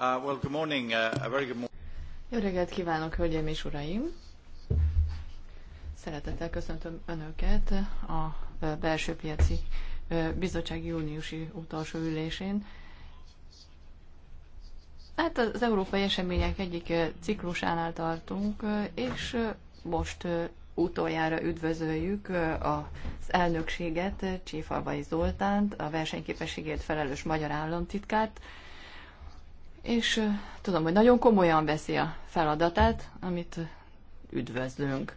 Uh, well, good morning, uh, a very good morning. Jó reggelt kívánok, hölgyeim és uraim! Szeretettel köszöntöm Önöket a uh, belső piaci uh, bizottság júniusi utolsó ülésén. Hát az európai események egyik ciklusánál tartunk, és most utoljára üdvözöljük az elnökséget, Csífalvai Zoltánt, a versenyképességért felelős magyar államtitkárt, és tudom, hogy nagyon komolyan veszi a feladatát, amit üdvözlünk.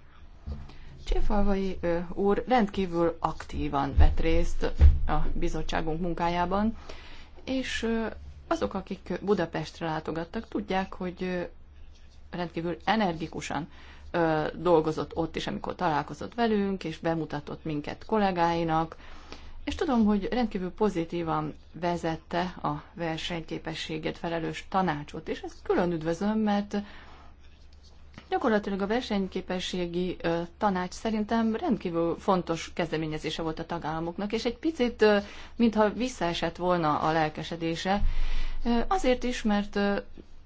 Csifalvai úr rendkívül aktívan vett részt a bizottságunk munkájában, és azok, akik Budapestre látogattak, tudják, hogy rendkívül energikusan dolgozott ott is, amikor találkozott velünk, és bemutatott minket kollégáinak, és tudom, hogy rendkívül pozitívan vezette a versenyképességet felelős tanácsot, és ezt külön üdvözlöm, mert gyakorlatilag a versenyképességi tanács szerintem rendkívül fontos kezdeményezése volt a tagállamoknak, és egy picit, mintha visszaesett volna a lelkesedése, azért is, mert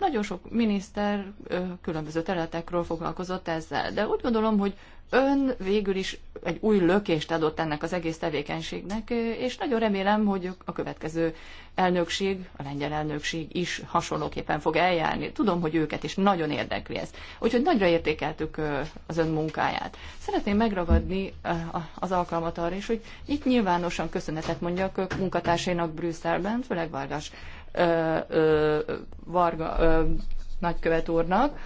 nagyon sok miniszter különböző területekről foglalkozott ezzel, de úgy gondolom, hogy ön végül is egy új lökést adott ennek az egész tevékenységnek, és nagyon remélem, hogy a következő elnökség, a lengyel elnökség is hasonlóképpen fog eljárni. Tudom, hogy őket is nagyon érdekli ez. Úgyhogy nagyra értékeltük az ön munkáját. Szeretném megragadni az alkalmat arra is, hogy itt nyilvánosan köszönetet mondjak munkatársainak Brüsszelben, főleg Vargas Varga nagykövet úrnak,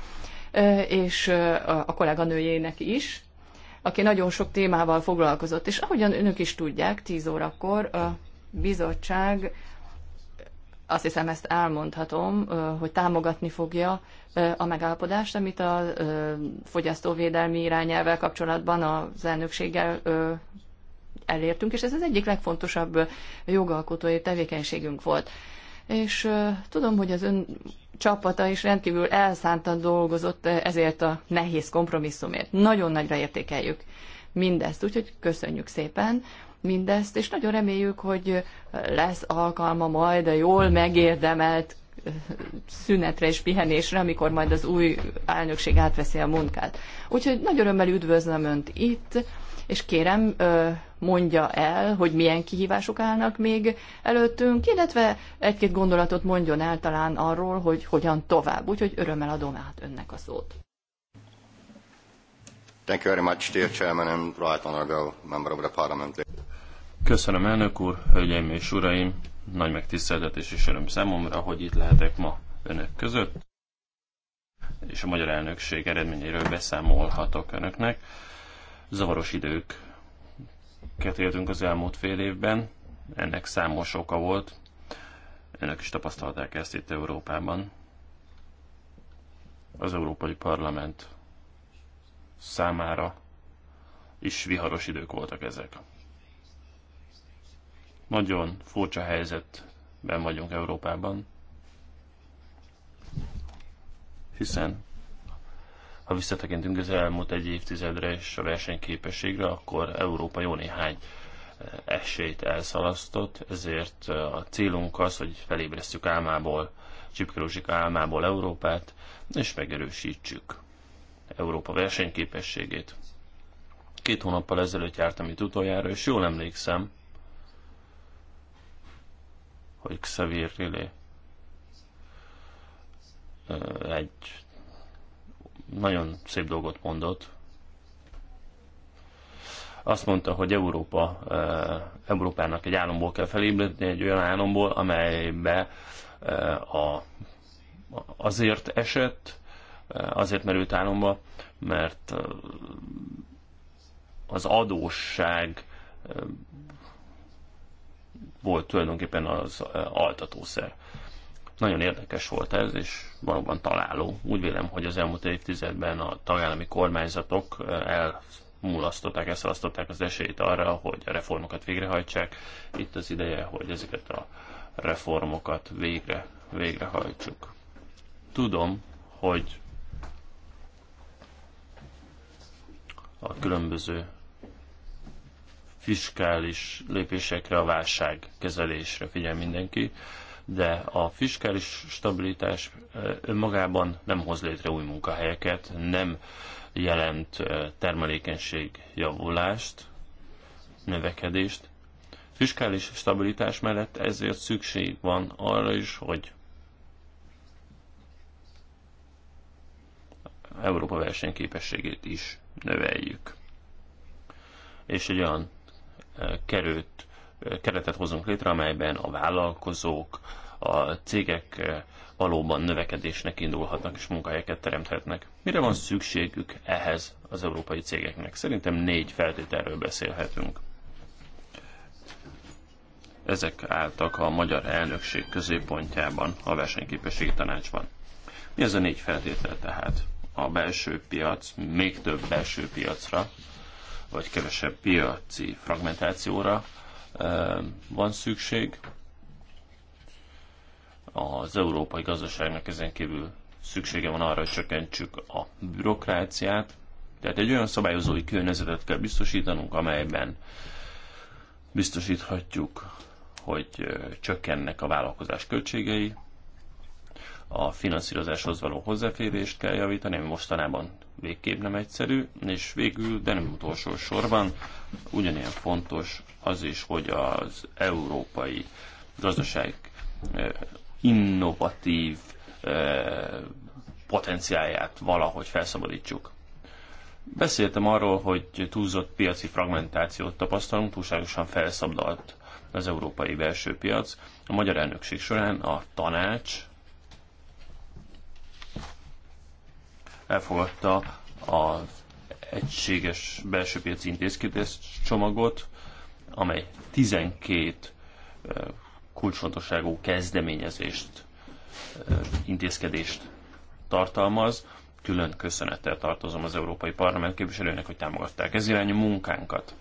és a kolléganőjének is, aki nagyon sok témával foglalkozott. És ahogyan önök is tudják, 10 órakor a bizottság, azt hiszem ezt elmondhatom, hogy támogatni fogja a megállapodást, amit a fogyasztóvédelmi irányelvel kapcsolatban az elnökséggel elértünk, és ez az egyik legfontosabb jogalkotói tevékenységünk volt és tudom, hogy az ön csapata is rendkívül elszántan dolgozott ezért a nehéz kompromisszumért. Nagyon nagyra értékeljük mindezt, úgyhogy köszönjük szépen mindezt, és nagyon reméljük, hogy lesz alkalma majd a jól megérdemelt szünetre és pihenésre, amikor majd az új elnökség átveszi a munkát. Úgyhogy nagyon örömmel üdvözlöm Önt itt, és kérem, mondja el, hogy milyen kihívások állnak még előttünk, illetve egy-két gondolatot mondjon el talán arról, hogy hogyan tovább. Úgyhogy örömmel adom át önnek a szót. Thank you very much, dear Chairman and right honorable member of the parliament. Köszönöm, elnök úr, hölgyeim és uraim, nagy megtiszteltetés és öröm számomra, hogy itt lehetek ma önök között, és a magyar elnökség eredményéről beszámolhatok önöknek. Zavaros időket éltünk az elmúlt fél évben, ennek számos oka volt, önök is tapasztalták ezt itt Európában. Az Európai Parlament számára is viharos idők voltak ezek. Nagyon furcsa helyzetben vagyunk Európában, hiszen ha visszatekintünk az elmúlt egy évtizedre és a versenyképességre, akkor Európa jó néhány eh, esélyt elszalasztott, ezért eh, a célunk az, hogy felébresztjük álmából, csipkerúzsik álmából Európát, és megerősítsük Európa versenyképességét. Két hónappal ezelőtt jártam itt utoljára, és jól emlékszem, hogy Xavier Rillé eh, egy nagyon szép dolgot mondott. Azt mondta, hogy Európa, eh, Európának egy álomból kell felébredni, egy olyan álomból, amelybe eh, a, azért esett, eh, azért merült álomba, mert az adósság volt tulajdonképpen az altatószer. Nagyon érdekes volt ez, és valóban találó. Úgy vélem, hogy az elmúlt évtizedben a tagállami kormányzatok eh, elmulasztották, elszalasztották az esélyt arra, hogy a reformokat végrehajtsák. Itt az ideje, hogy ezeket a reformokat végre, végrehajtsuk. Tudom, hogy a különböző fiskális lépésekre, a válságkezelésre figyel mindenki de a fiskális stabilitás önmagában nem hoz létre új munkahelyeket, nem jelent termelékenység javulást, növekedést. Fiskális stabilitás mellett ezért szükség van arra is, hogy Európa versenyképességét is növeljük. És egy olyan került keretet hozunk létre, amelyben a vállalkozók, a cégek eh, valóban növekedésnek indulhatnak és munkahelyeket teremthetnek. Mire van szükségük ehhez az európai cégeknek? Szerintem négy feltételről beszélhetünk. Ezek álltak a magyar elnökség középpontjában, a versenyképességi tanácsban. Mi ez a négy feltétel tehát? A belső piac, még több belső piacra, vagy kevesebb piaci fragmentációra, van szükség. Az európai gazdaságnak ezen kívül szüksége van arra, hogy csökkentsük a bürokráciát. Tehát egy olyan szabályozói környezetet kell biztosítanunk, amelyben biztosíthatjuk, hogy csökkennek a vállalkozás költségei, a finanszírozáshoz való hozzáférést kell javítani, ami mostanában végképp nem egyszerű, és végül, de nem utolsó sorban, ugyanilyen fontos az is, hogy az európai gazdaság eh, innovatív eh, potenciáját valahogy felszabadítsuk. Beszéltem arról, hogy túlzott piaci fragmentációt tapasztalunk, túlságosan felszabdalt az európai belső piac. A magyar elnökség során a tanács elfogadta az egységes belső piaci intézkedés csomagot, amely 12 kulcsfontosságú kezdeményezést, intézkedést tartalmaz. Külön köszönettel tartozom az Európai Parlament képviselőnek, hogy támogatták ez irányú munkánkat.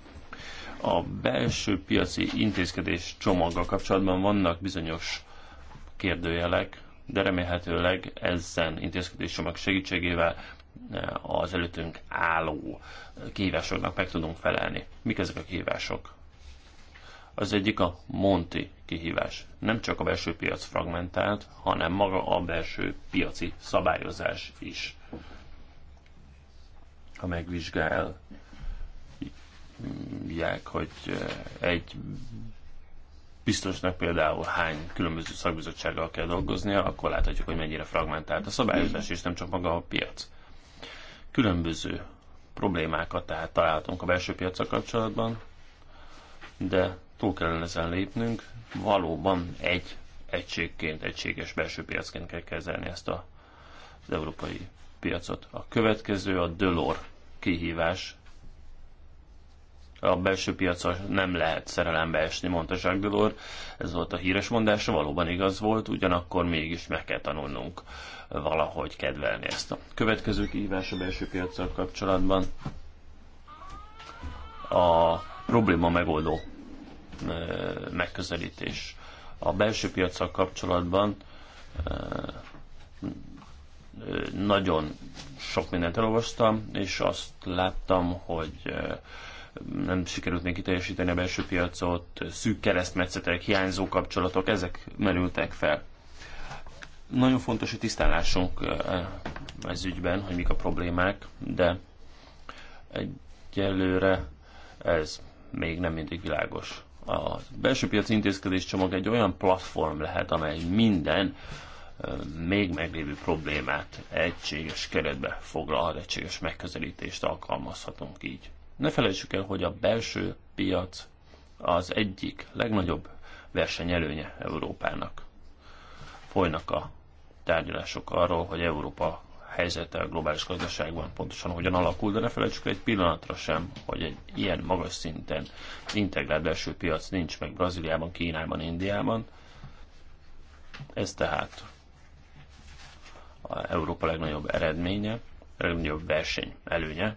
A belső piaci intézkedés csomaggal kapcsolatban vannak bizonyos kérdőjelek, de remélhetőleg ezen csomag segítségével eh, az előttünk álló kihívásoknak meg tudunk felelni. Mik ezek a kihívások? Az egyik a Monti kihívás. Nem csak a belső piac fragmentált, hanem maga a belső piaci szabályozás is. Ha megvizsgálják, hogy eh, egy biztosnak például hány különböző szakbizottsággal kell dolgoznia, akkor láthatjuk, hogy mennyire fragmentált a szabályozás, és nem csak maga a piac. Különböző problémákat tehát találtunk a belső piacsal kapcsolatban, de túl kellene ezen lépnünk, valóban egy egységként, egységes belső piacként kell kezelni ezt a, az európai piacot. A következő a Dölor kihívás, a belső piacon nem lehet szerelembe esni, mondta Jacques Delors. Ez volt a híres mondása, valóban igaz volt, ugyanakkor mégis meg kell tanulnunk valahogy kedvelni ezt. A következő kihívás a belső piacsal kapcsolatban a probléma megoldó megközelítés. A belső piacsal kapcsolatban nagyon sok mindent elolvastam, és azt láttam, hogy nem sikerült még kiteljesíteni a belső piacot, szűk keresztmetszetek, hiányzó kapcsolatok, ezek merültek fel. Nagyon fontos, hogy tisztálásunk eh, ez ügyben, hogy mik a problémák, de egyelőre ez még nem mindig világos. A belső piaci intézkedés csomag egy olyan platform lehet, amely minden eh, még meglévő problémát egységes keretbe foglalhat, egységes megközelítést alkalmazhatunk így. Ne felejtsük el, hogy a belső piac az egyik legnagyobb versenyelőnye Európának. Folynak a tárgyalások arról, hogy Európa helyzete a globális gazdaságban pontosan hogyan alakul, de ne felejtsük egy pillanatra sem, hogy egy ilyen magas szinten integrált belső piac nincs meg Brazíliában, Kínában, Indiában. Ez tehát a Európa legnagyobb eredménye, legnagyobb verseny előnye,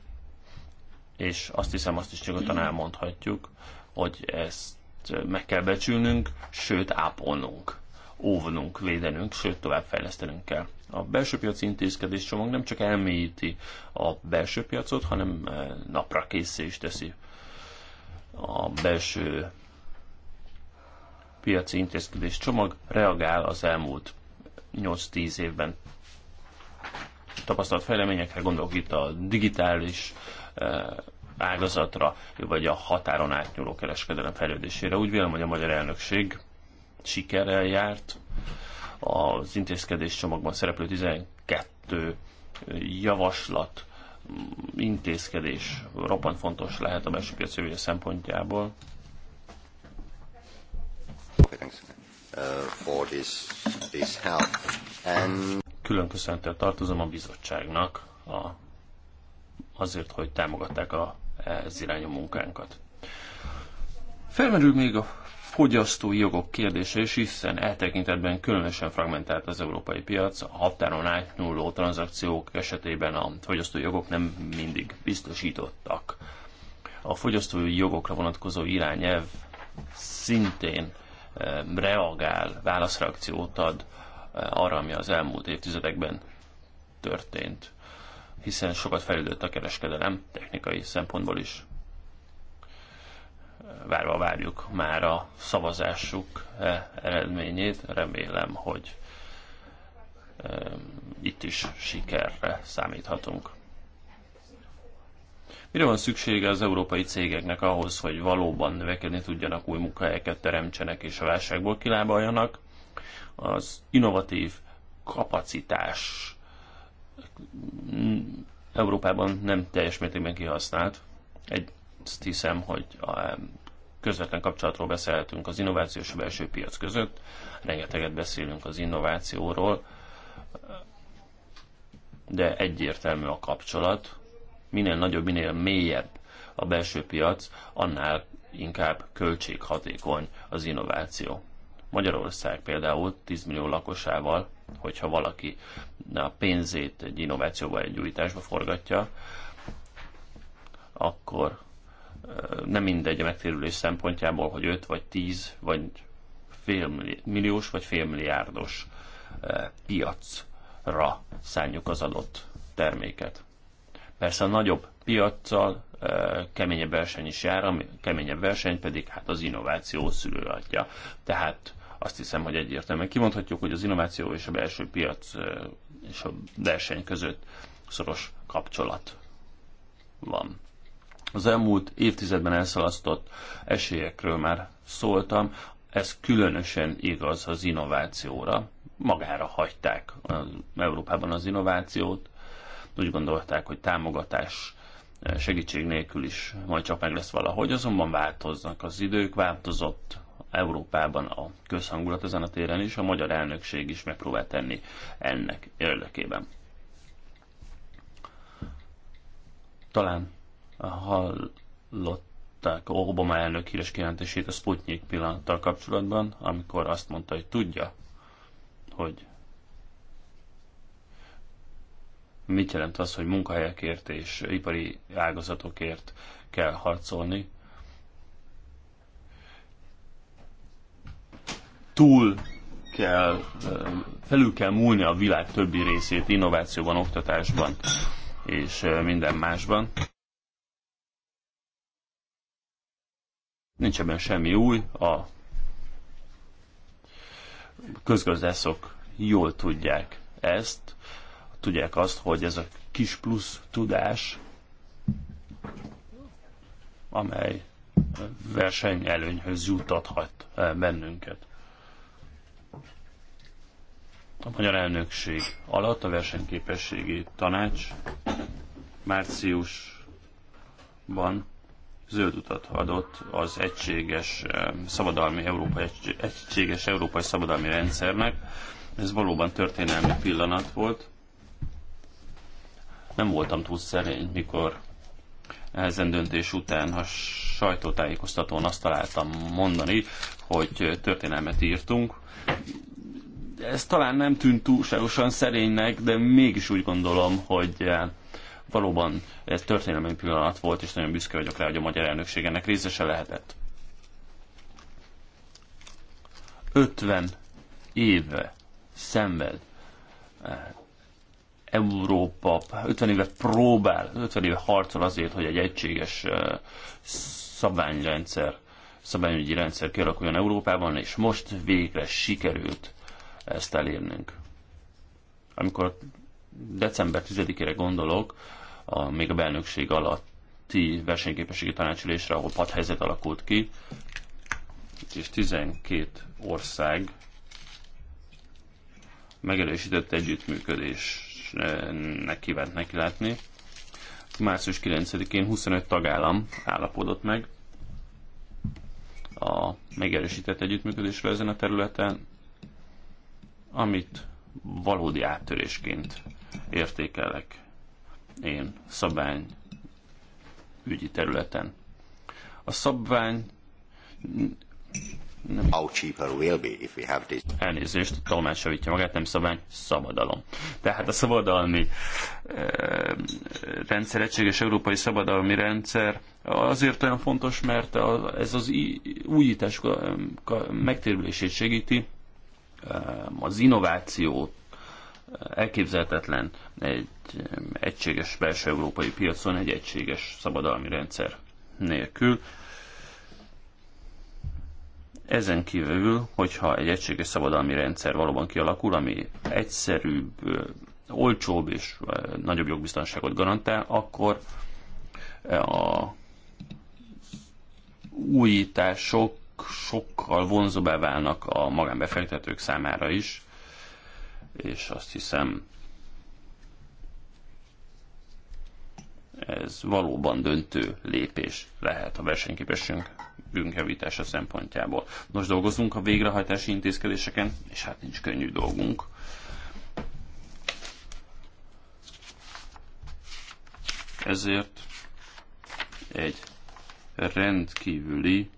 és azt hiszem azt is nyugodtan elmondhatjuk, hogy ezt meg kell becsülnünk, sőt ápolnunk, óvnunk, védenünk, sőt továbbfejlesztenünk kell. A belső piaci intézkedés csomag nem csak elmélyíti a belső piacot, hanem eh, napra készé is teszi a belső piaci intézkedés csomag reagál az elmúlt 8-10 évben tapasztalt fejleményekre, gondolok itt a digitális eh, ágazatra, vagy a határon átnyúló kereskedelem fejlődésére. Úgy vélem, hogy a magyar elnökség sikerrel járt. Az intézkedés csomagban szereplő 12 javaslat, intézkedés roppant fontos lehet a belső piac jövője szempontjából. Uh, Külön köszöntel tartozom a bizottságnak a, azért, hogy támogatták a ez irányú munkánkat. Felmerül még a fogyasztói jogok kérdése is, hiszen eltekintetben különösen fragmentált az európai piac, a határon átnyúló tranzakciók esetében a fogyasztói jogok nem mindig biztosítottak. A fogyasztói jogokra vonatkozó irányelv szintén e, reagál, válaszreakciót ad e, arra, ami az elmúlt évtizedekben történt hiszen sokat fejlődött a kereskedelem technikai szempontból is. Várva várjuk már a szavazásuk eredményét, remélem, hogy eh, itt is sikerre számíthatunk. Mire van szüksége az európai cégeknek ahhoz, hogy valóban növekedni tudjanak, új munkahelyeket teremtsenek és a válságból kilábaljanak? Az innovatív kapacitás Európában nem teljes mértékben kihasznált. Egy, azt hiszem, hogy a közvetlen kapcsolatról beszélhetünk az innovációs belső piac között. Rengeteget beszélünk az innovációról, de egyértelmű a kapcsolat. Minél nagyobb, minél mélyebb a belső piac, annál inkább költséghatékony az innováció. Magyarország például 10 millió lakosával, hogyha valaki a pénzét egy innovációba, egy újításba forgatja, akkor nem mindegy a megtérülés szempontjából, hogy 5 vagy 10 vagy milliós vagy félmilliárdos piacra szálljuk az adott terméket. Persze a nagyobb piaccal keményebb verseny is jár, a keményebb verseny pedig hát az innováció szülő adja. Tehát azt hiszem, hogy egyértelműen kimondhatjuk, hogy az innováció és a belső piac és a verseny között szoros kapcsolat van. Az elmúlt évtizedben elszalasztott esélyekről már szóltam, ez különösen igaz az innovációra. Magára hagyták az Európában az innovációt, úgy gondolták, hogy támogatás segítség nélkül is majd csak meg lesz valahogy, azonban változnak az idők, változott Európában a közhangulat ezen a téren is, a magyar elnökség is megpróbál tenni ennek érdekében. Talán hallották Obama elnök híres kijelentését a Sputnik pillanattal kapcsolatban, amikor azt mondta, hogy tudja, hogy mit jelent az, hogy munkahelyekért és ipari ágazatokért kell harcolni, túl kell, felül kell múlni a világ többi részét innovációban, oktatásban és minden másban. Nincs ebben semmi új, a közgazdászok jól tudják ezt, tudják azt, hogy ez a kis plusz tudás, amely versenyelőnyhöz juttathat bennünket a magyar elnökség alatt a versenyképességi tanács márciusban zöld utat adott az egységes eh, szabadalmi európai, egységes európai szabadalmi rendszernek. Ez valóban történelmi pillanat volt. Nem voltam túl szerény, mikor ezen döntés után a sajtótájékoztatón azt találtam mondani, hogy történelmet írtunk ez talán nem tűnt túlságosan szerénynek, de mégis úgy gondolom, hogy eh, valóban ez történelmi pillanat volt, és nagyon büszke vagyok rá, hogy a magyar elnökség ennek részese lehetett. 50 éve szenved eh, Európa, 50 éve próbál, 50 éve harcol azért, hogy egy egységes eh, szabványrendszer, szabványügyi rendszer kialakuljon Európában, és most végre sikerült ezt elérnünk. Amikor december 10-ére gondolok, a, még a belnökség alatti versenyképességi tanácsülésre, ahol padhelyzet alakult ki, és 12 ország megerősített együttműködésnek kívánt neki látni. Március 9-én 25 tagállam állapodott meg a megerősített együttműködésről ezen a területen, amit valódi áttörésként értékelek én szabvány ügyi területen. A szabvány How cheaper will be if we have this. Elnézést, tolmács javítja magát, nem szabály, szabadalom. Tehát a szabadalmi e, rendszer, egységes európai szabadalmi rendszer azért olyan fontos, mert a, ez az újítás eh, megtérülését segíti, Ehm, az innovációt ehm, elképzelhetetlen egy ehm, egységes belső európai piacon, egy egységes szabadalmi rendszer nélkül. Ezen kívül, hogyha egy egységes szabadalmi rendszer valóban kialakul, ami egyszerűbb, olcsóbb és nagyobb jogbiztonságot garantál, akkor a újítások sokkal vonzóbbá válnak a magánbefektetők számára is, és azt hiszem ez valóban döntő lépés lehet a versenyképességünk javítása szempontjából. Nos, dolgozunk a végrehajtási intézkedéseken, és hát nincs könnyű dolgunk. Ezért egy rendkívüli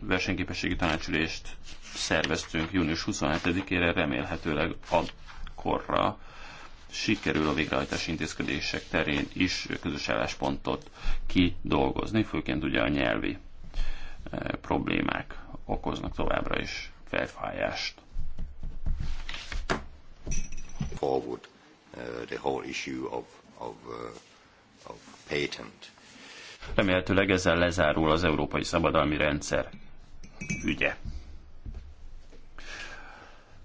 versenyképességi tanácsülést szerveztünk június 27-ére, remélhetőleg akkorra sikerül a végrehajtás intézkedések terén is közös álláspontot kidolgozni, főként ugye a nyelvi problémák okoznak továbbra is felfájást. Forward uh, the whole issue of, of, uh, of patent Remélhetőleg ezzel lezárul az európai szabadalmi rendszer ügye.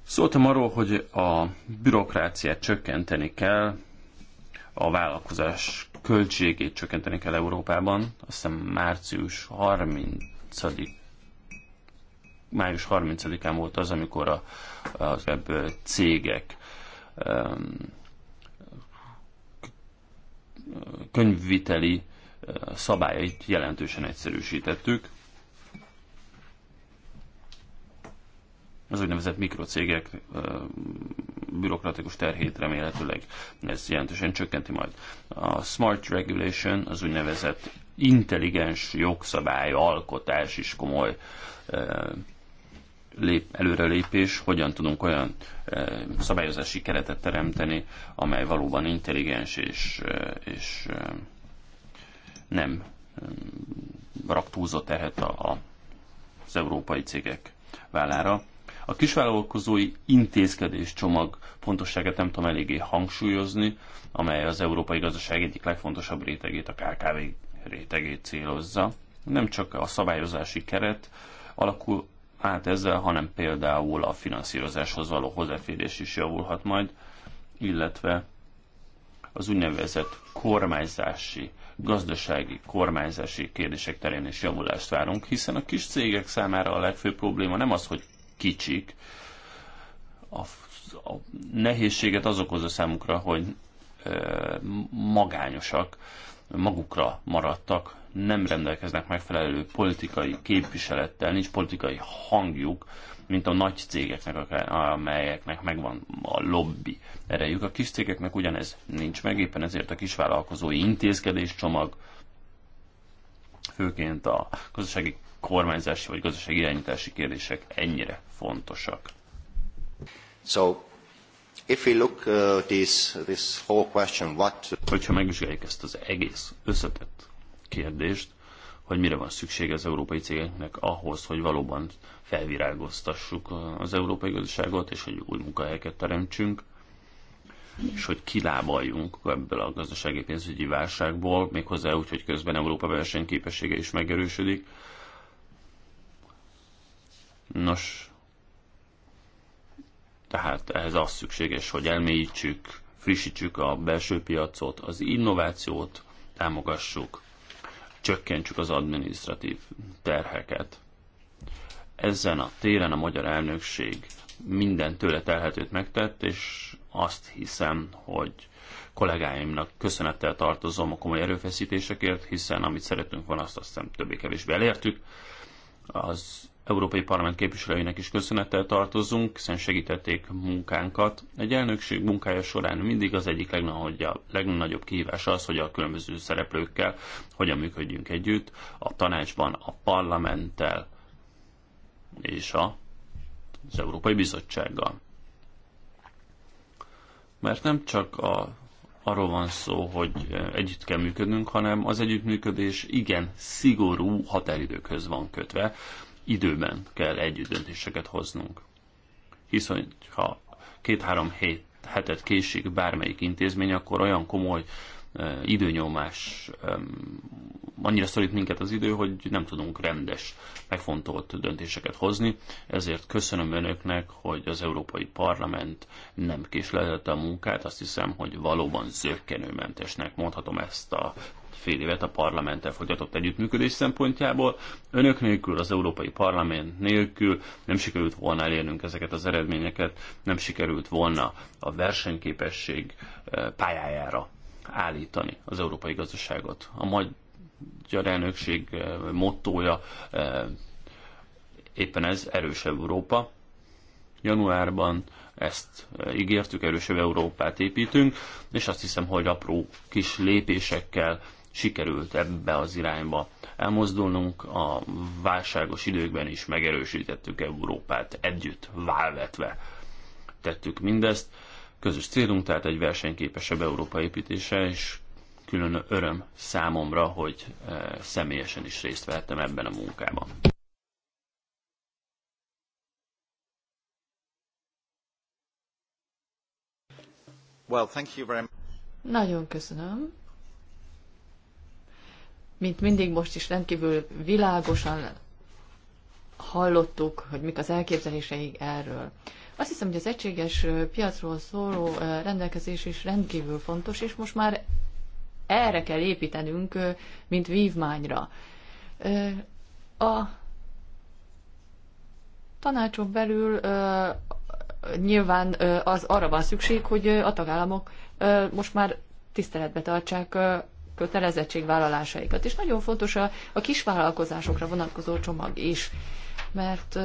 Szóltam arról, hogy a bürokráciát csökkenteni kell, a vállalkozás költségét csökkenteni kell Európában. Azt hiszem március 30 május 30-án volt az, amikor a, az ebből cégek um, könyvviteli szabályait jelentősen egyszerűsítettük. Az úgynevezett mikrocégek bürokratikus terhét remélhetőleg ez jelentősen csökkenti majd. A Smart Regulation, az úgynevezett intelligens jogszabály alkotás is komoly lép, előrelépés, hogyan tudunk olyan e, szabályozási keretet teremteni, amely valóban intelligens és, e, és e, nem rak túlzott terhet a, a, az európai cégek vállára. A kisvállalkozói intézkedés csomag pontosságát nem tudom eléggé hangsúlyozni, amely az európai gazdaság egyik legfontosabb rétegét, a KKV rétegét célozza. Nem csak a szabályozási keret alakul át ezzel, hanem például a finanszírozáshoz való hozzáférés is javulhat majd, illetve az úgynevezett kormányzási, gazdasági kormányzási kérdések terén is javulást várunk, hiszen a kis cégek számára a legfőbb probléma nem az, hogy kicsik, a, a nehézséget az okozza számukra, hogy ö, magányosak, magukra maradtak, nem rendelkeznek megfelelő politikai képviselettel, nincs politikai hangjuk, mint a nagy cégeknek, amelyeknek megvan a lobby erejük. A kis cégeknek ugyanez nincs meg, éppen ezért a kisvállalkozói intézkedés csomag, főként a gazdasági kormányzási vagy gazdasági irányítási kérdések ennyire fontosak. So, if we look uh, this, this whole question, what... Hogyha megvizsgáljuk ezt az egész összetett kérdést, hogy mire van szükség az európai cégeknek ahhoz, hogy valóban felvirágoztassuk az európai gazdaságot, és hogy új munkahelyeket teremtsünk, és hogy kilábaljunk ebből a gazdasági pénzügyi válságból, méghozzá úgy, hogy közben Európa versenyképessége is megerősödik. Nos, tehát ehhez az szükséges, hogy elmélyítsük, frissítsük a belső piacot, az innovációt, támogassuk, csökkentsük az adminisztratív terheket. Ezen a téren a magyar elnökség minden tőle telhetőt megtett, és azt hiszem, hogy kollégáimnak köszönettel tartozom a komoly erőfeszítésekért, hiszen amit szeretünk van, azt azt hiszem többé-kevésbé elértük. Az Európai Parlament képviselőinek is köszönettel tartozunk, hiszen segítették munkánkat. Egy elnökség munkája során mindig az egyik legnagyobb, kihívás az, hogy a különböző szereplőkkel hogyan működjünk együtt, a tanácsban, a parlamenttel és a, az Európai Bizottsággal. Mert nem csak a arról van szó, hogy együtt kell működnünk, hanem az együttműködés igen szigorú határidőkhöz van kötve időben kell együtt döntéseket hoznunk. Hiszen, ha két-három hét, hetet késik bármelyik intézmény, akkor olyan komoly időnyomás, annyira szorít minket az idő, hogy nem tudunk rendes, megfontolt döntéseket hozni. Ezért köszönöm önöknek, hogy az Európai Parlament nem késleltette a munkát. Azt hiszem, hogy valóban zöggenőmentesnek mondhatom ezt a fél évet a parlamenttel folytatott együttműködés szempontjából. Önök nélkül, az Európai Parlament nélkül nem sikerült volna elérnünk ezeket az eredményeket, nem sikerült volna a versenyképesség eh, pályájára állítani az európai gazdaságot. A magyar elnökség eh, mottója eh, éppen ez erős Európa. Januárban ezt ígértük, erősebb Európát építünk, és azt hiszem, hogy apró kis lépésekkel sikerült ebbe az irányba elmozdulnunk. A válságos időkben is megerősítettük Európát együtt, válvetve tettük mindezt. Közös célunk tehát egy versenyképesebb Európa építése, és külön öröm számomra, hogy eh, személyesen is részt vettem ebben a munkában. Well, thank you very much. Nagyon köszönöm mint mindig most is rendkívül világosan hallottuk, hogy mik az elképzeléseik erről. Azt hiszem, hogy az egységes piacról szóló rendelkezés is rendkívül fontos, és most már erre kell építenünk, mint vívmányra. A tanácsok belül nyilván az arra van szükség, hogy a tagállamok most már tiszteletbe tartsák kötelezettségvállalásaikat. És nagyon fontos a, a kisvállalkozásokra vonatkozó csomag is, mert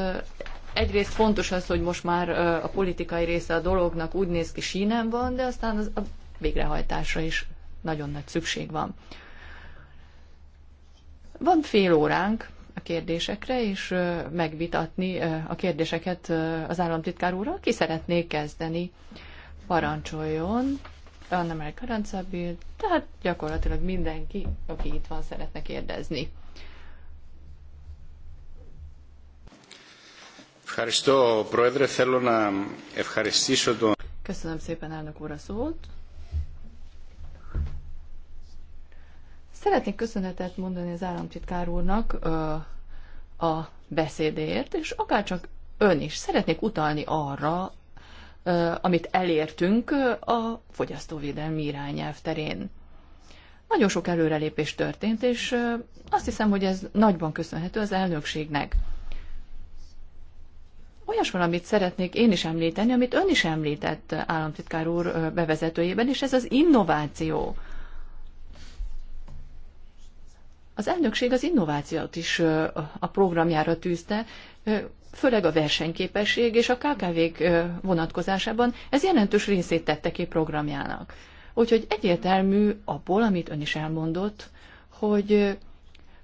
egyrészt fontos az, hogy most már a politikai része a dolognak úgy néz ki sínen van, de aztán az a végrehajtásra is nagyon nagy szükség van. Van fél óránk a kérdésekre, és megvitatni a kérdéseket az államtitkár úrral. Ki szeretné kezdeni? Parancsoljon! Anna már Karancabil, tehát gyakorlatilag mindenki, aki itt van, szeretne kérdezni. Köszönöm szépen, elnök úr, a szót. Szeretnék köszönetet mondani az államtitkár úrnak ö, a beszédért, és akárcsak ön is. Szeretnék utalni arra, amit elértünk a fogyasztóvédelmi irányelv terén. Nagyon sok előrelépés történt, és azt hiszem, hogy ez nagyban köszönhető az elnökségnek. Olyas valamit szeretnék én is említeni, amit ön is említett államtitkár úr bevezetőjében, és ez az innováció. Az elnökség az innovációt is a programjára tűzte, főleg a versenyképesség és a KKV-k vonatkozásában ez jelentős részét tette ki programjának. Úgyhogy egyértelmű abból, amit ön is elmondott, hogy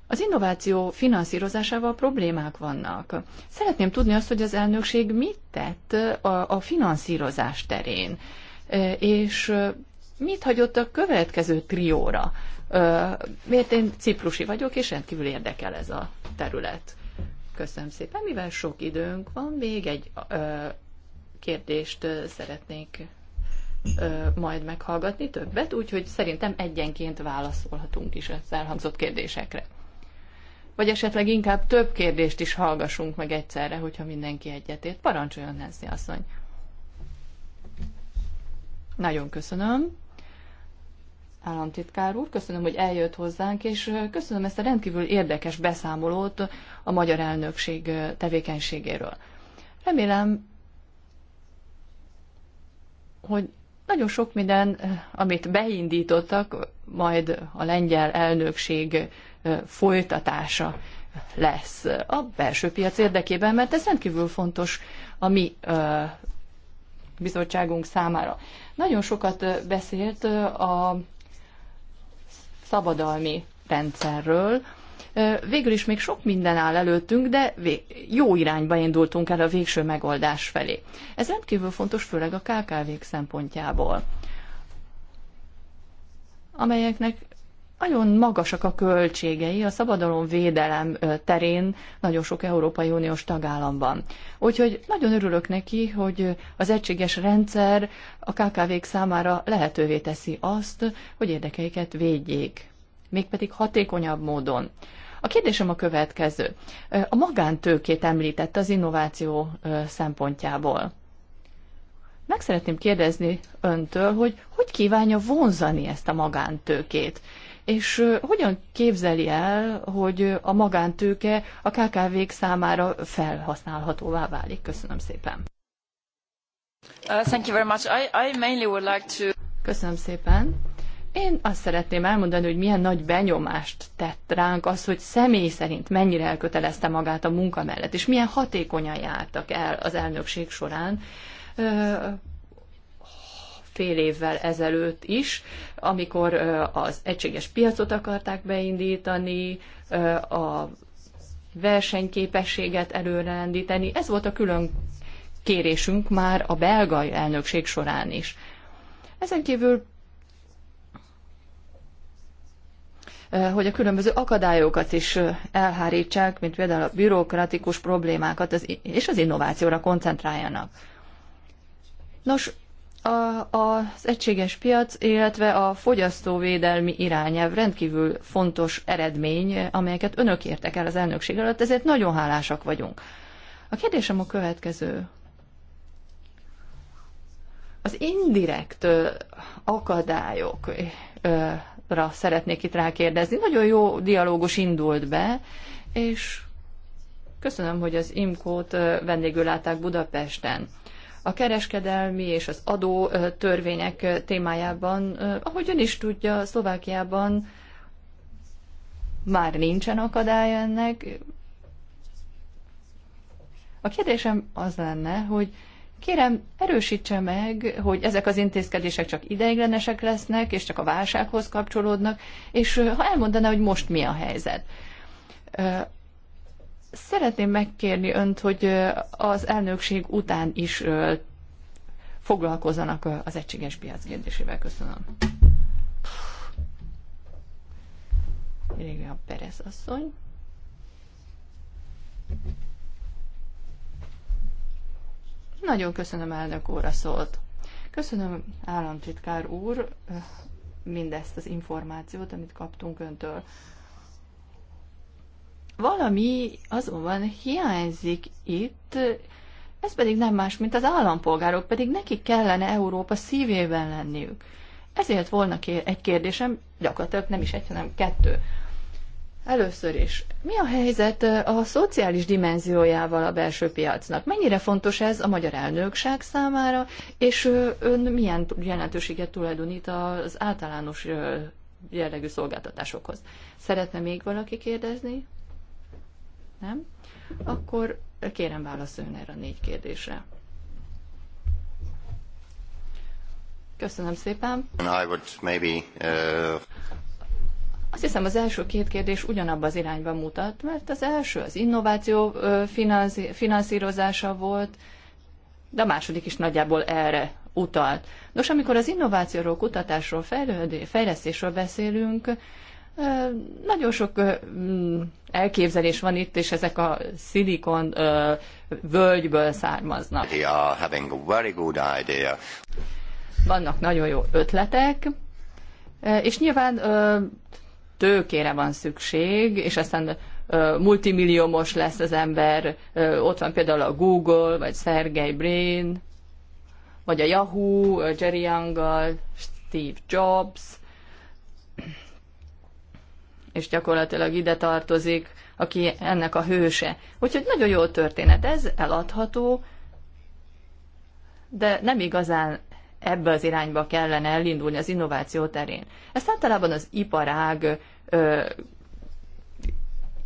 az innováció finanszírozásával problémák vannak. Szeretném tudni azt, hogy az elnökség mit tett a, a finanszírozás terén, és mit hagyott a következő trióra. Miért én ciprusi vagyok, és rendkívül érdekel ez a terület. Köszönöm szépen, mivel sok időnk van, még egy ö, kérdést szeretnék ö, majd meghallgatni többet, úgyhogy szerintem egyenként válaszolhatunk is az elhangzott kérdésekre. Vagy esetleg inkább több kérdést is hallgassunk meg egyszerre, hogyha mindenki egyetért. Parancsoljon, Nancy asszony! Nagyon köszönöm államtitkár úr, köszönöm, hogy eljött hozzánk, és köszönöm ezt a rendkívül érdekes beszámolót a magyar elnökség tevékenységéről. Remélem, hogy nagyon sok minden, amit beindítottak, majd a lengyel elnökség folytatása lesz a belső piac érdekében, mert ez rendkívül fontos a mi bizottságunk számára. Nagyon sokat beszélt a szabadalmi rendszerről. Végül is még sok minden áll előttünk, de jó irányba indultunk el a végső megoldás felé. Ez rendkívül fontos, főleg a KKV-k szempontjából, amelyeknek nagyon magasak a költségei a szabadalom védelem terén nagyon sok Európai Uniós tagállamban. Úgyhogy nagyon örülök neki, hogy az egységes rendszer a KKV-k számára lehetővé teszi azt, hogy érdekeiket védjék, mégpedig hatékonyabb módon. A kérdésem a következő. A magántőkét említett az innováció szempontjából. Meg szeretném kérdezni öntől, hogy hogy kívánja vonzani ezt a magántőkét és hogyan képzeli el, hogy a magántőke a KKV-k számára felhasználhatóvá válik? Köszönöm szépen. Uh, Köszönöm szépen. Én azt szeretném elmondani, hogy milyen nagy benyomást tett ránk az, hogy személy szerint mennyire elkötelezte magát a munka mellett, és milyen hatékonyan jártak el az elnökség során fél évvel ezelőtt is, amikor az egységes piacot akarták beindítani, a versenyképességet előrelendíteni. Ez volt a külön kérésünk már a belga elnökség során is. Ezen kívül hogy a különböző akadályokat is elhárítsák, mint például a bürokratikus problémákat, és az innovációra koncentráljanak. Nos, a, az egységes piac, illetve a fogyasztóvédelmi irányelv rendkívül fontos eredmény, amelyeket önök értek el az elnökség alatt, ezért nagyon hálásak vagyunk. A kérdésem a következő. Az indirekt akadályokra szeretnék itt rákérdezni. Nagyon jó dialógus indult be, és köszönöm, hogy az IMKO-t vendégül látták Budapesten a kereskedelmi és az adó törvények témájában, ahogy ön is tudja, Szlovákiában már nincsen akadály ennek. A kérdésem az lenne, hogy kérem, erősítse meg, hogy ezek az intézkedések csak ideiglenesek lesznek, és csak a válsághoz kapcsolódnak, és ha elmondaná, hogy most mi a helyzet Szeretném megkérni önt, hogy az elnökség után is foglalkozzanak az egységes piac kérdésével. Köszönöm. Régen Perez asszony. Nagyon köszönöm elnök úr a szót. Köszönöm államtitkár úr mindezt az információt, amit kaptunk öntől. Valami azonban hiányzik itt, ez pedig nem más, mint az állampolgárok, pedig nekik kellene Európa szívében lenniük. Ezért volna egy kérdésem, gyakorlatilag nem is egy, hanem kettő. Először is, mi a helyzet a szociális dimenziójával a belső piacnak? Mennyire fontos ez a magyar elnökség számára, és ön milyen jelentőséget tulajdonít az általános jellegű szolgáltatásokhoz? Szeretne még valaki kérdezni? Nem? Akkor kérem válaszoljon erre a négy kérdésre. Köszönöm szépen. I would maybe, uh... Azt hiszem az első két kérdés ugyanabba az irányba mutat, mert az első az innováció finanszírozása volt, de a második is nagyjából erre utalt. Nos, amikor az innovációról, kutatásról, fejlesztésről beszélünk, nagyon sok mm, elképzelés van itt, és ezek a szilikon völgyből származnak. Vannak nagyon jó ötletek, és nyilván tőkére van szükség, és aztán multimilliómos lesz az ember. Ott van például a Google, vagy Sergey Brin, vagy a Yahoo, Jerry young Steve Jobs, és gyakorlatilag ide tartozik, aki ennek a hőse. Úgyhogy nagyon jó történet, ez eladható, de nem igazán ebbe az irányba kellene elindulni az innováció terén. Ezt általában az iparág ö,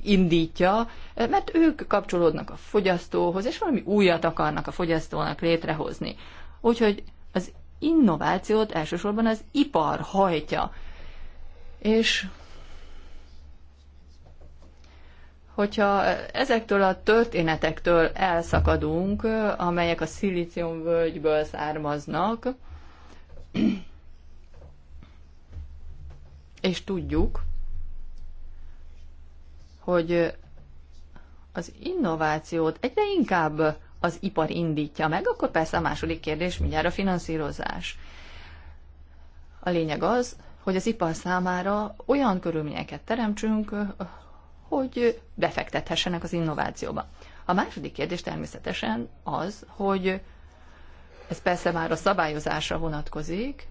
indítja, mert ők kapcsolódnak a fogyasztóhoz, és valami újat akarnak a fogyasztónak létrehozni. Úgyhogy az innovációt elsősorban az ipar hajtja. És hogyha ezektől a történetektől elszakadunk, amelyek a völgyből származnak, és tudjuk, hogy az innovációt egyre inkább az ipar indítja meg, akkor persze a második kérdés mindjárt a finanszírozás. A lényeg az, hogy az ipar számára olyan körülményeket teremtsünk, hogy befektethessenek az innovációba. A második kérdés természetesen az, hogy ez persze már a szabályozásra vonatkozik,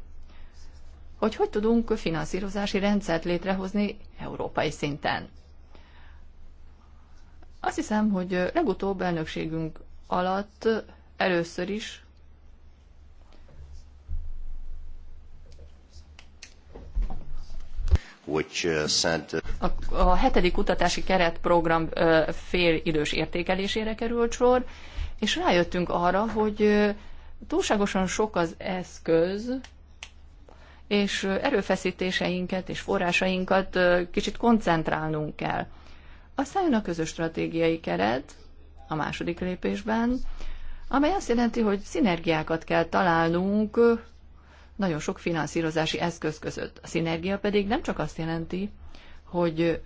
hogy hogy tudunk finanszírozási rendszert létrehozni európai szinten. Azt hiszem, hogy legutóbb elnökségünk alatt először is which uh, sent... A, a hetedik kutatási keretprogram félidős értékelésére került sor, és rájöttünk arra, hogy túlságosan sok az eszköz, és erőfeszítéseinket és forrásainkat kicsit koncentrálnunk kell. Aztán jön a közös stratégiai keret a második lépésben, amely azt jelenti, hogy szinergiákat kell találnunk nagyon sok finanszírozási eszköz között. A szinergia pedig nem csak azt jelenti, hogy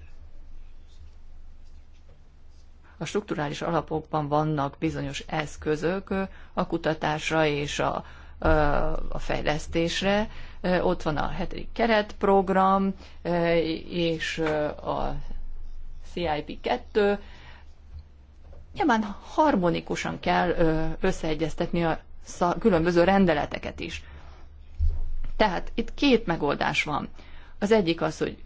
a strukturális alapokban vannak bizonyos eszközök a kutatásra és a, a fejlesztésre. Ott van a hetedik keretprogram és a CIP 2. Nyilván harmonikusan kell összeegyeztetni a különböző rendeleteket is. Tehát itt két megoldás van. Az egyik az, hogy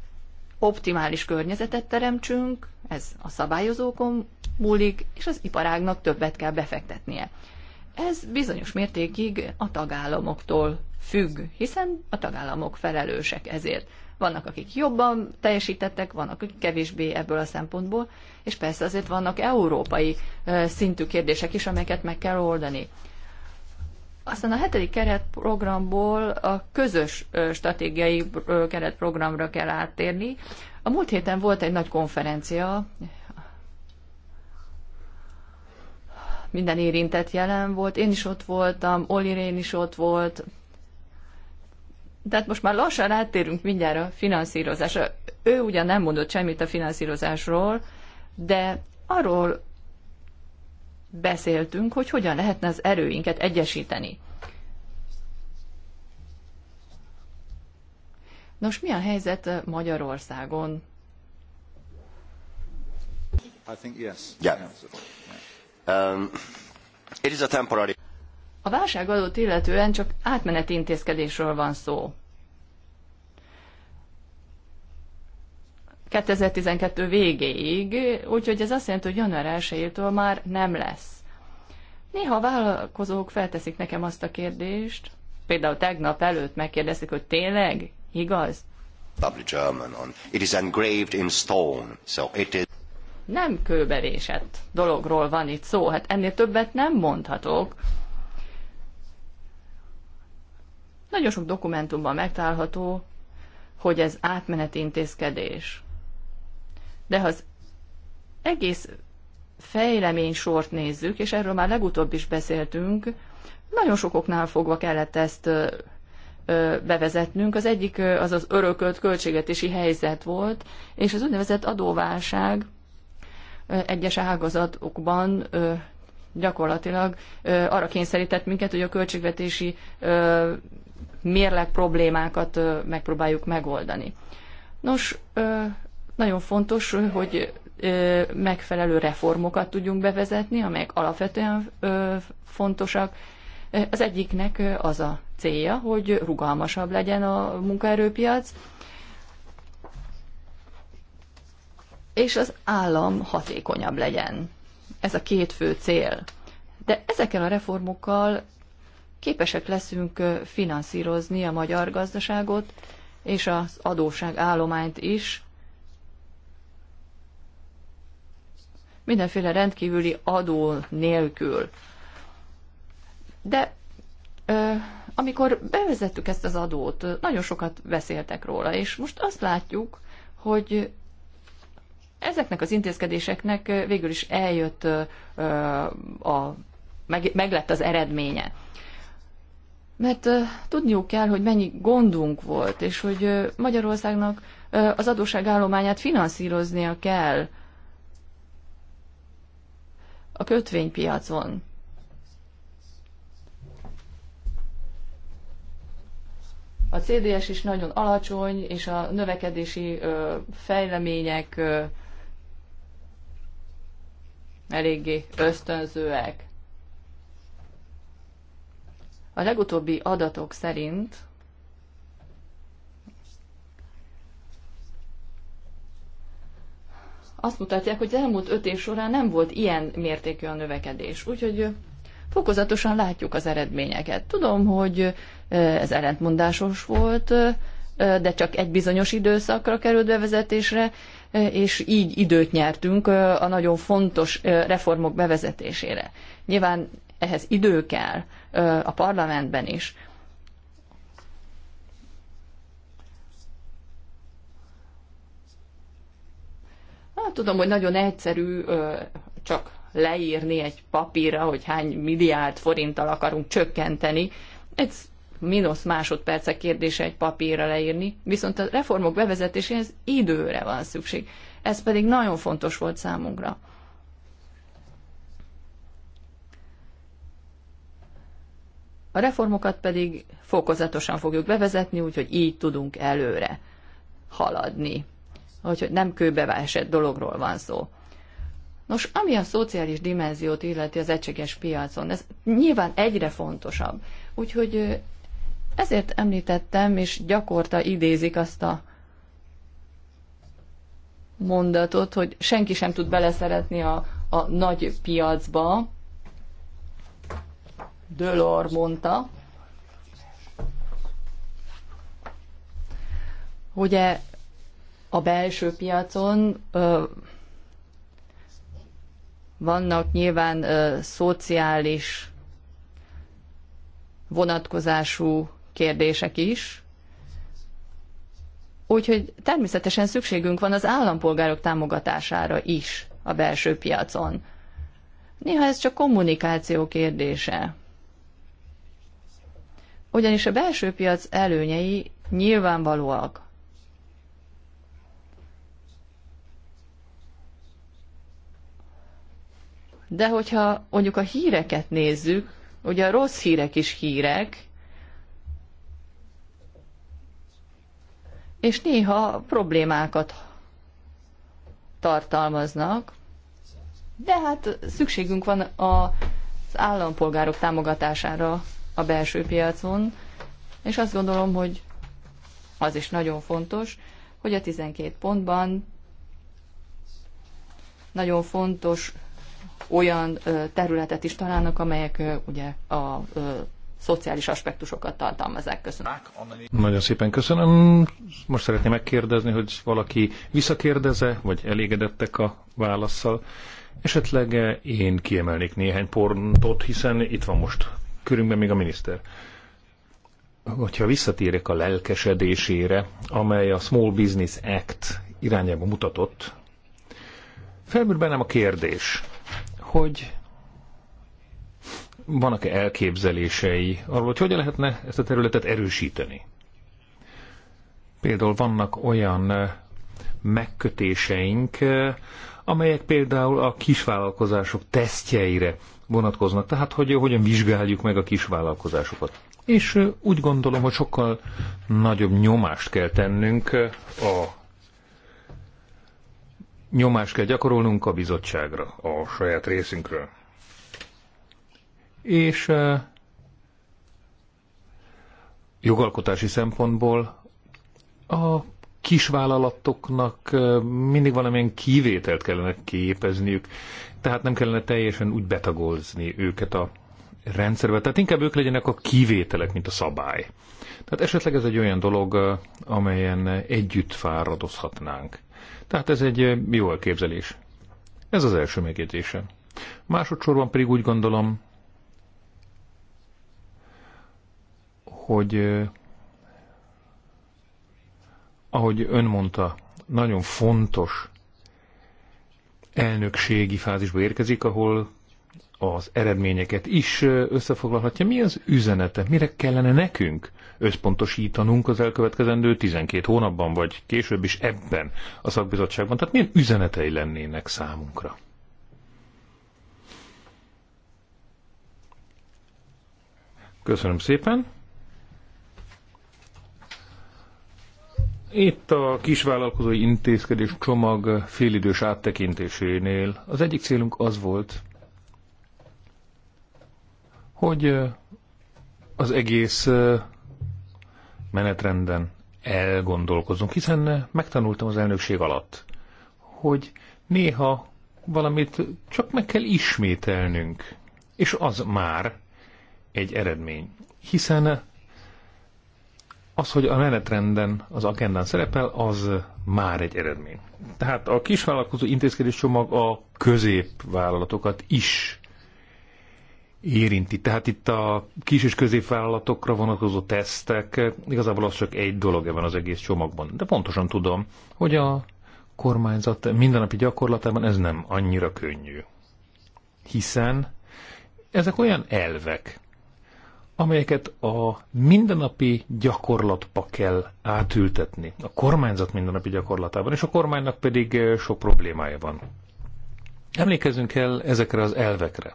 optimális környezetet teremtsünk, ez a szabályozókon múlik, és az iparágnak többet kell befektetnie. Ez bizonyos mértékig a tagállamoktól függ, hiszen a tagállamok felelősek ezért. Vannak, akik jobban teljesítettek, vannak, akik kevésbé ebből a szempontból, és persze azért vannak európai szintű kérdések is, amelyeket meg kell oldani. Aztán a hetedik keretprogramból a közös stratégiai keretprogramra kell áttérni. A múlt héten volt egy nagy konferencia, minden érintett jelen volt, én is ott voltam, Oli Rén is ott volt. Tehát most már lassan áttérünk mindjárt a finanszírozásra. Ő ugyan nem mondott semmit a finanszírozásról, de arról beszéltünk, hogy hogyan lehetne az erőinket egyesíteni. Nos, mi a helyzet Magyarországon? Um, a válság adott illetően csak átmeneti intézkedésről van szó. 2012 végéig, úgyhogy ez azt jelenti, hogy január 1 már nem lesz. Néha a vállalkozók felteszik nekem azt a kérdést, például tegnap előtt megkérdezték, hogy tényleg, igaz? It is engraved in stone, so it is... Nem kőberésett dologról van itt szó, hát ennél többet nem mondhatok. Nagyon sok dokumentumban megtalálható, hogy ez átmeneti intézkedés. De ha az egész sort nézzük, és erről már legutóbb is beszéltünk, nagyon sokoknál fogva kellett ezt bevezetnünk. Az egyik az az örökölt költségetési helyzet volt, és az úgynevezett adóválság egyes ágazatokban gyakorlatilag arra kényszerített minket, hogy a költségvetési mérleg problémákat megpróbáljuk megoldani. Nos, nagyon fontos, hogy megfelelő reformokat tudjunk bevezetni, amelyek alapvetően fontosak. Az egyiknek az a célja, hogy rugalmasabb legyen a munkaerőpiac, és az állam hatékonyabb legyen. Ez a két fő cél. De ezekkel a reformokkal képesek leszünk finanszírozni a magyar gazdaságot és az adóság állományt is, mindenféle rendkívüli adó nélkül. De amikor bevezettük ezt az adót, nagyon sokat beszéltek róla, és most azt látjuk, hogy ezeknek az intézkedéseknek végül is eljött a, meg, meg lett az eredménye. Mert tudniuk kell, hogy mennyi gondunk volt, és hogy Magyarországnak az adósságállományát finanszíroznia kell, a kötvénypiacon. A CDS is nagyon alacsony, és a növekedési ö, fejlemények ö, eléggé ösztönzőek. A legutóbbi adatok szerint azt mutatják, hogy az elmúlt öt év során nem volt ilyen mértékű a növekedés. Úgyhogy fokozatosan látjuk az eredményeket. Tudom, hogy ez ellentmondásos volt, de csak egy bizonyos időszakra került bevezetésre, és így időt nyertünk a nagyon fontos reformok bevezetésére. Nyilván ehhez idő kell a parlamentben is. Hát tudom, hogy nagyon egyszerű csak leírni egy papírra, hogy hány milliárd forinttal akarunk csökkenteni. Ez mínusz másodpercek kérdése egy papírra leírni, viszont a reformok bevezetéséhez időre van szükség. Ez pedig nagyon fontos volt számunkra. A reformokat pedig fokozatosan fogjuk bevezetni, úgyhogy így tudunk előre haladni hogy nem kőbe esett dologról van szó. Nos, ami a szociális dimenziót illeti az egységes piacon, ez nyilván egyre fontosabb. Úgyhogy ezért említettem, és gyakorta idézik azt a mondatot, hogy senki sem tud beleszeretni a, a nagy piacba. Dölor mondta. Ugye a belső piacon vannak nyilván ö, szociális vonatkozású kérdések is. Úgyhogy természetesen szükségünk van az állampolgárok támogatására is a belső piacon. Néha ez csak kommunikáció kérdése. Ugyanis a belső piac előnyei nyilvánvalóak. De hogyha mondjuk a híreket nézzük, ugye a rossz hírek is hírek, és néha problémákat tartalmaznak, de hát szükségünk van az állampolgárok támogatására a belső piacon, és azt gondolom, hogy az is nagyon fontos, hogy a 12 pontban nagyon fontos olyan területet is találnak, amelyek ugye a szociális aspektusokat tartalmazzák. Köszönöm. Nagyon szépen köszönöm. Most szeretném megkérdezni, hogy valaki visszakérdeze, vagy elégedettek a válaszsal. Esetleg én kiemelnék néhány pontot, hiszen itt van most körünkben még a miniszter. Hogyha visszatérek a lelkesedésére, amely a Small Business Act irányába mutatott, felmerül bennem a kérdés, hogy vannak-e elképzelései arról, hogy hogyan lehetne ezt a területet erősíteni? Például vannak olyan eh, megkötéseink, eh, amelyek például a kisvállalkozások tesztjeire vonatkoznak, tehát hogy hogyan vizsgáljuk meg a kisvállalkozásokat. És eh, úgy gondolom, hogy sokkal nagyobb nyomást kell tennünk a nyomást kell gyakorolnunk a bizottságra a saját részünkről. És jogalkotási szempontból a kisvállalatoknak mindig valamilyen kivételt kellene képezniük, tehát nem kellene teljesen úgy betagolzni őket a rendszerbe. Tehát inkább ők legyenek a kivételek, mint a szabály. Tehát esetleg ez egy olyan dolog, amelyen együtt fáradozhatnánk. Tehát ez egy jó elképzelés. Ez az első megjegyzése. Másodszorban pedig úgy gondolom, hogy ahogy ön mondta, nagyon fontos elnökségi fázisba érkezik, ahol az eredményeket is összefoglalhatja. Mi az üzenete? Mire kellene nekünk? összpontosítanunk az elkövetkezendő 12 hónapban, vagy később is ebben a szakbizottságban? Tehát milyen üzenetei lennének számunkra? Köszönöm szépen. Itt a kisvállalkozói intézkedés csomag félidős áttekintésénél az egyik célunk az volt, hogy az egész menetrenden elgondolkozunk, hiszen megtanultam az elnökség alatt, hogy néha valamit csak meg kell ismételnünk, és az már egy eredmény. Hiszen az, hogy a menetrenden, az agendán szerepel, az már egy eredmény. Tehát a kisvállalkozó intézkedés csomag a középvállalatokat is érinti. Tehát itt a kis és középvállalatokra vonatkozó tesztek, igazából az csak egy dolog ebben az egész csomagban. De pontosan tudom, hogy a kormányzat mindennapi gyakorlatában ez nem annyira könnyű. Hiszen ezek olyan elvek, amelyeket a mindennapi gyakorlatba kell átültetni, a kormányzat mindennapi gyakorlatában, és a kormánynak pedig sok problémája van. Emlékezzünk el ezekre az elvekre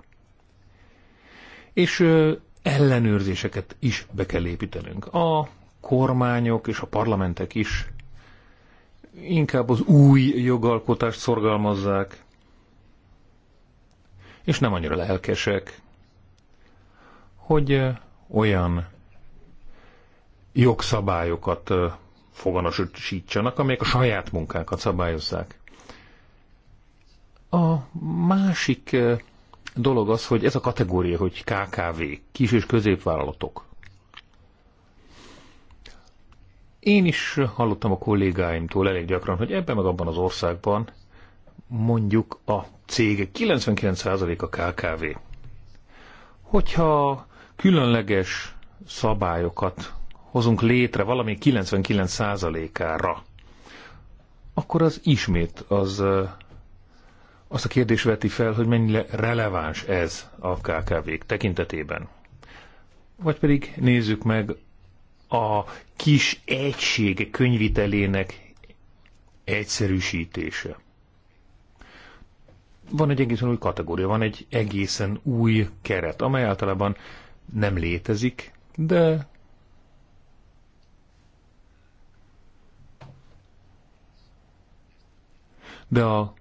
és ellenőrzéseket is be kell építenünk. A kormányok és a parlamentek is inkább az új jogalkotást szorgalmazzák, és nem annyira lelkesek, hogy olyan jogszabályokat foganosítsanak, amelyek a saját munkákat szabályozzák. A másik dolog az, hogy ez a kategória, hogy KKV, kis és középvállalatok. Én is hallottam a kollégáimtól elég gyakran, hogy ebben meg abban az országban mondjuk a cég 99% a KKV. Hogyha különleges szabályokat hozunk létre valami 99%-ára, akkor az ismét az azt a kérdés veti fel, hogy mennyire releváns ez a KKV-k tekintetében. Vagy pedig nézzük meg a kis egység könyvitelének egyszerűsítése. Van egy egészen új kategória, van egy egészen új keret, amely általában nem létezik, de de a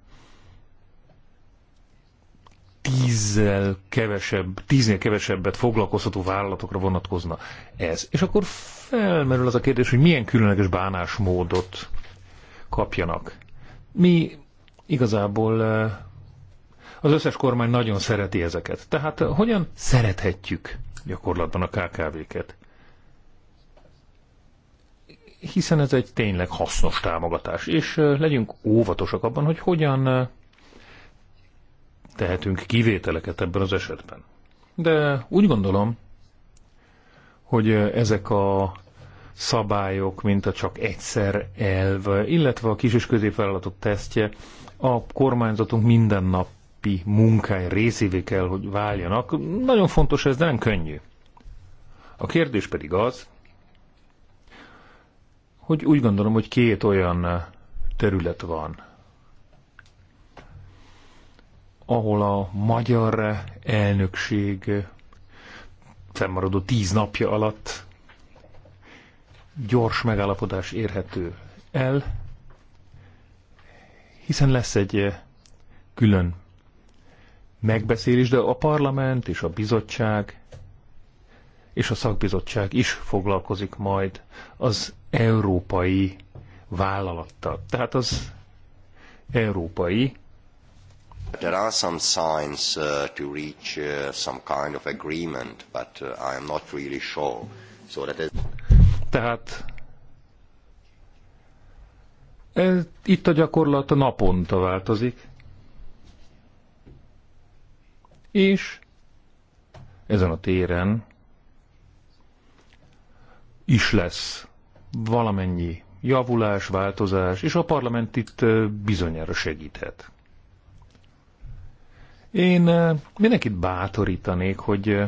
tízzel kevesebb, tíznél kevesebbet foglalkoztató vállalatokra vonatkozna ez. És akkor felmerül az a kérdés, hogy milyen különleges bánásmódot kapjanak. Mi igazából eh, az összes kormány nagyon szereti ezeket. Tehát eh, hogyan szerethetjük gyakorlatban a KKV-ket? Hiszen ez egy tényleg hasznos támogatás, és eh, legyünk óvatosak abban, hogy hogyan tehetünk kivételeket ebben az esetben. De úgy gondolom, hogy ezek a szabályok, mint a csak egyszer elv, illetve a kis és középvállalatok tesztje a kormányzatunk mindennapi munkája részévé kell, hogy váljanak. Nagyon fontos ez, de nem könnyű. A kérdés pedig az, hogy úgy gondolom, hogy két olyan terület van, ahol a magyar elnökség fennmaradó tíz napja alatt gyors megállapodás érhető el, hiszen lesz egy külön megbeszélés, de a parlament és a bizottság és a szakbizottság is foglalkozik majd az európai vállalattal. Tehát az európai There are some signs uh, to reach uh, some kind of agreement, but uh, I am not really sure. So that is... Tehát ez, itt a gyakorlat naponta változik. És ezen a téren is lesz valamennyi javulás, változás, és a parlament itt bizonyára segíthet. Én mindenkit bátorítanék, hogy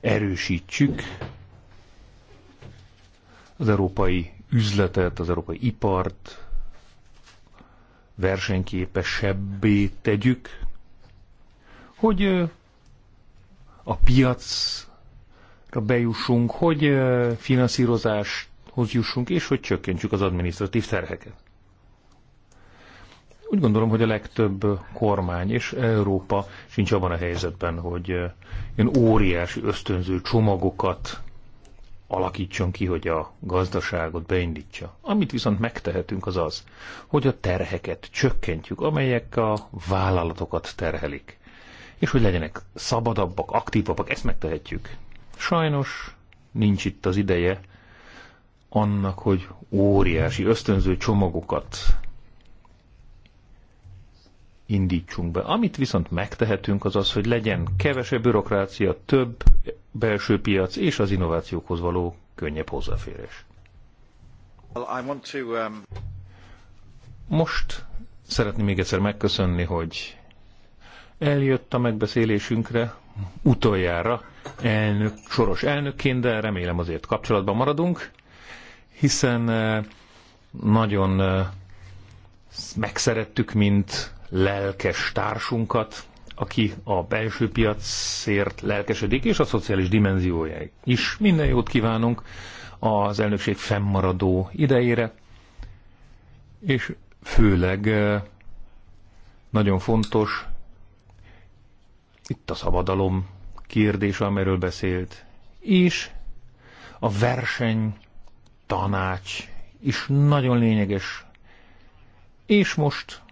erősítsük az európai üzletet, az európai ipart, versenyképesebbé tegyük, hogy a piacra bejussunk, hogy finanszírozáshoz jussunk, és hogy csökkentsük az adminisztratív terheket. Úgy gondolom, hogy a legtöbb kormány és Európa sincs abban a helyzetben, hogy eh, ilyen óriási ösztönző csomagokat alakítson ki, hogy a gazdaságot beindítsa. Amit viszont megtehetünk az az, hogy a terheket csökkentjük, amelyek a vállalatokat terhelik. És hogy legyenek szabadabbak, aktívabbak, ezt megtehetjük. Sajnos nincs itt az ideje annak, hogy óriási ösztönző csomagokat indítsunk be. Amit viszont megtehetünk, az az, hogy legyen kevesebb bürokrácia, több belső piac és az innovációkhoz való könnyebb hozzáférés. Um, Most szeretném még egyszer megköszönni, hogy eljött a megbeszélésünkre utoljára elnök, soros elnökként, de remélem azért kapcsolatban maradunk, hiszen eh, nagyon eh, megszerettük, mint lelkes társunkat, aki a belső piacért lelkesedik, és a szociális dimenziójáig is. Minden jót kívánunk az elnökség fennmaradó idejére, és főleg eh, nagyon fontos itt a szabadalom kérdése, amiről beszélt, és a verseny tanács is nagyon lényeges. És most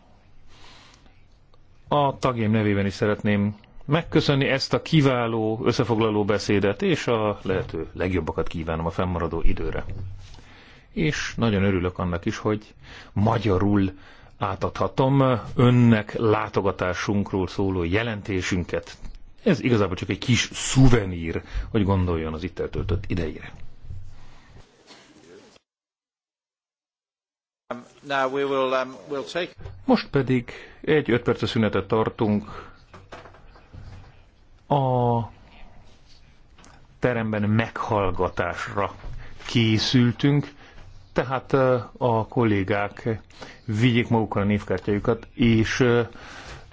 a tagjaim nevében is szeretném megköszönni ezt a kiváló összefoglaló beszédet, és a lehető legjobbakat kívánom a fennmaradó időre. És nagyon örülök annak is, hogy magyarul átadhatom önnek látogatásunkról szóló jelentésünket. Ez igazából csak egy kis szuvenír, hogy gondoljon az itt eltöltött idejére. Um, um, most pedig egy öt perces szünetet tartunk a teremben meghallgatásra készültünk, tehát uh, a kollégák vigyék magukkal a névkártyájukat, és uh,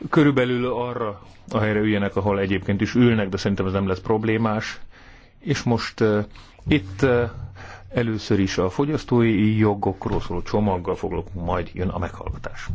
körülbelül arra a helyre üljenek, ahol egyébként is ülnek, de szerintem ez nem lesz problémás. És most uh, itt Először is a fogyasztói jogokról szóló csomaggal foglalkozunk, majd jön a meghallgatás.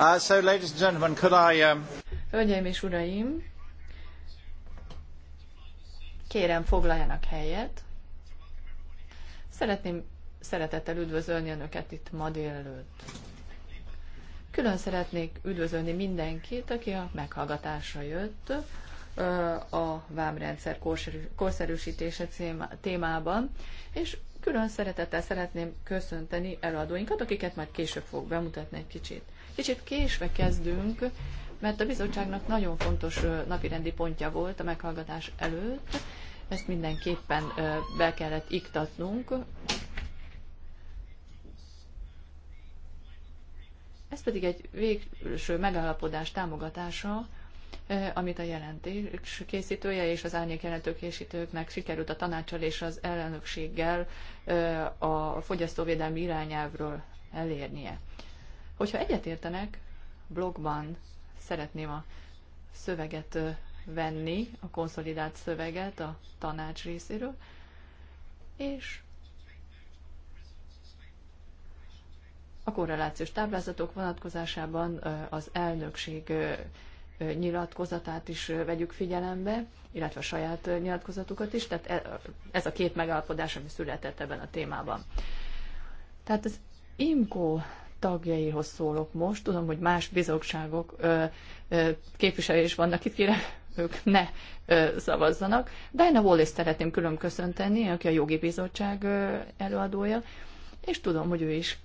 Uh, so, ladies and gentlemen, could I, um... Hölgyeim és uraim, kérem foglaljanak helyet. Szeretném szeretettel üdvözölni Önöket itt ma délelőtt. Külön szeretnék üdvözölni mindenkit, aki a meghallgatásra jött uh, a vámrendszer korszerűsítése témában, és külön szeretettel szeretném köszönteni előadóinkat, akiket majd később fog bemutatni egy kicsit. Kicsit késve kezdünk, mert a bizottságnak nagyon fontos napirendi pontja volt a meghallgatás előtt, ezt mindenképpen be kellett iktatnunk. Ez pedig egy végső megállapodás támogatása, amit a jelentés készítője és az árnyék jelentőkészítőknek sikerült a tanácsal és az ellenökséggel a fogyasztóvédelmi irányelvről elérnie. Hogyha egyetértenek, blogban szeretném a szöveget venni, a konszolidált szöveget a tanács részéről, és a korrelációs táblázatok vonatkozásában az elnökség nyilatkozatát is vegyük figyelembe, illetve a saját nyilatkozatukat is, tehát e, ez a két megállapodás, ami született ebben a témában. Tehát az IMCO tagjaihoz szólok most. Tudom, hogy más bizottságok képviselői is vannak itt, kérek ők ne ö, szavazzanak. Diana Wallace szeretném külön köszönteni, aki a jogi bizottság ö, előadója, és tudom, hogy ő is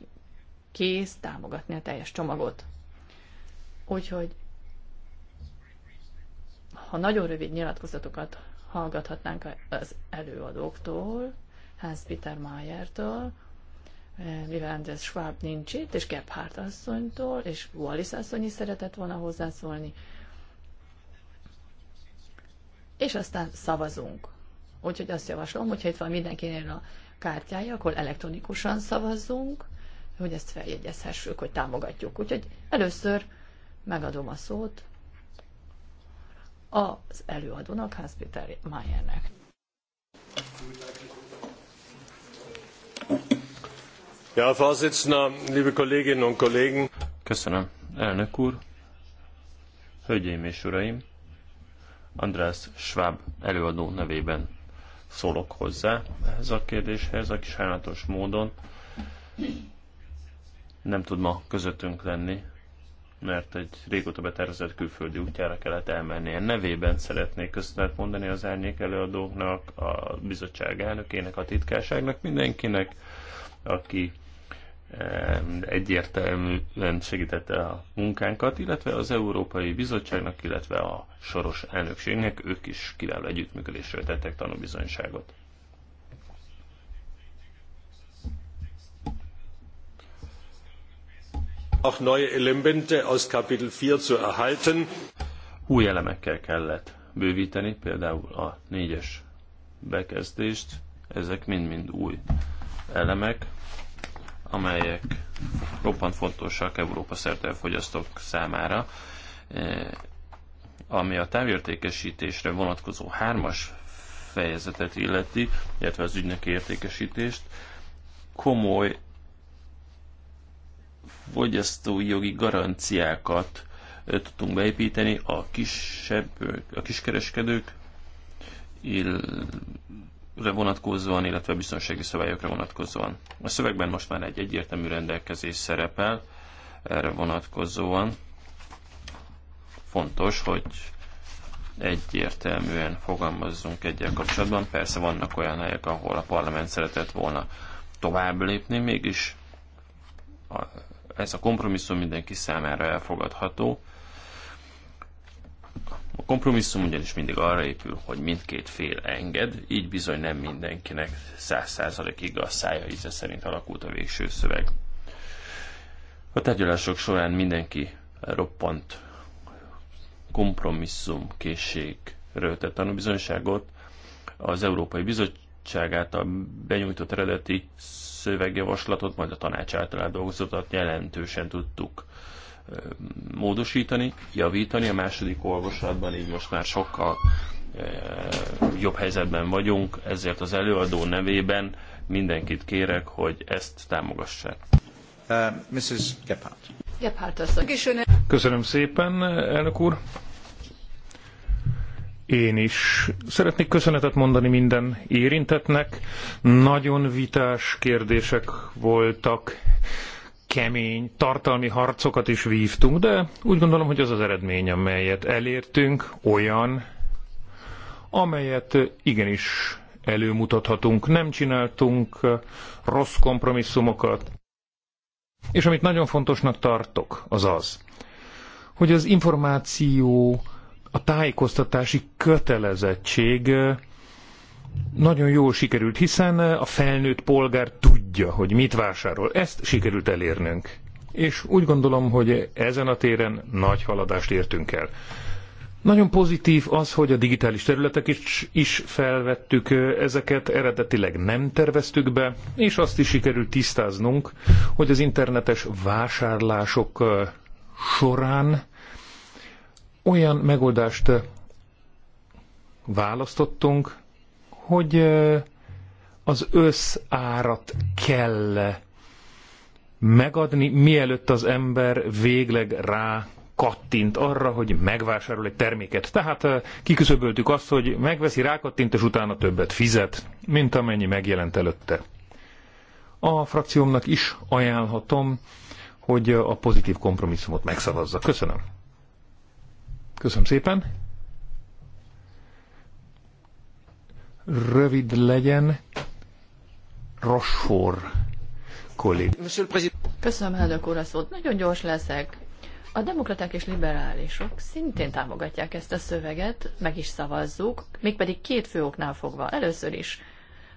kész támogatni a teljes csomagot. Úgyhogy, ha nagyon rövid nyilatkozatokat hallgathatnánk az előadóktól, Hans Peter Mayertől, Vivández Schwab nincs itt, és Gebhardt asszonytól, és Wallis asszony is szeretett volna hozzászólni. És aztán szavazunk. Úgyhogy azt javaslom, hogyha itt van mindenkinél a kártyája, akkor elektronikusan szavazzunk, hogy ezt feljegyezhessük, hogy támogatjuk. Úgyhogy először megadom a szót az előadónak, Hans Peter Mayernek. Ja, liebe Kolleginnen und Kollegen. Köszönöm, elnök úr, hölgyeim és uraim. András Schwab előadó nevében szólok hozzá ehhez a kérdéshez, aki sajnálatos módon nem tud ma közöttünk lenni, mert egy régóta betervezett külföldi útjára kellett elmennie. Nevében szeretnék köszönet mondani az árnyék előadóknak, a bizottság elnökének, a titkárságnak, mindenkinek, aki egyértelműen segítette a munkánkat, illetve az Európai Bizottságnak, illetve a soros elnökségnek ők is kiváló együttműködésről tettek tanúbizonyságot. Auch neue Elemente aus Kapitel 4 zu erhalten. Új elemekkel kellett bővíteni, például a négyes bekezdést, ezek mind-mind új elemek, amelyek roppant fontosak Európa szerte a fogyasztók számára. E, ami a távértékesítésre vonatkozó hármas fejezetet illeti, illetve az ügynöki értékesítést, komoly fogyasztói jogi garanciákat e, tudtunk beépíteni a kisebb, a kiskereskedők, ill, vonatkozóan, illetve a biztonsági szabályokra vonatkozóan. A szövegben most már egy egyértelmű rendelkezés szerepel erre vonatkozóan. Fontos, hogy egyértelműen fogalmazzunk egyel kapcsolatban. Persze vannak olyan helyek, ahol a parlament szeretett volna tovább lépni, mégis a, ez a kompromisszum mindenki számára elfogadható. A kompromisszum ugyanis mindig arra épül, hogy mindkét fél enged, így bizony nem mindenkinek száz százalékig a szája íze szerint alakult a végső szöveg. A tárgyalások során mindenki roppant kompromisszum készségről tett tanúbizonyságot. Az Európai Bizottság által benyújtott eredeti szövegjavaslatot, majd a tanács által dolgozatot jelentősen tudtuk módosítani, javítani a második olvasatban, így most már sokkal e, jobb helyzetben vagyunk, ezért az előadó nevében mindenkit kérek, hogy ezt támogassák. Uh, Mrs. Gephardt. Gephardt asszony. Köszönöm szépen, elnök úr. Én is szeretnék köszönetet mondani minden érintetnek. Nagyon vitás kérdések voltak, kemény, tartalmi harcokat is vívtunk, de úgy gondolom, hogy az az eredmény, amelyet elértünk, olyan, amelyet igenis előmutathatunk. Nem csináltunk eh, rossz kompromisszumokat. És amit nagyon fontosnak tartok, az az, hogy az információ, a tájékoztatási kötelezettség eh, nagyon jól sikerült, hiszen eh, a felnőtt polgár tudja, tudja, hogy mit vásárol. Ezt sikerült elérnünk. És úgy gondolom, hogy ezen a téren nagy haladást értünk el. Nagyon pozitív az, hogy a digitális területek is, is felvettük ezeket, eredetileg nem terveztük be, és azt is sikerült tisztáznunk, hogy az internetes vásárlások során olyan megoldást választottunk, hogy az összárat kell megadni, mielőtt az ember végleg rá kattint arra, hogy megvásárol egy terméket. Tehát eh, kiküszöböltük azt, hogy megveszi, rákattint, és utána többet fizet, mint amennyi megjelent előtte. A frakciómnak is ajánlhatom, hogy eh, a pozitív kompromisszumot megszavazza. Köszönöm. Köszönöm szépen. Rövid legyen, kollég. Köszönöm, elnök úr, a szót. Nagyon gyors leszek. A demokraták és liberálisok szintén támogatják ezt a szöveget, meg is szavazzuk, mégpedig két fő oknál fogva. Először is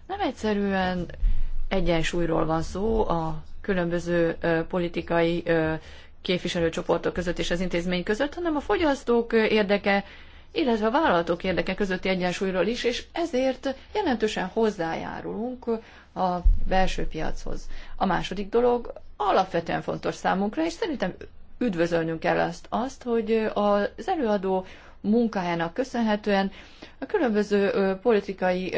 nem egyszerűen egyensúlyról van szó a különböző ö, politikai ö, képviselőcsoportok között és az intézmény között, hanem a fogyasztók érdeke illetve a vállalatok érdeke közötti egyensúlyról is, és ezért jelentősen hozzájárulunk a belső piachoz. A második dolog alapvetően fontos számunkra, és szerintem üdvözölnünk kell azt, azt hogy az előadó munkájának köszönhetően a különböző politikai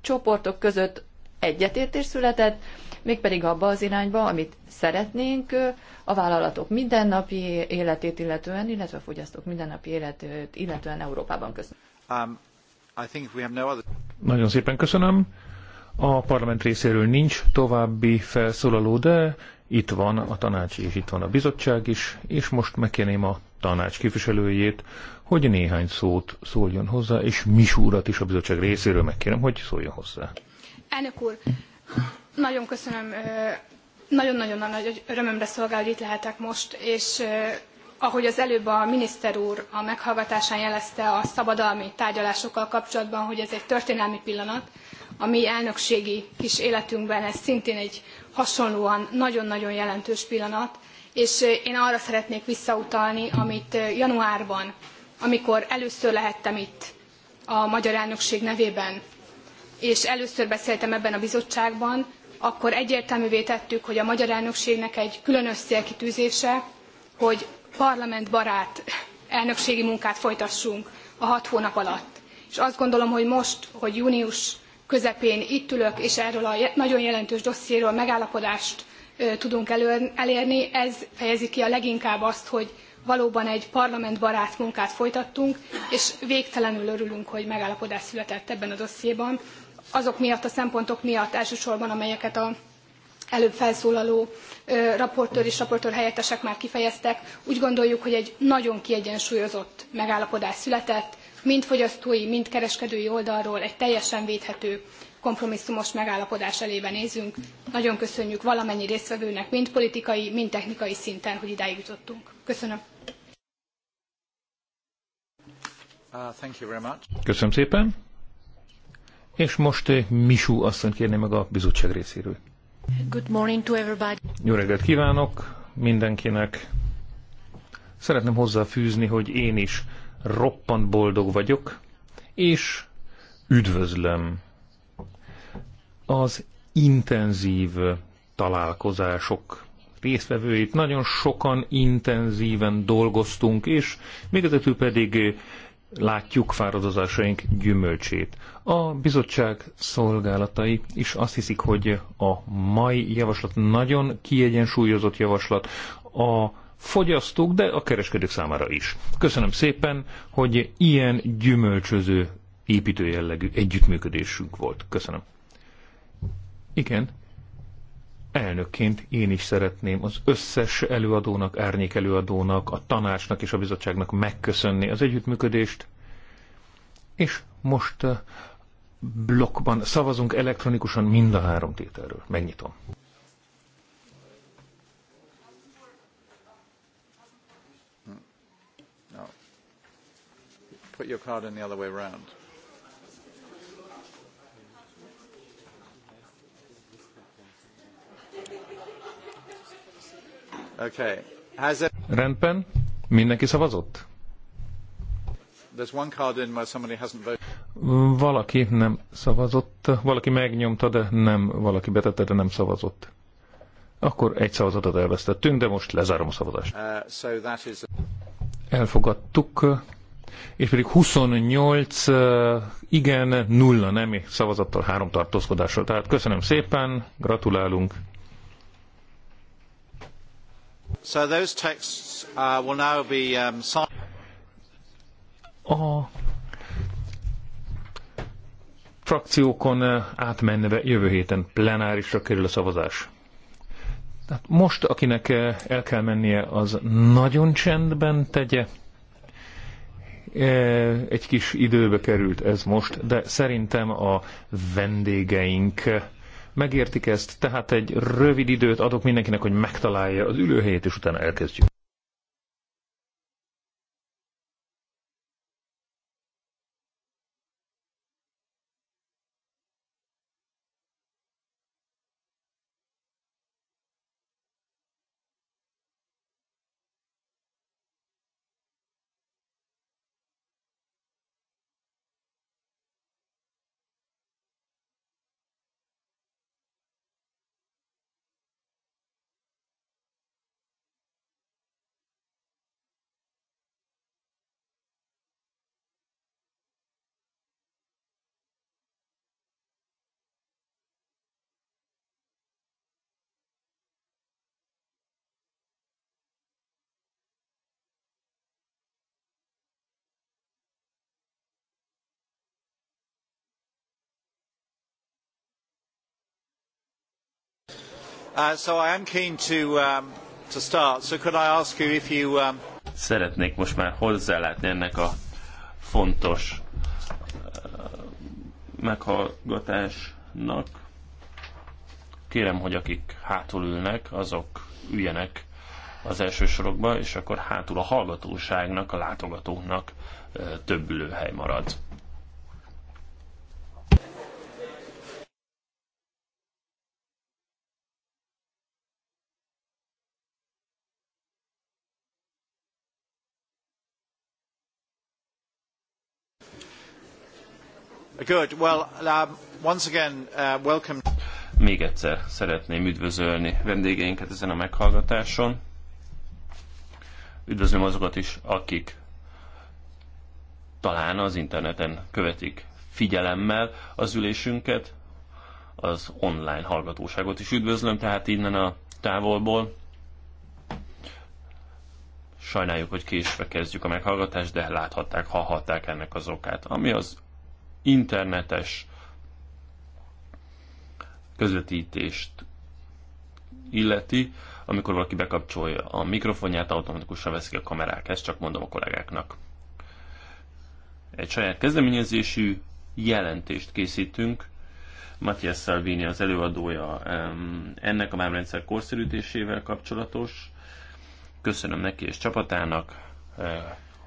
csoportok között egyetértés született, mégpedig abba az irányba, amit szeretnénk a vállalatok mindennapi életét illetően, illetve a fogyasztók mindennapi életét illetően Európában. Köszönöm. Um, no other... Nagyon szépen köszönöm. A parlament részéről nincs további felszólaló, de itt van a tanács és itt van a bizottság is, és most megkérném a tanács képviselőjét, hogy néhány szót szóljon hozzá, és Misúrat is a bizottság részéről megkérem, hogy szóljon hozzá. Elnök úr, nagyon köszönöm, nagyon-nagyon nagy örömömre szolgál, hogy itt lehetek most, és ahogy az előbb a miniszter úr a meghallgatásán jelezte a szabadalmi tárgyalásokkal kapcsolatban, hogy ez egy történelmi pillanat, a mi elnökségi kis életünkben ez szintén egy hasonlóan nagyon-nagyon jelentős pillanat, és én arra szeretnék visszautalni, amit januárban, amikor először lehettem itt a magyar elnökség nevében, és először beszéltem ebben a bizottságban, akkor egyértelművé tettük, hogy a magyar elnökségnek egy különös célkitűzése, hogy parlamentbarát elnökségi munkát folytassunk a hat hónap alatt. És azt gondolom, hogy most, hogy június közepén itt ülök, és erről a nagyon jelentős dossziéről megállapodást tudunk elérni, ez fejezi ki a leginkább azt, hogy valóban egy parlamentbarát munkát folytattunk, és végtelenül örülünk, hogy megállapodás született ebben a dossziéban, azok miatt, a szempontok miatt elsősorban, amelyeket a előbb felszólaló raportőr és raportőr helyettesek már kifejeztek, úgy gondoljuk, hogy egy nagyon kiegyensúlyozott megállapodás született, mind fogyasztói, mind kereskedői oldalról egy teljesen védhető kompromisszumos megállapodás elébe nézünk. Nagyon köszönjük valamennyi résztvevőnek, mind politikai, mind technikai szinten, hogy idáig jutottunk. Köszönöm. Uh, Köszönöm szépen. És most eh, Misú asszony kérné meg a bizottság részéről. Good morning to everybody. Jó reggelt kívánok mindenkinek. Szeretném hozzáfűzni, hogy én is roppant boldog vagyok, és üdvözlöm az intenzív találkozások résztvevőit. Nagyon sokan intenzíven dolgoztunk, és még pedig látjuk fáradozásaink gyümölcsét. A bizottság szolgálatai is azt hiszik, hogy a mai javaslat nagyon kiegyensúlyozott javaslat a fogyasztók, de a kereskedők számára is. Köszönöm szépen, hogy ilyen gyümölcsöző építőjellegű együttműködésünk volt. Köszönöm. Igen. Elnökként én is szeretném az összes előadónak, árnyék előadónak, a tanácsnak és a bizottságnak megköszönni az együttműködést, és most uh, blokkban szavazunk elektronikusan mind a három tételről. Megnyitom. Put your card in the other way around. Okay. Has it... Rendben. Mindenki szavazott? There's one card in where somebody hasn't voted. Valaki nem szavazott, valaki megnyomta, de nem, valaki betette, de nem szavazott. Akkor egy szavazatot elvesztettünk, de most lezárom a szavazást. Uh, so that is... Elfogadtuk, és pedig 28 uh, igen, nulla nem szavazattal, három tartózkodással. Tehát köszönöm szépen, gratulálunk. So those texts uh, will now be um, signed. A frakciókon uh, átmenve jövő héten plenárisra kerül a szavazás. Tehát most, akinek uh, el kell mennie, az nagyon csendben tegye. Uh, egy kis időbe került ez most, de szerintem a vendégeink Megértik ezt, tehát egy rövid időt adok mindenkinek, hogy megtalálja az ülőhelyét, és utána elkezdjük. Uh, so I am keen to, um, to start. So could I ask you if you... Um... Szeretnék most már hozzálátni ennek a fontos uh, meghallgatásnak. Kérem, hogy akik hátul ülnek, azok üljenek az első sorokba, és akkor hátul a hallgatóságnak, a látogatóknak uh, több ülőhely marad. Good. Well, um, once again, uh, welcome. Még egyszer szeretném üdvözölni vendégeinket ezen a meghallgatáson. Üdvözlöm azokat is, akik talán az interneten követik figyelemmel az ülésünket, az online hallgatóságot is üdvözlöm, tehát innen a távolból. Sajnáljuk, hogy késve kezdjük a meghallgatást, de láthatták, hallhatták ennek az okát. Ami az internetes közvetítést illeti, amikor valaki bekapcsolja a mikrofonját, automatikusan veszik a kamerák. Ezt csak mondom a kollégáknak. Egy saját kezdeményezésű jelentést készítünk. Matthias Salvini az előadója ennek a vámrendszer korszerűtésével kapcsolatos. Köszönöm neki és csapatának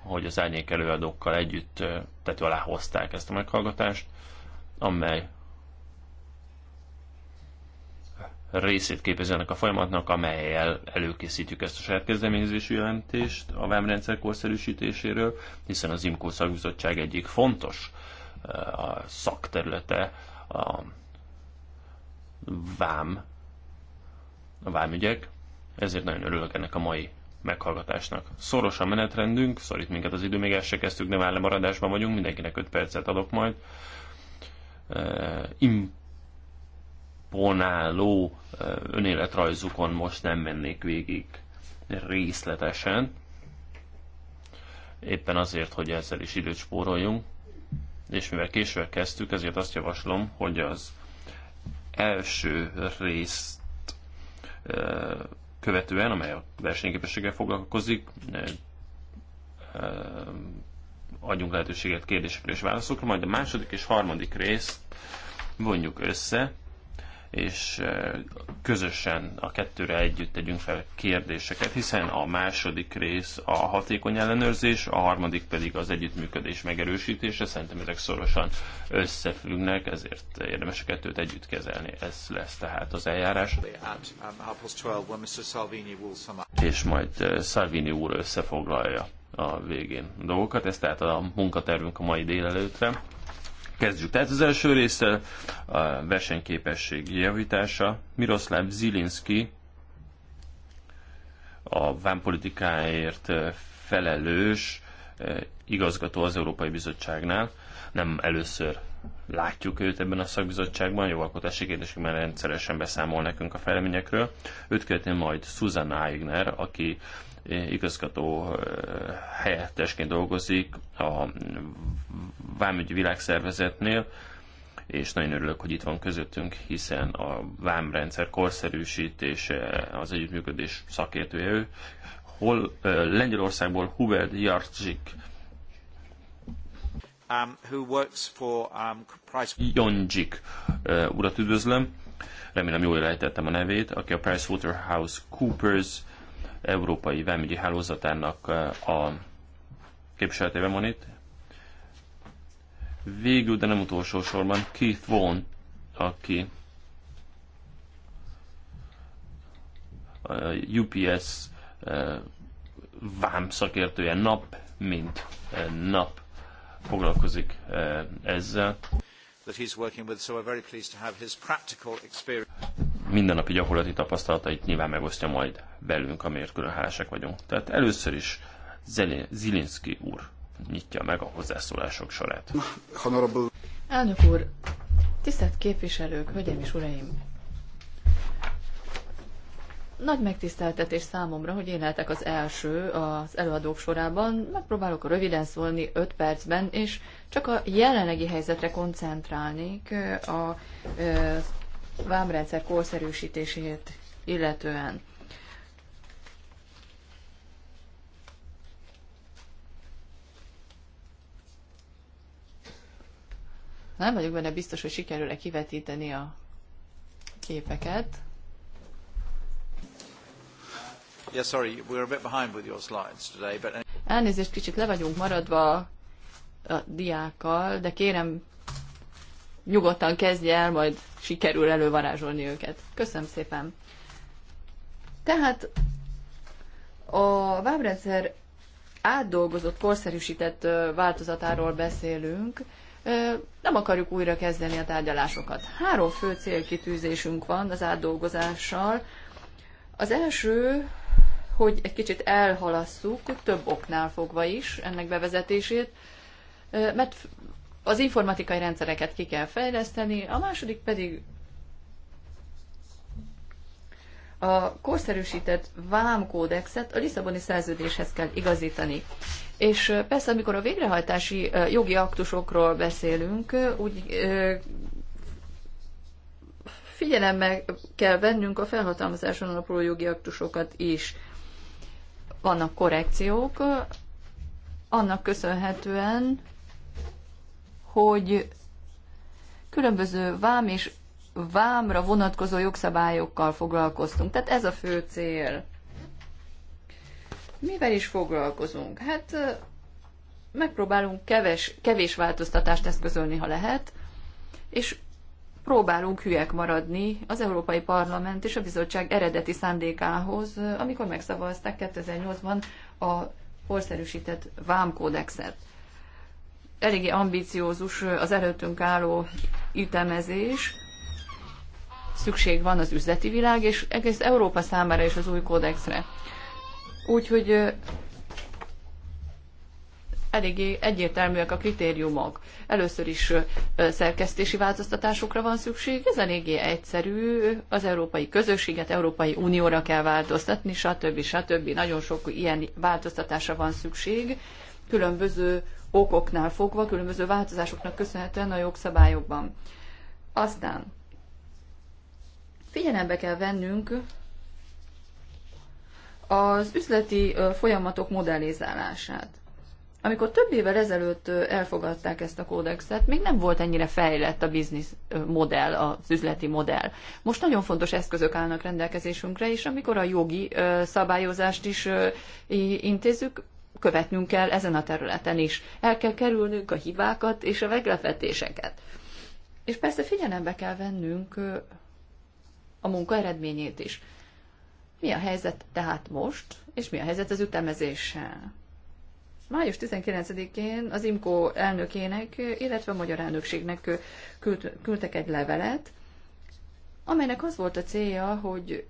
hogy az árnyék előadókkal együtt tető alá hozták ezt a meghallgatást, amely részét képezi ennek a folyamatnak, amelyel előkészítjük ezt a saját kezdeményezésű jelentést a vámrendszer korszerűsítéséről, hiszen az IMCO szakbizottság egyik fontos a szakterülete a vám, a vámügyek, ezért nagyon örülök ennek a mai meghallgatásnak. Szoros a menetrendünk, szorít minket az idő, még el se kezdtük, már lemaradásban vagyunk, mindenkinek 5 percet adok majd. Uh, imponáló uh, önéletrajzukon most nem mennék végig részletesen, éppen azért, hogy ezzel is időt spóroljunk, és mivel később kezdtük, ezért azt javaslom, hogy az első részt uh, követően, amely a versenyképességgel foglalkozik, adjunk lehetőséget kérdésekre és válaszokra, majd a második és harmadik részt vonjuk össze, és közösen a kettőre együtt tegyünk fel kérdéseket, hiszen a második rész a hatékony ellenőrzés, a harmadik pedig az együttműködés megerősítése. Szerintem ezek szorosan összefüggnek, ezért érdemes a kettőt együtt kezelni. Ez lesz tehát az eljárás. Um, és majd Salvini úr összefoglalja a végén a dolgokat. Ez tehát a munkatervünk a mai délelőtre. Kezdjük tehát az első része a versenyképesség javítása. Miroslav Zilinski a vámpolitikáért eh, felelős eh, igazgató az Európai Bizottságnál. Nem először látjuk őt ebben a szakbizottságban, jogalkotási kérdésekben rendszeresen beszámol nekünk a fejleményekről. Őt követően majd Susan Aigner, aki igazgató helyettesként dolgozik a Vámügyi Világszervezetnél, és nagyon örülök, hogy itt van közöttünk, hiszen a vámrendszer korszerűsítése az együttműködés szakértője ő. Hol Lengyelországból Hubert Jarczyk um, who works for um, Price... urat üdvözlöm, remélem jól lejtettem a nevét, aki a Price Waterhouse Coopers európai vámügyi hálózatának eh, a képviseletében van itt. Végül, de nem utolsó sorban Keith Vaughan, aki a eh, UPS eh, vám szakértője nap, mint nap foglalkozik ezzel. That he's working with, so we're very pleased to have his practical experience mindennapi gyakorlati tapasztalatait nyilván megosztja majd velünk, amiért külön hálásak vagyunk. Tehát először is Zilinski úr nyitja meg a hozzászólások sorát. Honorable. Elnök úr, tisztelt képviselők, hölgyeim és uraim! Nagy megtiszteltetés számomra, hogy én lehetek az első az előadók sorában. Megpróbálok röviden szólni 5 percben, és csak a jelenlegi helyzetre koncentrálnék a vámrendszer korszerűsítését illetően. Nem vagyok benne biztos, hogy sikerül-e kivetíteni a képeket. Yeah, sorry, we're a bit behind with your slides today, but... Elnézést, kicsit le vagyunk maradva a diákkal, de kérem nyugodtan kezdje el, majd sikerül elővarázsolni őket. Köszönöm szépen. Tehát a vábrendszer átdolgozott, korszerűsített változatáról beszélünk. Nem akarjuk újra kezdeni a tárgyalásokat. Három fő célkitűzésünk van az átdolgozással. Az első, hogy egy kicsit elhalasszuk, több oknál fogva is ennek bevezetését, mert az informatikai rendszereket ki kell fejleszteni, a második pedig a korszerűsített vámkódexet a Lisszaboni szerződéshez kell igazítani. És persze, amikor a végrehajtási jogi aktusokról beszélünk, úgy figyelembe kell vennünk a felhatalmazáson alapuló jogi aktusokat is. Vannak korrekciók, annak köszönhetően, hogy különböző vám és vámra vonatkozó jogszabályokkal foglalkoztunk. Tehát ez a fő cél. Mivel is foglalkozunk? Hát megpróbálunk keves, kevés változtatást eszközölni, ha lehet, és próbálunk hülyek maradni az Európai Parlament és a bizottság eredeti szándékához, amikor megszavazták 2008-ban a korszerűsített vámkódexet eléggé ambíciózus az előttünk álló ütemezés, szükség van az üzleti világ, és egész Európa számára is az új kódexre. Úgyhogy eléggé egyértelműek a kritériumok. Először is szerkesztési változtatásokra van szükség, ez eléggé egyszerű, az európai közösséget, Európai Unióra kell változtatni, stb. stb. Nagyon sok ilyen változtatásra van szükség, különböző okoknál fogva, különböző változásoknak köszönhetően a jogszabályokban. Aztán figyelembe kell vennünk az üzleti folyamatok modellizálását. Amikor több évvel ezelőtt elfogadták ezt a kódexet, még nem volt ennyire fejlett a biznisz modell, az üzleti modell. Most nagyon fontos eszközök állnak rendelkezésünkre, és amikor a jogi szabályozást is intézzük, követnünk kell ezen a területen is. El kell kerülnünk a hibákat és a meglepetéseket. És persze figyelembe kell vennünk a munka eredményét is. Mi a helyzet tehát most, és mi a helyzet az ütemezéssel? Május 19-én az IMKO elnökének, illetve a magyar elnökségnek küldtek egy levelet, amelynek az volt a célja, hogy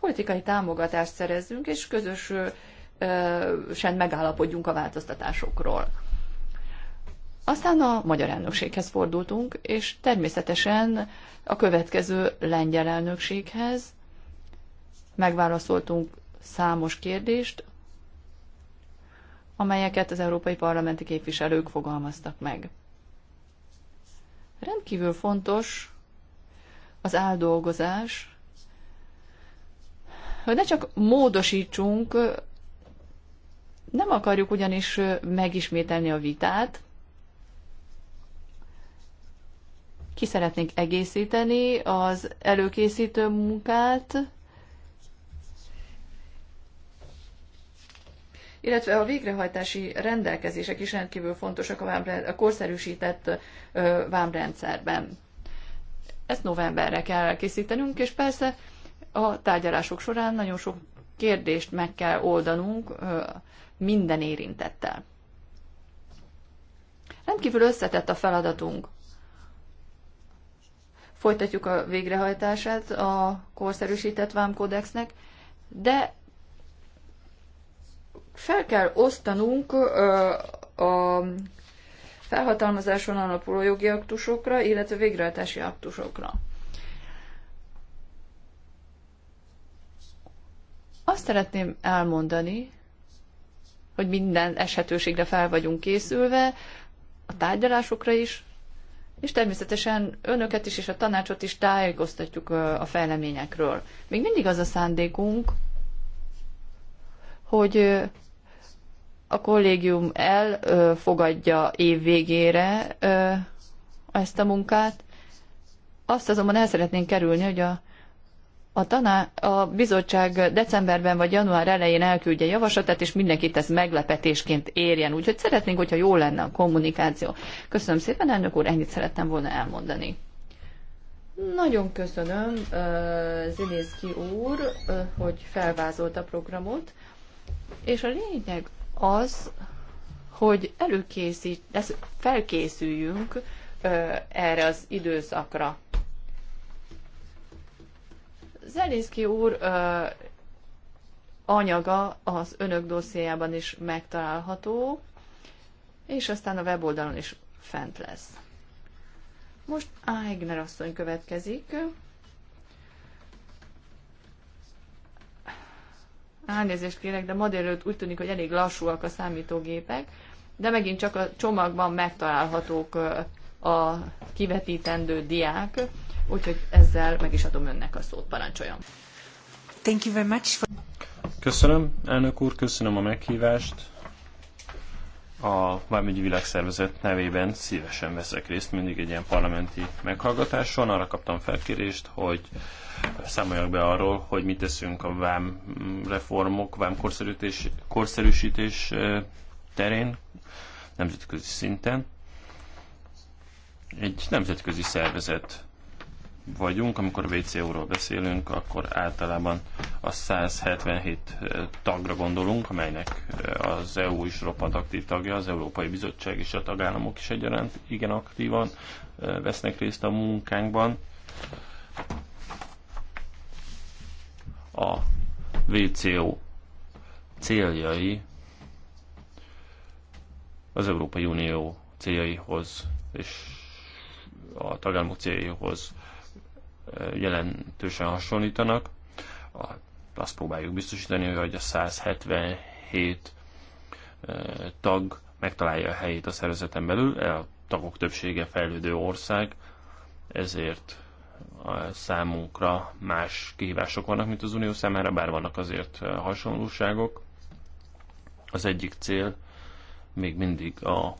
politikai támogatást szerezzünk, és közös sem megállapodjunk a változtatásokról. Aztán a magyar elnökséghez fordultunk, és természetesen a következő lengyel elnökséghez megválaszoltunk számos kérdést, amelyeket az európai parlamenti képviselők fogalmaztak meg. Rendkívül fontos az áldolgozás, hogy ne csak módosítsunk nem akarjuk ugyanis megismételni a vitát, ki szeretnénk egészíteni az előkészítő munkát, illetve a végrehajtási rendelkezések is rendkívül fontosak a, vámrend, a korszerűsített vámrendszerben. Ezt novemberre kell elkészítenünk, és persze a tárgyalások során nagyon sok kérdést meg kell oldanunk minden érintettel. Rendkívül összetett a feladatunk. Folytatjuk a végrehajtását a korszerűsített vámkódexnek, de fel kell osztanunk a felhatalmazáson alapuló jogi aktusokra, illetve végrehajtási aktusokra. Azt szeretném elmondani, hogy minden eshetőségre fel vagyunk készülve, a tárgyalásokra is, és természetesen önöket is és a tanácsot is tájékoztatjuk a fejleményekről. Még mindig az a szándékunk, hogy a kollégium elfogadja év végére ezt a munkát. Azt azonban el szeretnénk kerülni, hogy a a, taná, a bizottság decemberben vagy január elején elküldje javaslatát, és mindenkit ez meglepetésként érjen. Úgyhogy szeretnénk, hogyha jó lenne a kommunikáció. Köszönöm szépen, elnök úr, ennyit szerettem volna elmondani. Nagyon köszönöm uh, Zinészki úr, uh, hogy felvázolt a programot, és a lényeg az, hogy előkészít, felkészüljünk uh, erre az időszakra. Zelinszki úr anyaga az önök dossziéjában is megtalálható, és aztán a weboldalon is fent lesz. Most Aigner asszony következik. Elnézést kérek, de ma délőtt úgy tűnik, hogy elég lassúak a számítógépek, de megint csak a csomagban megtalálhatók a kivetítendő diák, Úgyhogy ezzel meg is adom önnek a szót, parancsoljon. Thank you very much for... Köszönöm, elnök úr, köszönöm a meghívást. A Vámügyi Világszervezet nevében szívesen veszek részt mindig egy ilyen parlamenti meghallgatáson. Arra kaptam felkérést, hogy számoljak be arról, hogy mit teszünk a vám reformok, vám korszerűsítés terén, nemzetközi szinten. Egy nemzetközi szervezet vagyunk, amikor WCO-ról e beszélünk, akkor általában a 177 tagra gondolunk, amelynek az EU is roppant aktív tagja, az Európai Bizottság és a tagállamok is egyaránt igen aktívan vesznek részt a munkánkban. A WCO e céljai az Európai Unió céljaihoz és a tagállamok céljaihoz jelentősen hasonlítanak. Azt próbáljuk biztosítani, hogy a 177 tag megtalálja a helyét a szervezeten belül, a tagok többsége fejlődő ország, ezért a számunkra más kihívások vannak, mint az Unió számára, bár vannak azért hasonlóságok. Az egyik cél még mindig a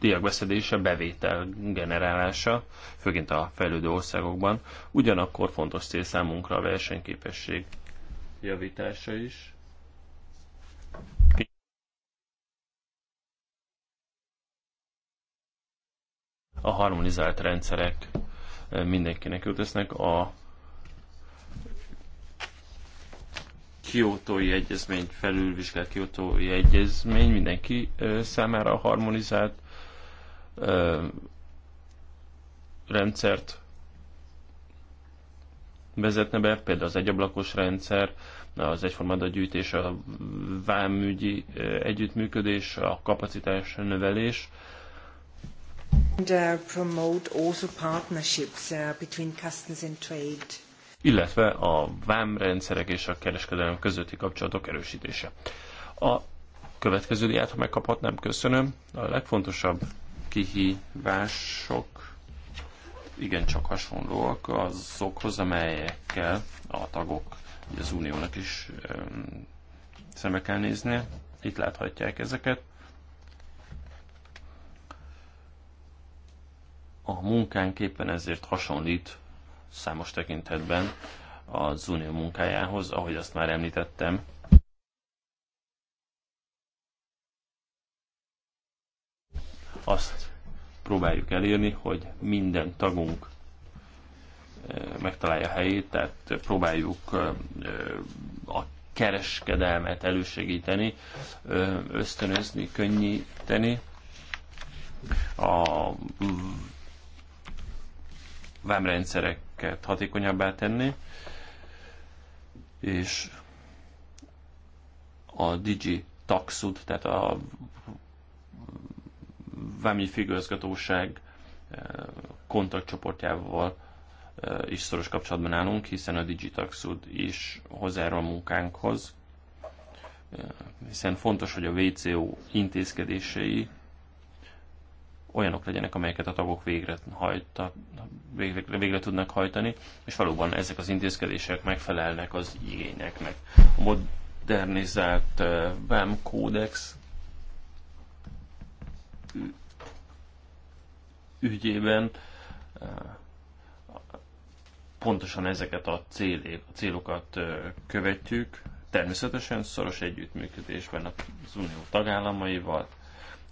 díjak bevétel generálása, főként a fejlődő országokban. Ugyanakkor fontos cél számunkra a versenyképesség javítása is. A harmonizált rendszerek mindenkinek jut a kiotói egyezmény, felülvizsgált kiotói egyezmény mindenki számára harmonizált rendszert vezetne be, például az egyablakos rendszer, az egyforma adatgyűjtés, a vámügyi együttműködés, a kapacitás növelés. And, uh, promote also partnerships uh, between customs and trade. Illetve a vámrendszerek és a kereskedelem közötti kapcsolatok erősítése. A következő diát, ha megkaphatnám, köszönöm. A legfontosabb kihívások igencsak hasonlóak azokhoz, amelyekkel a tagok az uniónak is szembe kell néznie. Itt láthatják ezeket. A munkánk éppen ezért hasonlít számos tekintetben az unió munkájához, ahogy azt már említettem, azt próbáljuk elérni, hogy minden tagunk eh, megtalálja a helyét, tehát próbáljuk eh, a kereskedelmet elősegíteni, eh, ösztönözni, könnyíteni, a vámrendszereket hatékonyabbá tenni, és a Digi Taxud, tehát a Vámi Figőzgatóság eh, kontaktcsoportjával eh, is szoros kapcsolatban állunk, hiszen a Digitaxud is hozzájárul a munkánkhoz, eh, hiszen fontos, hogy a WCO intézkedései olyanok legyenek, amelyeket a tagok végre, hajta, végre, végre tudnak hajtani, és valóban ezek az intézkedések megfelelnek az igényeknek. A modernizált BAM kódex ügyében eh, pontosan ezeket a célé, a célokat eh, követjük, természetesen szoros együttműködésben az unió tagállamaival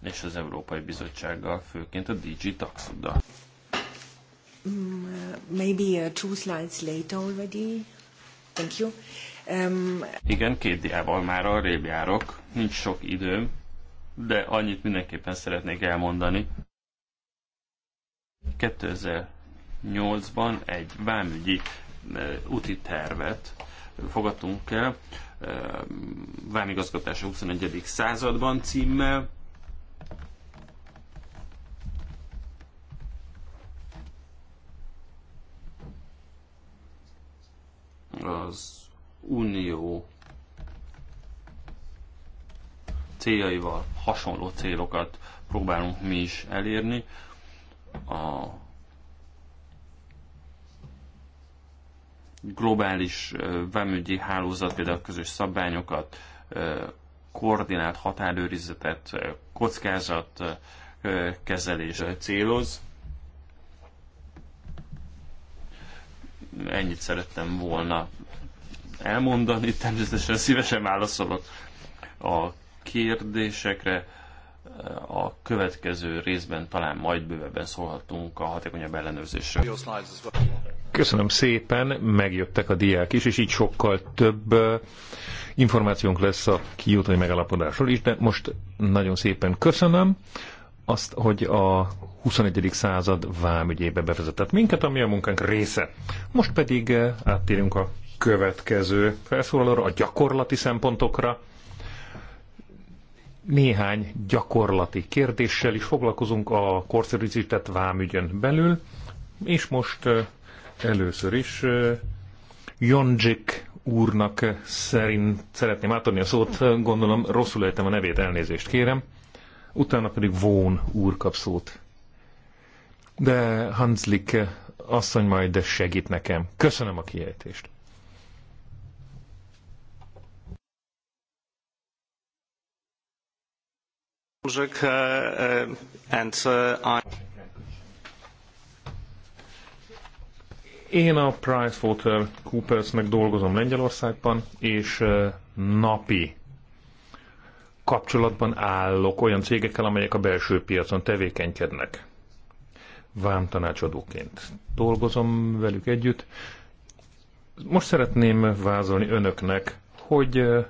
és az Európai Bizottsággal, főként a DG Taxuddal. Mm, uh, maybe uh, two slides later already. Thank you. Um... Igen, két diával már arrébb járok. Nincs sok időm, de annyit mindenképpen szeretnék elmondani. 2008-ban egy vámügyi eh, úti tervet fogadtunk el, eh, vámigazgatása 21. században címmel, az unió céljaival hasonló célokat próbálunk mi is elérni. A globális vemügyi hálózat például közös szabványokat, koordinált határőrizetet, kockázat kezelés céloz. Ennyit szerettem volna elmondani, természetesen szívesen válaszolok a kérdésekre a következő részben talán majd bővebben szólhatunk a hatékonyabb ellenőrzésről. Köszönöm szépen, megjöttek a diák is, és így sokkal több információnk lesz a kiutai megalapodásról is, de most nagyon szépen köszönöm azt, hogy a 21. század vámügyébe bevezetett minket, ami a munkánk része. Most pedig áttérünk a következő felszólalóra, a gyakorlati szempontokra néhány gyakorlati kérdéssel is foglalkozunk a korszerűsített vámügyön belül, és most először is Jonjik úrnak szerint szeretném átadni a szót, gondolom rosszul ejtem a nevét, elnézést kérem. Utána pedig Vón úr kap szót. De Hanslik asszony majd segít nekem. Köszönöm a kiejtést. Eh, eh, eh, Én a PricewaterhouseCoopersnek dolgozom Lengyelországban, és napi kapcsolatban állok olyan cégekkel, amelyek a belső piacon tevékenykednek. Vám tanácsadóként dolgozom velük együtt. Most szeretném vázolni önöknek, hogy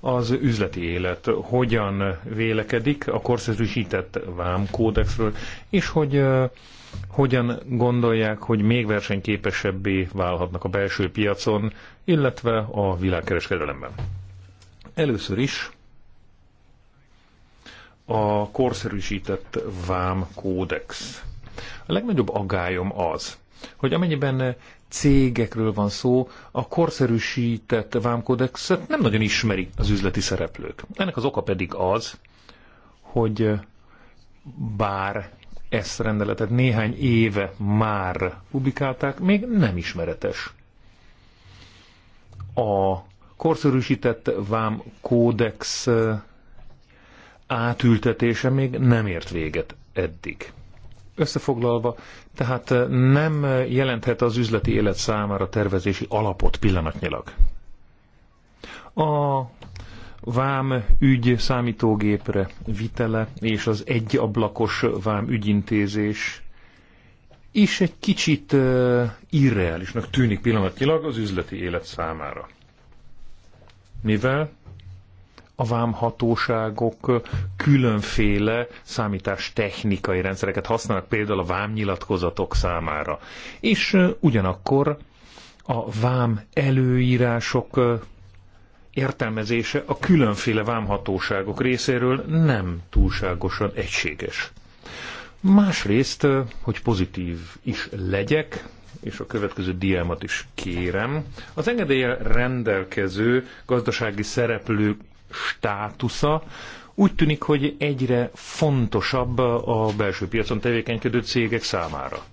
az üzleti élet hogyan vélekedik a korszerűsített vámkódexről, és hogy hogyan gondolják, hogy még versenyképesebbé válhatnak a belső piacon, illetve a világkereskedelemben. Először is a korszerűsített vámkódex. A legnagyobb agályom az, hogy amennyiben cégekről van szó, a korszerűsített vámkódexet nem nagyon ismeri az üzleti szereplők. Ennek az oka pedig az, hogy bár ezt rendeletet néhány éve már publikálták, még nem ismeretes. A korszerűsített vám kódex átültetése még nem ért véget eddig. Összefoglalva, tehát eh, nem jelenthet az üzleti élet számára tervezési alapot pillanatnyilag. A vám ügy számítógépre vitele és az egyablakos vám ügyintézés is egy kicsit eh, irreálisnak tűnik pillanatnyilag az üzleti élet számára. Mivel a vámhatóságok különféle számítástechnikai rendszereket használnak, például a vámnyilatkozatok számára. És ugyanakkor a vám előírások értelmezése a különféle vámhatóságok részéről nem túlságosan egységes. Másrészt, hogy pozitív is legyek, és a következő diámat is kérem. Az engedélye rendelkező gazdasági szereplők státusza úgy tűnik, hogy egyre fontosabb a belső piacon tevékenykedő cégek számára.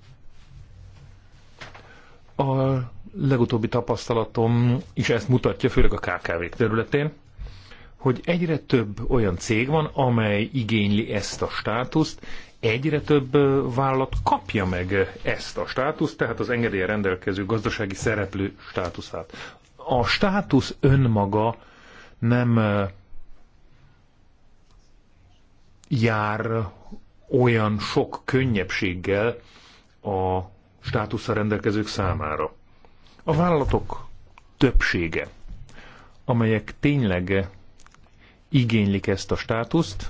A legutóbbi tapasztalatom is ezt mutatja, főleg a KKV területén, hogy egyre több olyan cég van, amely igényli ezt a státuszt, egyre több vállalat kapja meg ezt a státuszt, tehát az engedélye rendelkező gazdasági szereplő státuszát. A státusz önmaga nem jár olyan sok könnyebbséggel a státusza rendelkezők számára. A vállalatok többsége, amelyek tényleg igénylik ezt a státuszt,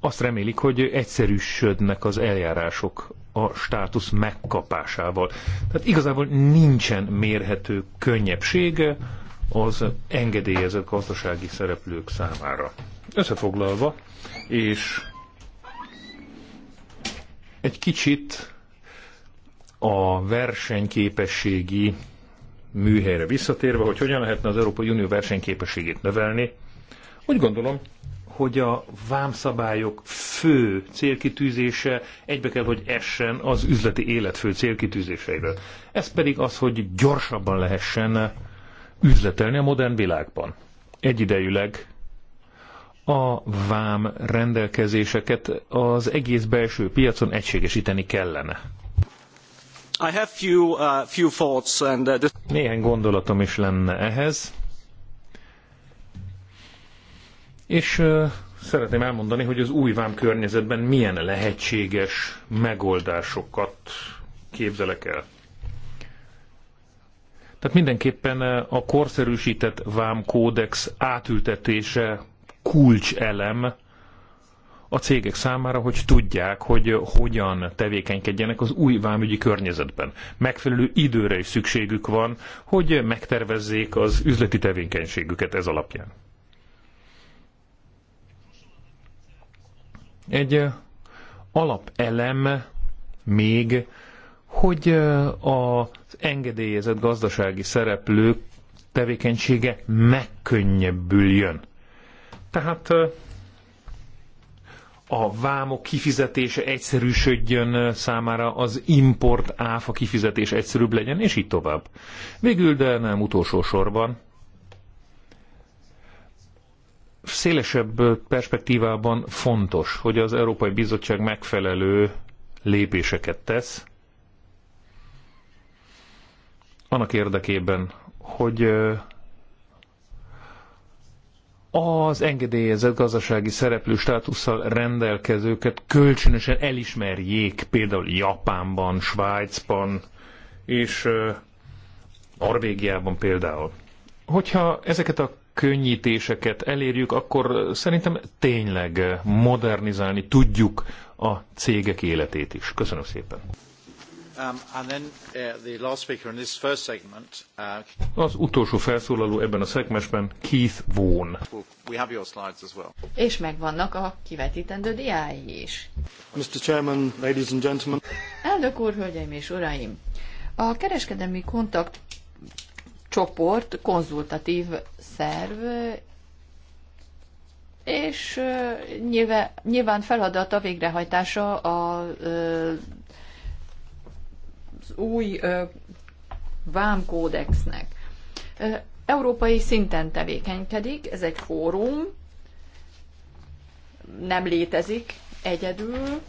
azt remélik, hogy egyszerűsödnek az eljárások a státusz megkapásával. Tehát igazából nincsen mérhető könnyebbség az engedélyezett gazdasági szereplők számára. Összefoglalva, és egy kicsit a versenyképességi műhelyre visszatérve, hogy hogyan lehetne az Európai Unió versenyképességét növelni, úgy gondolom, hogy a vámszabályok fő célkitűzése egybe kell, hogy essen az üzleti élet fő célkitűzéseiről. Ez pedig az, hogy gyorsabban lehessen üzletelni a modern világban. Egyidejűleg a vám rendelkezéseket az egész belső piacon egységesíteni kellene. I have few, uh, few thoughts and, uh, this... Néhány gondolatom is lenne ehhez. És uh, szeretném elmondani, hogy az új vám környezetben milyen lehetséges megoldásokat képzelek el. Tehát mindenképpen eh, a korszerűsített vámkódex átültetése kulcselem a cégek számára, hogy tudják, hogy eh, hogyan tevékenykedjenek az új vámügyi környezetben. Megfelelő időre is szükségük van, hogy megtervezzék az üzleti tevékenységüket ez alapján. Egy eh, alapelem még hogy az engedélyezett gazdasági szereplők tevékenysége megkönnyebbüljön. Tehát a vámok kifizetése egyszerűsödjön számára, az import áfa kifizetés egyszerűbb legyen, és így tovább. Végül, de nem utolsó sorban, szélesebb perspektívában fontos, hogy az Európai Bizottság megfelelő lépéseket tesz, annak érdekében, hogy az engedélyezett gazdasági szereplő státusszal rendelkezőket kölcsönösen elismerjék, például Japánban, Svájcban és Norvégiában például. Hogyha ezeket a könnyítéseket elérjük, akkor szerintem tényleg modernizálni tudjuk a cégek életét is. Köszönöm szépen! Um, uh, uh, Az utolsó felszólaló ebben a szegmensben Keith Vaughan. Well. És megvannak a kivetítendő diái is. Mr. Chairman, ladies and gentlemen. Elnök úr, hölgyeim és uraim! A kereskedelmi kontakt csoport konzultatív szerv, és nyilván, nyilván feladata végrehajtása a új vámkódexnek. Európai szinten tevékenykedik, ez egy fórum, nem létezik egyedül,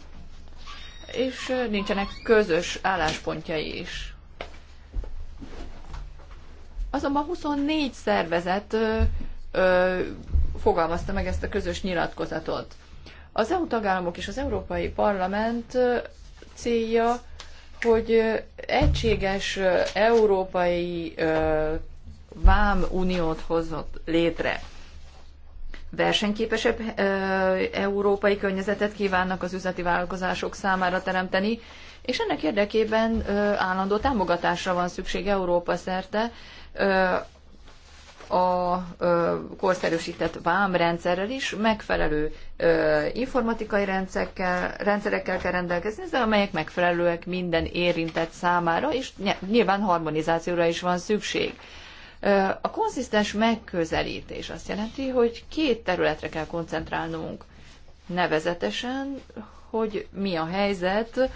és nincsenek közös álláspontjai is. Azonban 24 szervezet ö, ö, fogalmazta meg ezt a közös nyilatkozatot. Az EU tagállamok és az Európai Parlament célja hogy egységes európai vám uniót hozott létre. Versenyképesebb európai környezetet kívánnak az üzleti vállalkozások számára teremteni, és ennek érdekében állandó támogatásra van szükség Európa szerte a korszerűsített vámrendszerrel is megfelelő informatikai rendszerekkel, rendszerekkel kell rendelkezni, de amelyek megfelelőek minden érintett számára, és nyilván harmonizációra is van szükség. A konzisztens megközelítés azt jelenti, hogy két területre kell koncentrálnunk. Nevezetesen, hogy mi a helyzet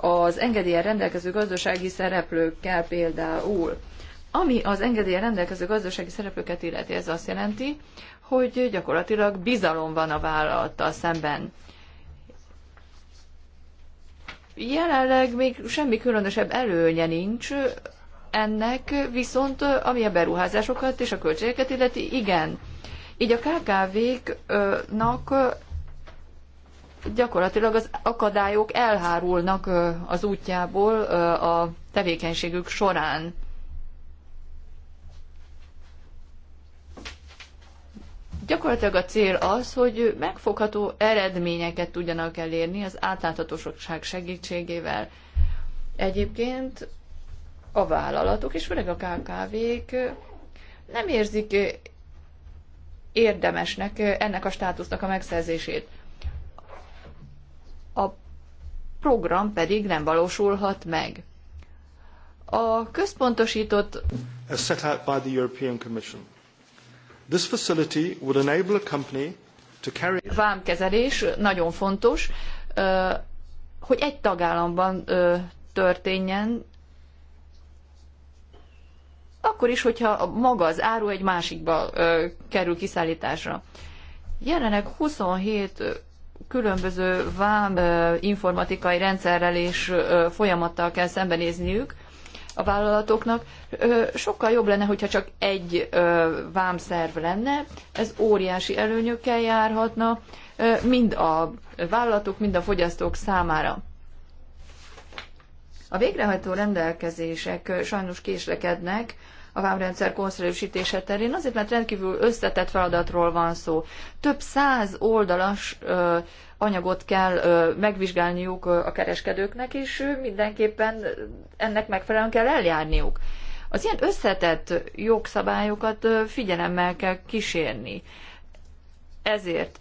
az engedélyen rendelkező gazdasági szereplőkkel például. Ami az engedélye rendelkező gazdasági szereplőket illeti, ez azt jelenti, hogy gyakorlatilag bizalom van a vállalattal szemben. Jelenleg még semmi különösebb előnye nincs, ennek viszont, ami a beruházásokat és a költségeket illeti, igen. Így a KKV-knak gyakorlatilag az akadályok elhárulnak az útjából a tevékenységük során. Gyakorlatilag a cél az, hogy megfogható eredményeket tudjanak elérni az átláthatóság segítségével. Egyébként a vállalatok, és főleg a KKV-k nem érzik érdemesnek ennek a státusznak a megszerzését. A program pedig nem valósulhat meg. A központosított as set out by the European Commission This facility would enable a company to carry... Vámkezelés nagyon fontos, hogy egy tagállamban történjen, akkor is, hogyha maga az áru egy másikba kerül kiszállításra. Jelenleg 27 különböző vám informatikai rendszerrel és folyamattal kell szembenézniük, a vállalatoknak. Sokkal jobb lenne, hogyha csak egy vámszerv lenne, ez óriási előnyökkel járhatna, mind a vállalatok, mind a fogyasztók számára. A végrehajtó rendelkezések sajnos késlekednek, a vámrendszer korszerűsítése terén, azért mert rendkívül összetett feladatról van szó. Több száz oldalas ö, anyagot kell megvizsgálniuk a kereskedőknek, és mindenképpen ennek megfelelően kell eljárniuk. Az ilyen összetett jogszabályokat figyelemmel kell kísérni. Ezért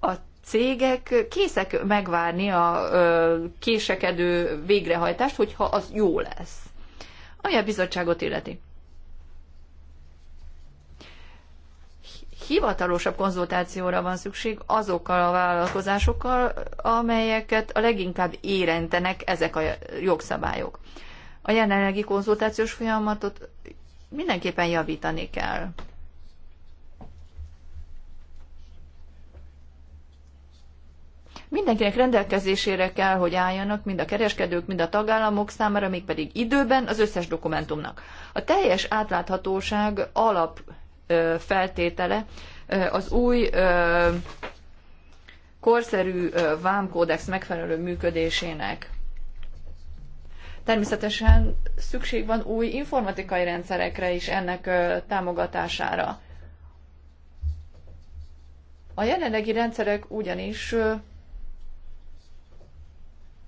a cégek készek megvárni a késekedő végrehajtást, hogyha az jó lesz. Ami a bizottságot illeti. hivatalosabb konzultációra van szükség azokkal a vállalkozásokkal, amelyeket a leginkább érintenek ezek a jogszabályok. A jelenlegi konzultációs folyamatot mindenképpen javítani kell. mindenkinek rendelkezésére kell, hogy álljanak, mind a kereskedők, mind a tagállamok számára, mégpedig időben az összes dokumentumnak. A teljes átláthatóság alap feltétele az új korszerű vámkódex megfelelő működésének. Természetesen szükség van új informatikai rendszerekre is ennek támogatására. A jelenlegi rendszerek ugyanis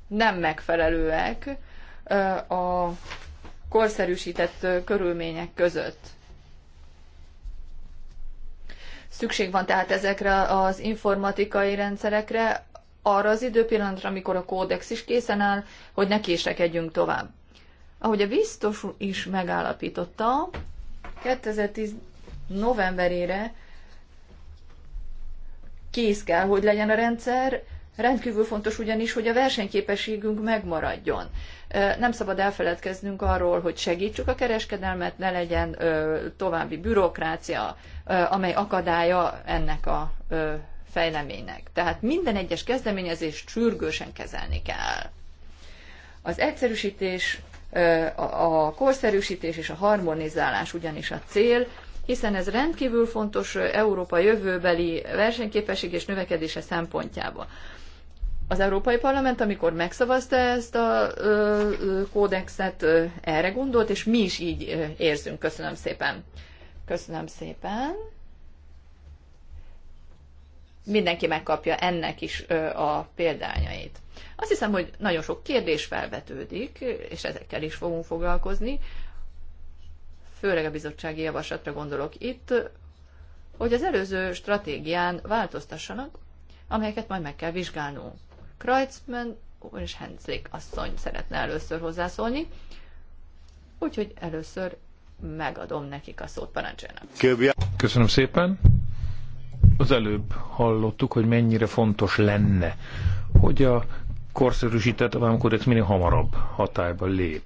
nem megfelelőek a korszerűsített körülmények között. Szükség van tehát ezekre az informatikai rendszerekre, arra az időpillanatra, amikor a kódex is készen áll, hogy ne késekedjünk tovább. Ahogy a biztos is megállapította, 2010 novemberére kész kell, hogy legyen a rendszer, Rendkívül fontos ugyanis, hogy a versenyképességünk megmaradjon. Nem szabad elfeledkeznünk arról, hogy segítsük a kereskedelmet, ne legyen további bürokrácia, amely akadálya ennek a fejleménynek. Tehát minden egyes kezdeményezést sürgősen kezelni kell. Az egyszerűsítés, a korszerűsítés és a harmonizálás ugyanis a cél, hiszen ez rendkívül fontos Európa jövőbeli versenyképesség és növekedése szempontjából. Az Európai Parlament, amikor megszavazta ezt a ö, kódexet, ö, erre gondolt, és mi is így ö, érzünk. Köszönöm szépen. Köszönöm szépen. Mindenki megkapja ennek is ö, a példányait. Azt hiszem, hogy nagyon sok kérdés felvetődik, és ezekkel is fogunk foglalkozni. Főleg a bizottsági javaslatra gondolok itt, hogy az előző stratégián változtassanak, amelyeket majd meg kell vizsgálnunk. Kreuzmann úr és Henzlik asszony szeretne először hozzászólni. Úgyhogy először megadom nekik a szót, parancsoljanak. Köszönöm szépen. Az előbb hallottuk, hogy mennyire fontos lenne, hogy a korszerűsített vámkodex minél hamarabb hatályba lép.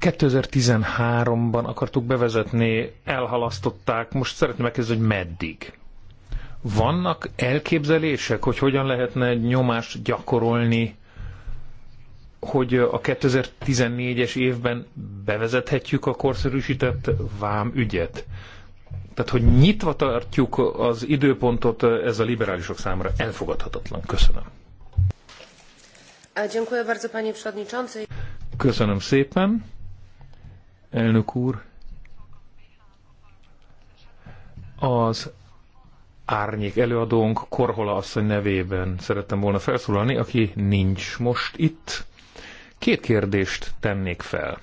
2013-ban akartuk bevezetni, elhalasztották, most szeretném megkérdezni, hogy meddig. Vannak elképzelések, hogy hogyan lehetne nyomást gyakorolni, hogy a 2014-es évben bevezethetjük a korszerűsített vám ügyet? Tehát, hogy nyitva tartjuk az időpontot, ez a liberálisok számára elfogadhatatlan. Köszönöm. Köszönöm szépen, elnök úr. Az árnyék előadónk Korhola asszony nevében szerettem volna felszólalni, aki nincs most itt. Két kérdést tennék fel.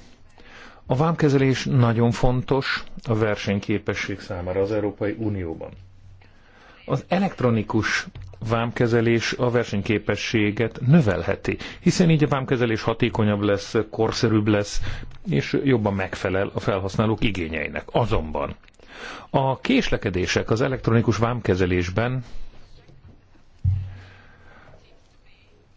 A vámkezelés nagyon fontos a versenyképesség számára az Európai Unióban. Az elektronikus vámkezelés a versenyképességet növelheti, hiszen így a vámkezelés hatékonyabb lesz, korszerűbb lesz, és jobban megfelel a felhasználók igényeinek. Azonban a késlekedések az elektronikus vámkezelésben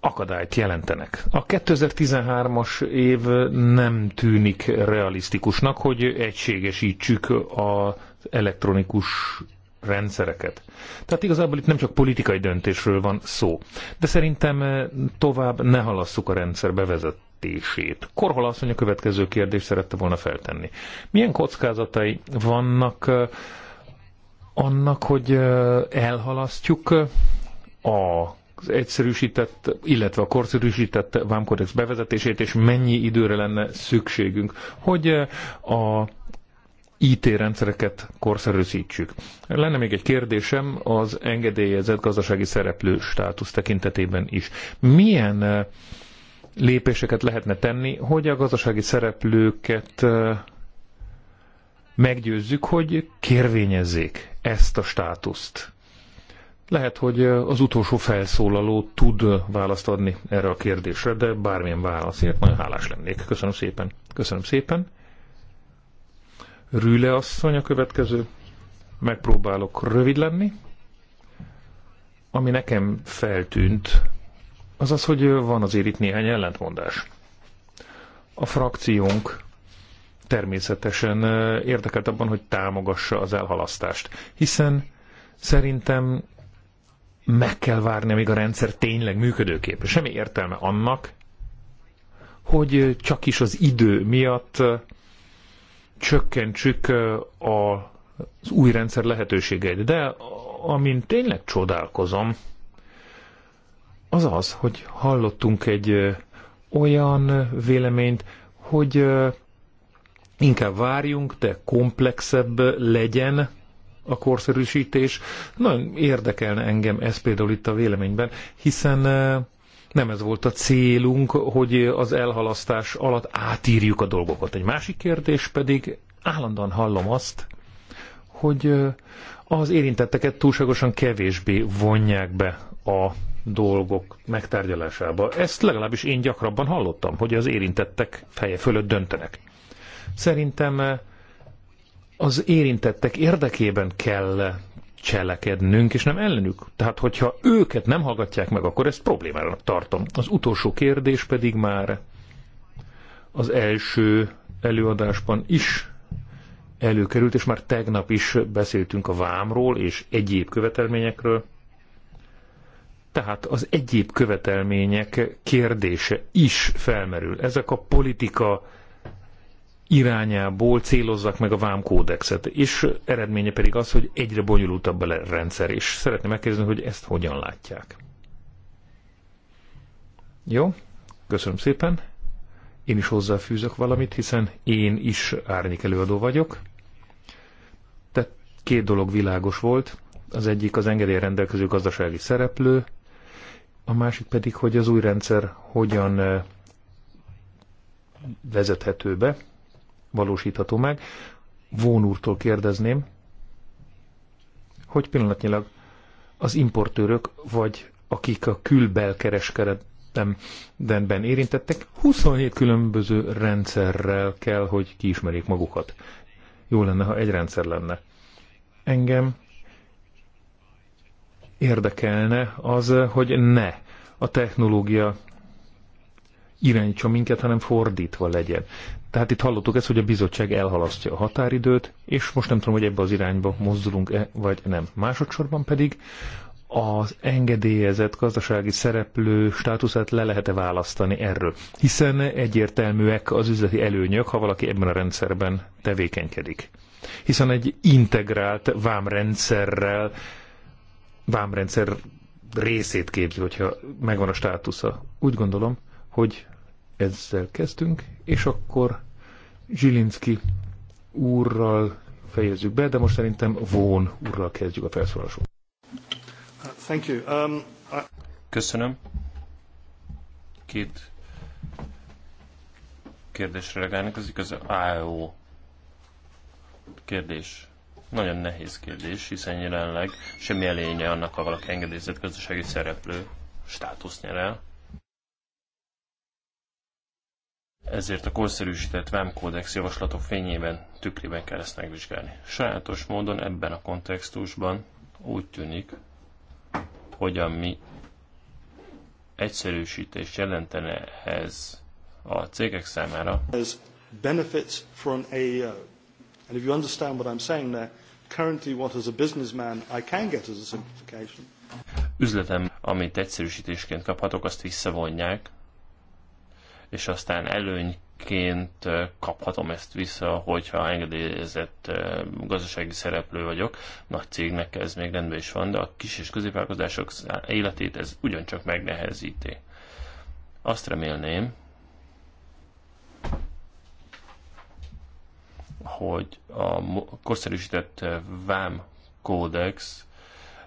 akadályt jelentenek. A 2013-as év nem tűnik realisztikusnak, hogy egységesítsük az elektronikus rendszereket. Tehát igazából itt nem csak politikai döntésről van szó, de szerintem tovább ne halasszuk a rendszer bevezet, megértését. Korhol asszony a következő kérdést szerette volna feltenni. Milyen kockázatai vannak eh, annak, hogy eh, elhalasztjuk eh, a az egyszerűsített, illetve a korszerűsített vámkodex bevezetését, és mennyi időre lenne szükségünk, hogy a IT rendszereket korszerűsítsük. Lenne még egy kérdésem az engedélyezett gazdasági szereplő státusz tekintetében is. Milyen lépéseket lehetne tenni, hogy a gazdasági szereplőket meggyőzzük, hogy kérvényezzék ezt a státuszt. Lehet, hogy az utolsó felszólaló tud választ adni erre a kérdésre, de bármilyen válaszért nagyon hálás lennék. Köszönöm szépen. Köszönöm szépen. Rüle asszony a következő. Megpróbálok rövid lenni. Ami nekem feltűnt, azaz hogy van azért itt néhány ellentmondás. A frakciónk természetesen érdekelt abban, hogy támogassa az elhalasztást, hiszen szerintem meg kell várni, amíg a rendszer tényleg működőképes. Semmi értelme annak, hogy csak is az idő miatt csökkentsük az új rendszer lehetőségeit. De amint tényleg csodálkozom, az az, hogy hallottunk egy olyan véleményt, hogy inkább várjunk, de komplexebb legyen a korszerűsítés. Nagyon érdekelne engem ez például itt a véleményben, hiszen nem ez volt a célunk, hogy az elhalasztás alatt átírjuk a dolgokat. Egy másik kérdés pedig, állandóan hallom azt, hogy az érintetteket túlságosan kevésbé vonják be a dolgok megtárgyalásába. Ezt legalábbis én gyakrabban hallottam, hogy az érintettek feje fölött döntenek. Szerintem eh, az érintettek érdekében kell cselekednünk, és nem ellenük. Tehát, hogyha őket nem hallgatják meg, akkor ezt problémának tartom. Az utolsó kérdés pedig már az első előadásban is előkerült, és már tegnap is beszéltünk a vámról és egyéb követelményekről. Tehát az egyéb követelmények kérdése is felmerül. Ezek a politika irányából célozzák meg a vámkódexet, és eredménye pedig az, hogy egyre bonyolultabb a rendszer, és szeretném megkérdezni, hogy ezt hogyan látják. Jó, köszönöm szépen. Én is hozzáfűzök valamit, hiszen én is árnyék előadó vagyok. Tehát két dolog világos volt. Az egyik az engedély rendelkező gazdasági szereplő, a másik pedig, hogy az új rendszer hogyan eh, vezethető be, valósítható meg. Vón úrtól kérdezném, hogy pillanatnyilag az importőrök, vagy akik a külbelkereskedelemben érintettek, 27 különböző rendszerrel kell, hogy kiismerjék magukat. Jó lenne, ha egy rendszer lenne. Engem érdekelne az, hogy ne a technológia irányítsa minket, hanem fordítva legyen. Tehát itt hallottuk ezt, hogy a bizottság elhalasztja a határidőt, és most nem tudom, hogy ebbe az irányba mozdulunk-e, vagy nem. Másodszorban pedig az engedélyezett gazdasági szereplő státuszát le lehet-e választani erről? Hiszen egyértelműek az üzleti előnyök, ha valaki ebben a rendszerben tevékenykedik. Hiszen egy integrált vámrendszerrel vámrendszer részét képzi, hogyha megvan a státusza. Úgy gondolom, hogy ezzel kezdtünk, és akkor Zsilinszki úrral fejezzük be, de most szerintem Vón úrral kezdjük a felszólalásot. Thank you. Um, I... Köszönöm. Két kérdésre reagálnak. Az igaz, az AEO kérdés. Nagyon nehéz kérdés, hiszen jelenleg semmi elénye annak, ha valaki engedélyezett gazdasági szereplő státusz nyer el. Ezért a korszerűsített vámkódex javaslatok fényében tükrében kell ezt megvizsgálni. Sajátos módon ebben a kontextusban úgy tűnik, hogy ami egyszerűsítés jelentene ez a cégek számára. benefits for an AEO. Uh, and if you understand what I'm saying there, currently what as a businessman I can get as a simplification. Üzletem, amit egyszerűsítésként kaphatok, azt visszavonják, és aztán előnyként kaphatom ezt vissza, hogyha engedélyezett gazdasági szereplő vagyok. Nagy cégnek ez még rendben is van, de a kis és középvállalkozások életét ez ugyancsak megnehezíti. Azt remélném, hogy a korszerűsített eh, vám kódex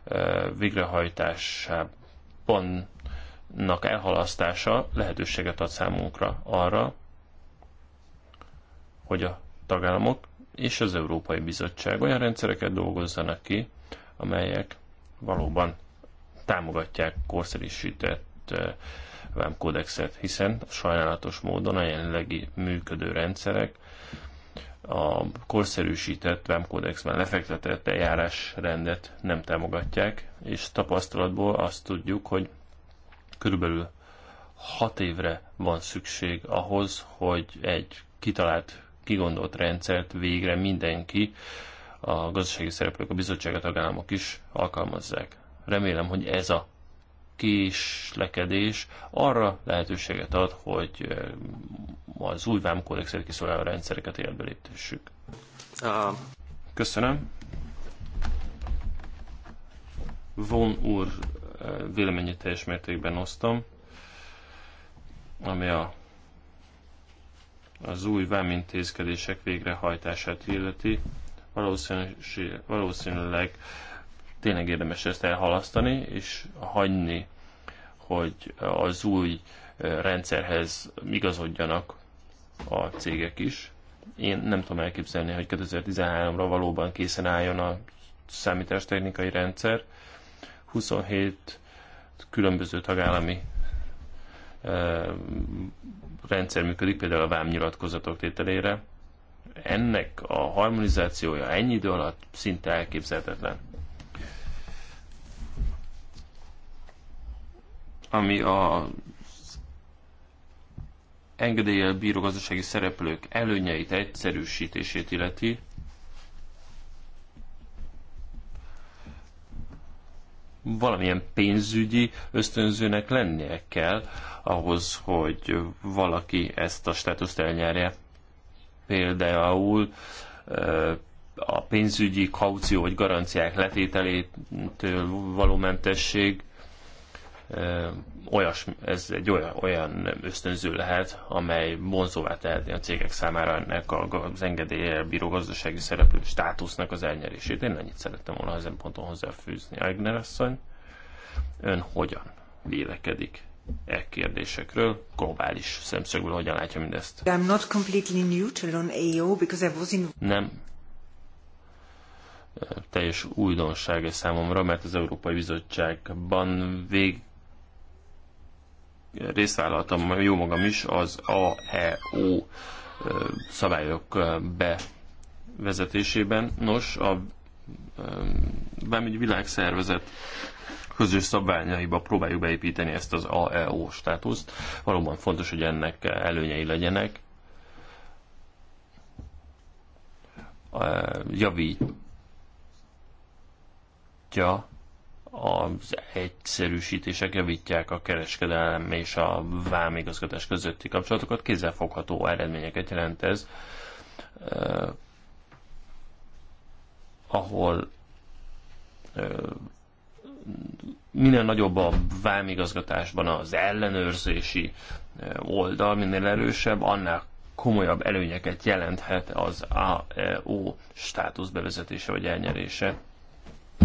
eh, végrehajtásában elhalasztása lehetőséget ad számunkra arra, hogy a tagállamok és az Európai Bizottság olyan rendszereket dolgozzanak ki, amelyek valóban támogatják korszerűsített eh, kódexet, hiszen sajnálatos módon a jelenlegi működő rendszerek a korszerűsített vámkódexben e lefektetett eljárásrendet nem támogatják, és tapasztalatból azt tudjuk, hogy körülbelül 6 évre van szükség ahhoz, hogy egy kitalált, kigondolt rendszert végre mindenki, a gazdasági szereplők, a bizottsága tagállamok is alkalmazzák. Remélem, hogy ez a késlekedés arra lehetőséget ad, hogy eh, az új vámkódexet kiszolgáló rendszereket élbe léptessük. Ah. Köszönöm. Von úr eh, véleményét teljes mértékben osztom, ami a az új vámintézkedések végrehajtását illeti, valószínűleg tényleg érdemes ezt elhalasztani, és hagyni, hogy az új eh, rendszerhez igazodjanak a cégek is. Én nem tudom elképzelni, hogy 2013-ra valóban készen álljon a számítástechnikai rendszer. 27 különböző tagállami eh, rendszer működik, például a vámnyilatkozatok tételére. Ennek a harmonizációja ennyi idő alatt szinte elképzelhetetlen. ami a engedéllyel bíró gazdasági szereplők előnyeit, egyszerűsítését illeti, valamilyen pénzügyi ösztönzőnek lennie kell ahhoz, hogy valaki ezt a státuszt elnyerje. Például a pénzügyi kaució vagy garanciák letételétől való mentesség, olyas, ez egy olyan, olyan ösztönző lehet, amely vonzóvá teheti a cégek számára ennek az engedélye bíró gazdasági szereplő státusznak az elnyerését. Én ennyit szerettem volna ezen ponton hozzáfűzni. Aigner asszony, ön hogyan vélekedik e kérdésekről, globális szemszögből hogyan látja mindezt? I'm not completely neutral on AO because I was in... Nem teljes újdonság számomra, mert az Európai Bizottságban vég részt vállaltam jó magam is az AEO szabályok bevezetésében. Nos, a Vámügyi Világszervezet közös szabványaiba próbáljuk beépíteni ezt az AEO státuszt. Valóban fontos, hogy ennek előnyei legyenek. Javítja az egyszerűsítések javítják a kereskedelem és a vámigazgatás közötti kapcsolatokat, kézzelfogható eredményeket jelent ez, eh, ahol eh, minél nagyobb a vámigazgatásban az ellenőrzési eh, oldal, minél erősebb, annál komolyabb előnyeket jelenthet az AEO státusz bevezetése vagy elnyerése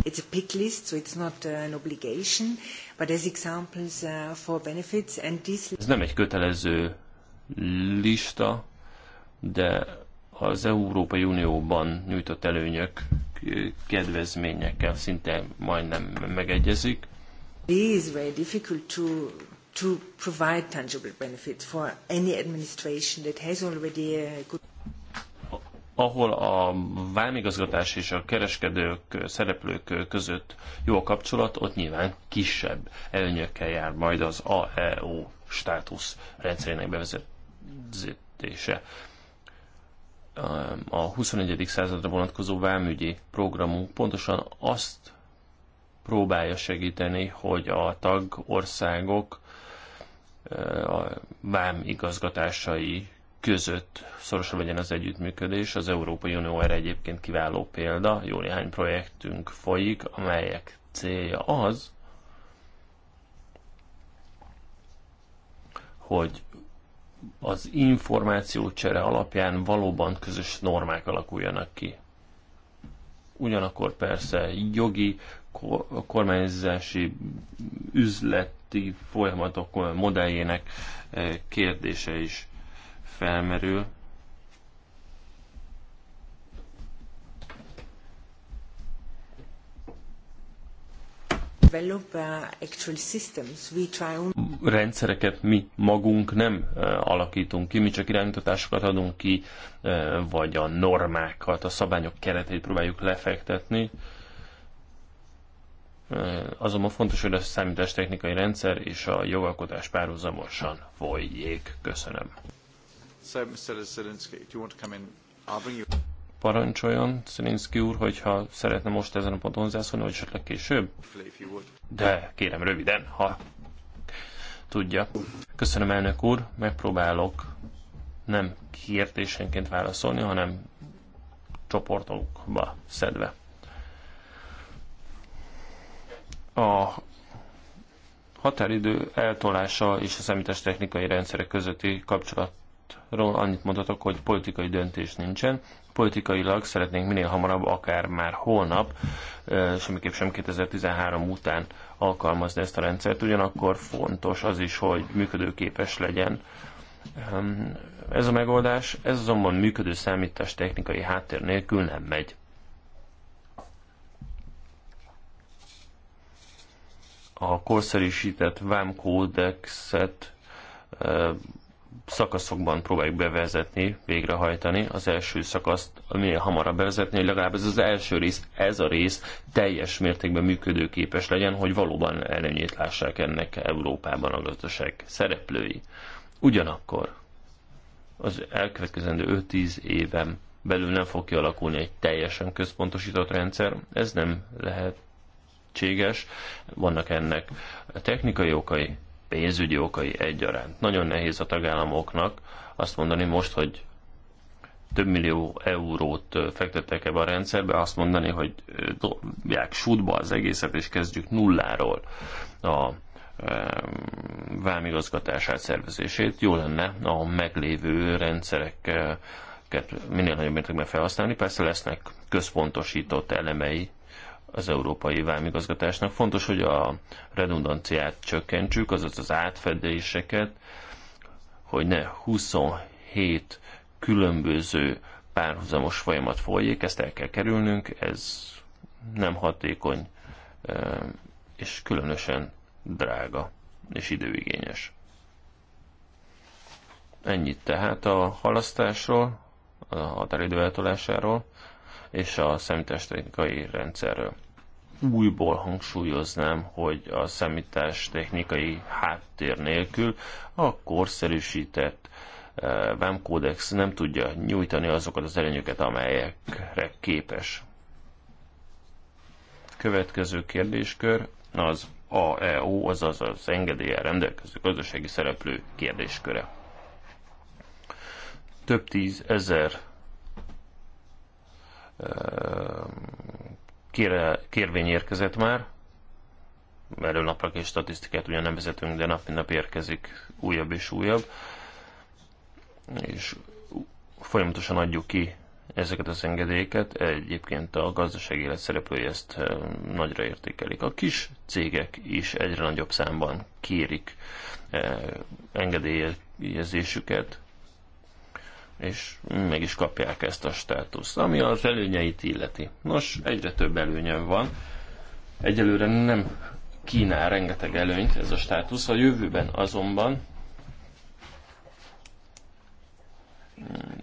It's a pick list, so it's not uh, an obligation, but as examples uh, for benefits and this... Ez nem egy kötelező lista, de az Európai Unióban nyújtott előnyök kedvezményekkel szinte majdnem megegyezik. It is very difficult to to provide tangible benefits for any administration that has already a good ahol a vámigazgatás és a kereskedők, szereplők között jó a kapcsolat, ott nyilván kisebb előnyökkel jár majd az AEO státusz rendszerének bevezetése. A 21. századra vonatkozó vámügyi programunk pontosan azt próbálja segíteni, hogy a tagországok eh, vám igazgatásai között szorosan legyen az együttműködés. Az Európai Unió erre egyébként kiváló példa. Jó néhány projektünk folyik, amelyek célja az, hogy az információcsere alapján valóban közös normák alakuljanak ki. Ugyanakkor persze jogi, kormányzási, üzleti folyamatok modelljének eh, kérdése is felmerül, uh, Rendszereket mi magunk nem uh, alakítunk ki, mi csak irányítatásokat adunk ki, uh, vagy a normákat, a szabályok keretét próbáljuk lefektetni. Azonban fontos, hogy a számítástechnikai rendszer és a jogalkotás párhuzamosan folyjék. Köszönöm. Parancsoljon, Szelinszki úr, hogyha szeretne most ezen a ponton hozzászólni, vagy esetleg később. De kérem röviden, ha tudja. Köszönöm, elnök úr, megpróbálok nem kérdésenként válaszolni, hanem csoportokba szedve. A határidő eltolása és a számítástechnikai rendszerek közötti kapcsolat Ról annyit mondhatok, hogy politikai döntés nincsen. Politikailag szeretnénk minél hamarabb, akár már holnap, semmiképp sem 2013 után alkalmazni ezt a rendszert. Ugyanakkor fontos az is, hogy működőképes legyen. Ez a megoldás, ez azonban működő számítás technikai háttér nélkül nem megy. A korszerűsített VAM kódexet szakaszokban próbáljuk bevezetni, végrehajtani az első szakaszt, minél hamarabb bevezetni, hogy legalább ez az első rész, ez a rész teljes mértékben működőképes legyen, hogy valóban előnyét lássák ennek Európában a gazdaság szereplői. Ugyanakkor az elkövetkezendő 5-10 éven belül nem fog kialakulni egy teljesen központosított rendszer, ez nem lehetséges, vannak ennek technikai okai, pénzügyi okai egyaránt. Nagyon nehéz a tagállamoknak azt mondani most, hogy több millió eurót fektettek ebbe a rendszerbe, azt mondani, hogy dobják sútba az egészet, és kezdjük nulláról a vámigazgatását, szervezését. Jó lenne a meglévő rendszerek minél nagyobb mértékben felhasználni. Persze lesznek központosított elemei az európai vámigazgatásnak. Fontos, hogy a redundanciát csökkentsük, azaz az átfedéseket, hogy ne 27 különböző párhuzamos folyamat folyik, ezt el kell kerülnünk, ez nem hatékony, és különösen drága és időigényes. Ennyit tehát a halasztásról, a határidő eltolásáról és a számítástechnikai rendszerről. Újból hangsúlyoznám, hogy a technikai háttér nélkül a korszerűsített eh, VAM kódex nem tudja nyújtani azokat az előnyöket, amelyekre képes. Következő kérdéskör az AEO, azaz az engedéllyel rendelkező közösségi szereplő kérdésköre. Több tíz ezer kére, kérvény érkezett már, erről napra és statisztikát ugyan nem vezetünk, de nap mint nap érkezik újabb és újabb, és folyamatosan adjuk ki ezeket az engedélyeket. Egyébként a gazdaság élet szereplői ezt nagyra értékelik. A kis cégek is egyre nagyobb számban kérik engedélyezésüket, és meg is kapják ezt a státuszt, ami az előnyeit illeti. Nos, egyre több előnye van. Egyelőre nem kínál rengeteg előnyt ez a státusz, a jövőben azonban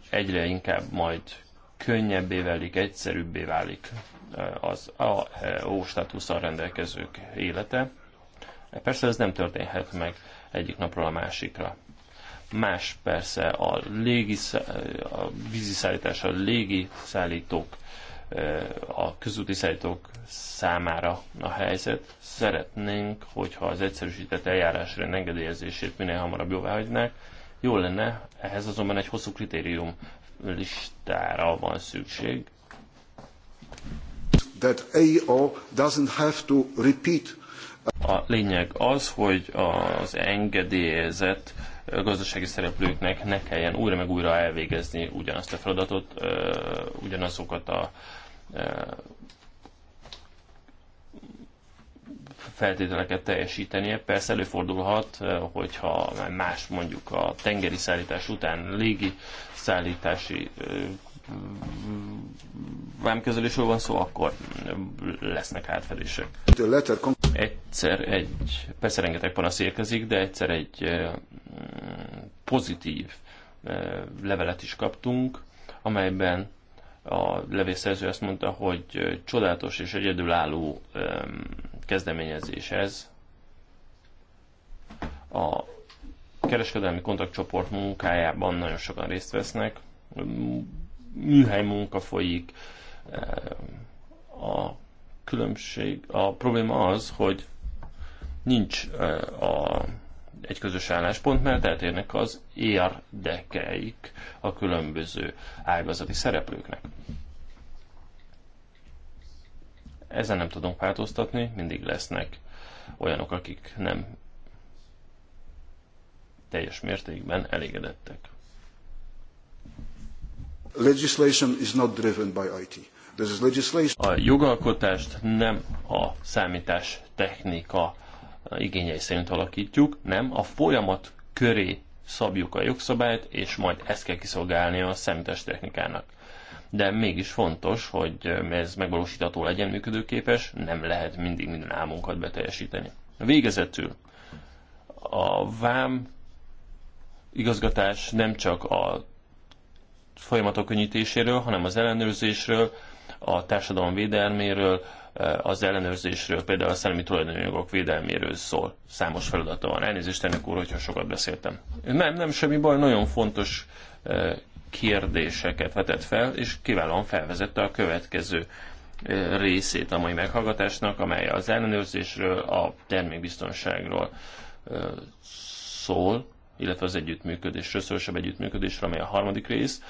egyre inkább majd könnyebbé válik, egyszerűbbé válik az AO státusszal rendelkezők élete. Persze ez nem történhet meg egyik napról a másikra. Más persze a, légi, a víziszállítás, a légi szállítók, eh, a közúti szállítók számára a helyzet. Szeretnénk, hogyha az egyszerűsített eljárásrend engedélyezését minél hamarabb jóvá hagynák. Jó lenne, ehhez azonban egy hosszú kritérium listára van szükség. That AO doesn't have to repeat. A lényeg az, hogy az engedélyezett gazdasági szereplőknek ne kelljen újra meg újra elvégezni ugyanazt a feladatot, ugyanazokat a feltételeket teljesítenie. Persze előfordulhat, hogyha más mondjuk a tengeri szállítás után légi szállítási vámkezelésről van szó, akkor lesznek átfedések. Egyszer egy, persze rengeteg panasz érkezik, de egyszer egy pozitív levelet is kaptunk, amelyben a levélszerző azt mondta, hogy csodálatos és egyedülálló kezdeményezés ez. A kereskedelmi kontaktcsoport munkájában nagyon sokan részt vesznek, műhely munka folyik. Eh, a különbség, a probléma az, hogy nincs eh, a, egy közös álláspont, mert eltérnek az érdekeik a különböző ágazati szereplőknek. Ezen nem tudunk változtatni, mindig lesznek olyanok, akik nem teljes mértékben elégedettek. A jogalkotást nem a számítás technika igényei szerint alakítjuk, nem a folyamat köré szabjuk a jogszabályt, és majd ezt kell kiszolgálnia a számítás technikának. De mégis fontos, hogy ez megvalósítható legyen, működőképes, nem lehet mindig minden álmunkat beteljesíteni. Végezetül a vám igazgatás nem csak a folyamatok könnyítéséről, hanem az ellenőrzésről, a társadalom védelméről, az ellenőrzésről, például a szellemi tulajdonjogok védelméről szól. Számos feladata van. Elnézést ennek úr, hogyha sokat beszéltem. Nem, nem semmi baj, nagyon fontos eh, kérdéseket vetett fel, és kiválóan felvezette a következő eh, részét a mai meghallgatásnak, amely az ellenőrzésről, a termékbiztonságról eh, szól illetve az együttműködésről, szorosabb együttműködésről, amely a harmadik rész.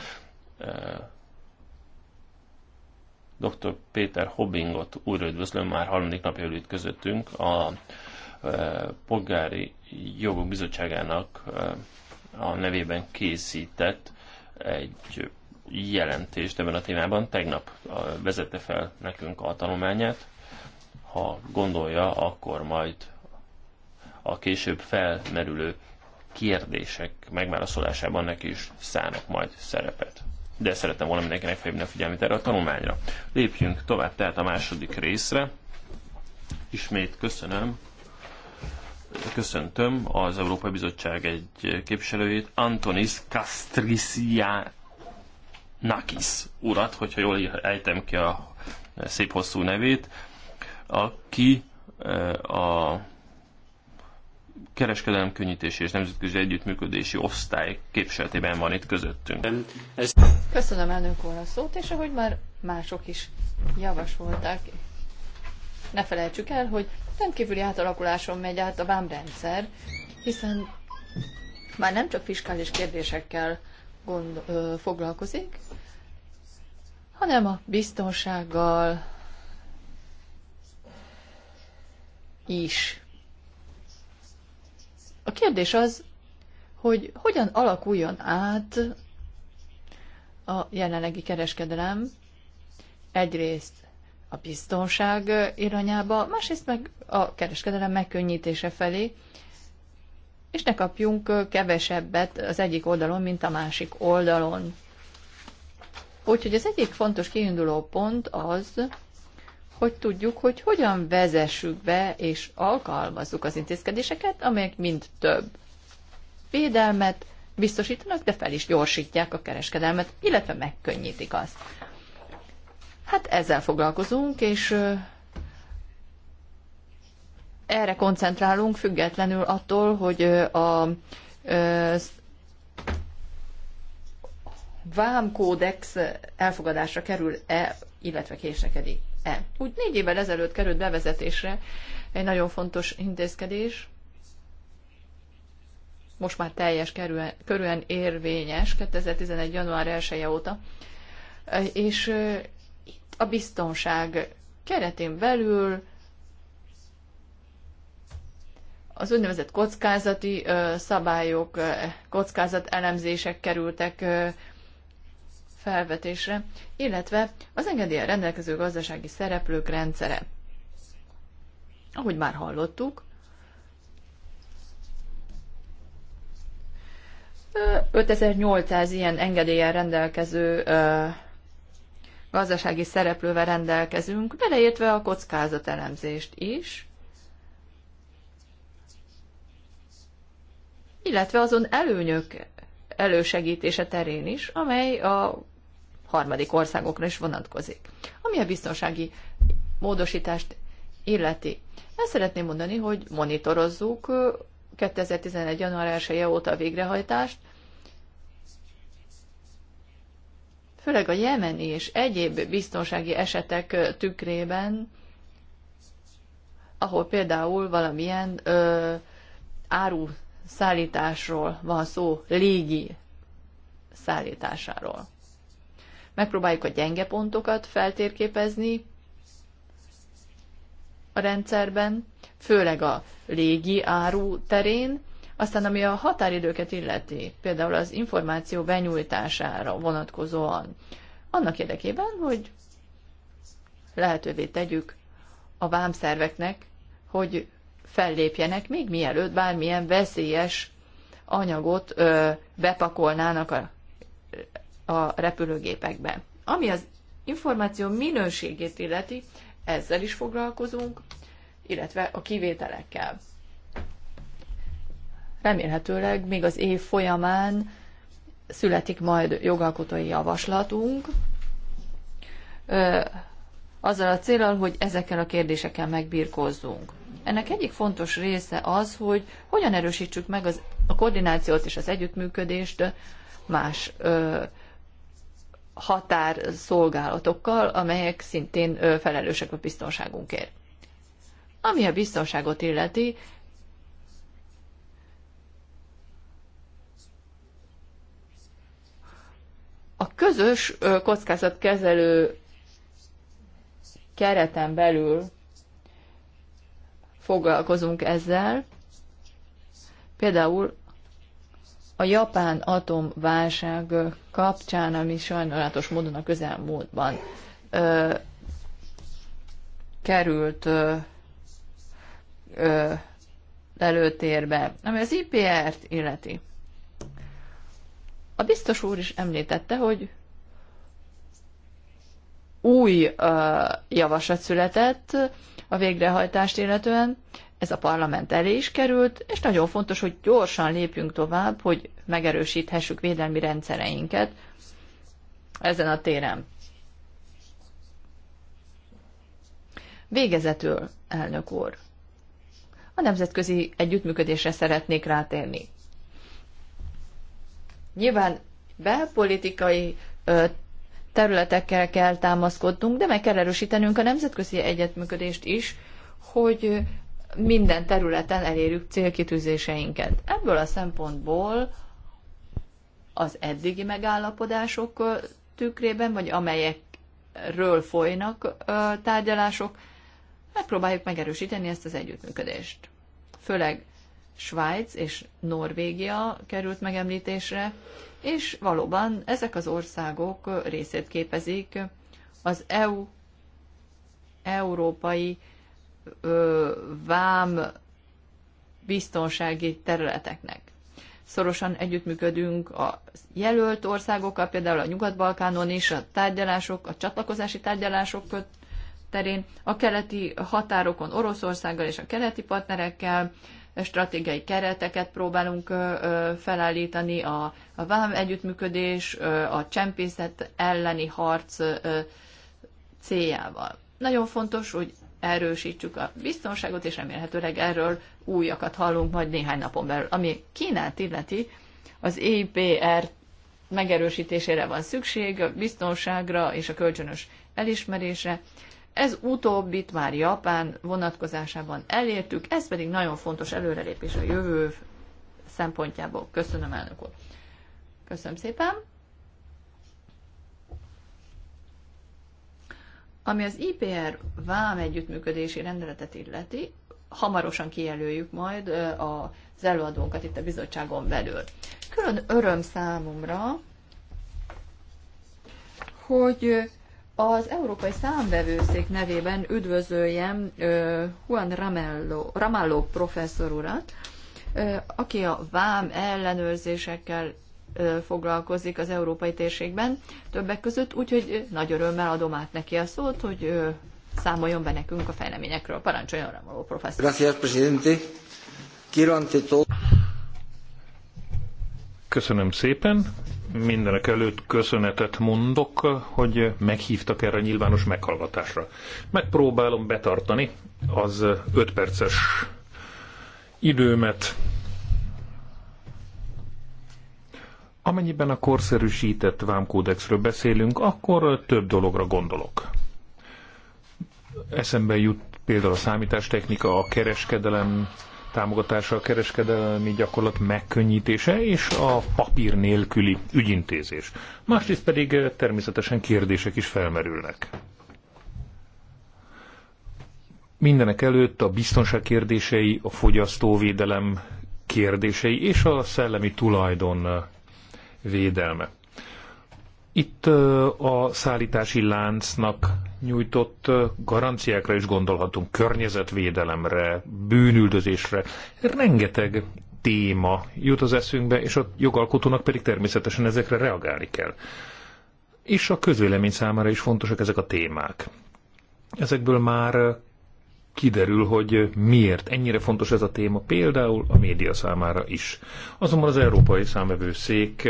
Dr. Péter Hobbingot újra üdvözlöm, már harmadik napja előtt közöttünk, a Polgári Jogok Bizottságának a nevében készített egy jelentést ebben a témában. Tegnap vezette fel nekünk a tanulmányát. Ha gondolja, akkor majd a később felmerülő kérdések megválaszolásában neki is szánok majd szerepet. De szeretem volna mindenkinek felhívni a figyelmét erre a tanulmányra. Lépjünk tovább tehát a második részre. Ismét köszönöm köszöntöm az Európai Bizottság egy képviselőjét, Antonis Kastrisianakis urat, hogyha jól ejtem ki a szép hosszú nevét, aki eh, a kereskedelem könnyítési és nemzetközi együttműködési osztály képviseletében van itt közöttünk. Köszönöm elnök úr a szót, és ahogy már mások is javasolták, ne felejtsük el, hogy rendkívüli átalakuláson megy át a vámrendszer, hiszen már nem csak fiskális kérdésekkel gond, ö, foglalkozik, hanem a biztonsággal is a kérdés az, hogy hogyan alakuljon át a jelenlegi kereskedelem egyrészt a biztonság irányába, másrészt meg a kereskedelem megkönnyítése felé, és ne kapjunk kevesebbet az egyik oldalon, mint a másik oldalon. Úgyhogy az egyik fontos kiinduló pont az, hogy tudjuk, hogy hogyan vezessük be és alkalmazzuk az intézkedéseket, amelyek mind több védelmet biztosítanak, de fel is gyorsítják a kereskedelmet, illetve megkönnyítik azt. Hát ezzel foglalkozunk, és erre koncentrálunk, függetlenül attól, hogy a vámkódex elfogadásra kerül-e, illetve késlekedik. E. Úgy négy évvel ezelőtt került bevezetésre egy nagyon fontos intézkedés, most már teljes kerülen, körülön érvényes 2011. január 1 -e óta, és e, itt a biztonság keretén belül az úgynevezett kockázati e, szabályok, e, elemzések kerültek felvetésre, illetve az engedélyen rendelkező gazdasági szereplők rendszere. Ahogy már hallottuk, ö, 5800 ilyen engedélyen rendelkező ö, gazdasági szereplővel rendelkezünk, beleértve a kockázatelemzést is, illetve azon előnyök elősegítése terén is, amely a harmadik országokra is vonatkozik. Ami a biztonsági módosítást illeti. Ezt szeretném mondani, hogy monitorozzuk 2011. január 1 -e óta a végrehajtást, főleg a jemeni és egyéb biztonsági esetek tükrében, ahol például valamilyen ö, áru szállításról van szó, légi szállításáról. Megpróbáljuk a gyenge pontokat feltérképezni a rendszerben, főleg a légi áru terén, aztán ami a határidőket illeti, például az információ benyújtására vonatkozóan, annak érdekében, hogy lehetővé tegyük a vámszerveknek, hogy fellépjenek, még mielőtt bármilyen veszélyes anyagot ö, bepakolnának a, a repülőgépekbe. Ami az információ minőségét illeti, ezzel is foglalkozunk, illetve a kivételekkel. Remélhetőleg még az év folyamán születik majd jogalkotói javaslatunk, ö, azzal a célral, hogy ezekkel a kérdésekkel megbírkozzunk. Ennek egyik fontos része az, hogy hogyan erősítsük meg az, a koordinációt és az együttműködést más ö, határszolgálatokkal, amelyek szintén ö, felelősek a biztonságunkért. Ami a biztonságot illeti, a közös kockázatkezelő kereten belül foglalkozunk ezzel. Például a japán atomválság kapcsán, ami sajnálatos módon a közelmúltban ö, került ö, ö, előtérbe, ami az IPR-t illeti. A biztos úr is említette, hogy új javaslat született a végrehajtást illetően, ez a parlament elé is került, és nagyon fontos, hogy gyorsan lépjünk tovább, hogy megerősíthessük védelmi rendszereinket ezen a téren. Végezetül, elnök úr, a nemzetközi együttműködésre szeretnék rátérni. Nyilván belpolitikai területekkel kell támaszkodnunk, de meg kell erősítenünk a nemzetközi egyetműködést is, hogy minden területen elérjük célkitűzéseinket. Ebből a szempontból az eddigi megállapodások tükrében, vagy amelyekről folynak tárgyalások, megpróbáljuk megerősíteni ezt az együttműködést. Főleg Svájc és Norvégia került megemlítésre, és valóban ezek az országok részét képezik az EU európai ö, vám biztonsági területeknek. Szorosan együttműködünk a jelölt országokkal, például a Nyugat-Balkánon is, a tárgyalások, a csatlakozási tárgyalások terén, a keleti határokon Oroszországgal és a keleti partnerekkel, stratégiai kereteket próbálunk felállítani, a, a vállam együttműködés, a csempészet elleni harc céljával. Nagyon fontos, hogy erősítsük a biztonságot, és remélhetőleg erről újakat hallunk majd néhány napon belül. Ami Kínát illeti, az EIPR megerősítésére van szükség, a biztonságra és a kölcsönös elismerésre. Ez utóbbit már Japán vonatkozásában elértük, ez pedig nagyon fontos előrelépés a jövő szempontjából. Köszönöm, elnök úr. Köszönöm szépen. Ami az IPR vám együttműködési rendeletet illeti, hamarosan kijelöljük majd az előadónkat itt a bizottságon belül. Külön öröm számomra, hogy az Európai Számbevőszék nevében üdvözöljem Juan Ramello, Ramallo professzor urat, aki a vám ellenőrzésekkel foglalkozik az európai térségben többek között, úgyhogy nagy örömmel adom át neki a szót, hogy számoljon be nekünk a fejleményekről. Parancsoljon Ramallo professzor. Gracias, presidente. Quiero ante todo... Köszönöm szépen mindenek előtt köszönetet mondok, hogy meghívtak erre a nyilvános meghallgatásra. Megpróbálom betartani az 5 perces időmet. Amennyiben a korszerűsített vámkódexről beszélünk, akkor több dologra gondolok. Eszembe jut például a számítástechnika, a kereskedelem, támogatása, a kereskedelmi gyakorlat megkönnyítése és a papír nélküli ügyintézés. Másrészt pedig eh, természetesen kérdések is felmerülnek. Mindenek előtt a biztonság kérdései, a fogyasztóvédelem kérdései és a szellemi tulajdon eh, védelme. Itt a szállítási láncnak nyújtott garanciákra is gondolhatunk, környezetvédelemre, bűnüldözésre. Rengeteg téma jut az eszünkbe, és a jogalkotónak pedig természetesen ezekre reagálni kell. És a közvélemény számára is fontosak ezek a témák. Ezekből már kiderül, hogy miért ennyire fontos ez a téma, például a média számára is. Azonban az Európai Számvevőszék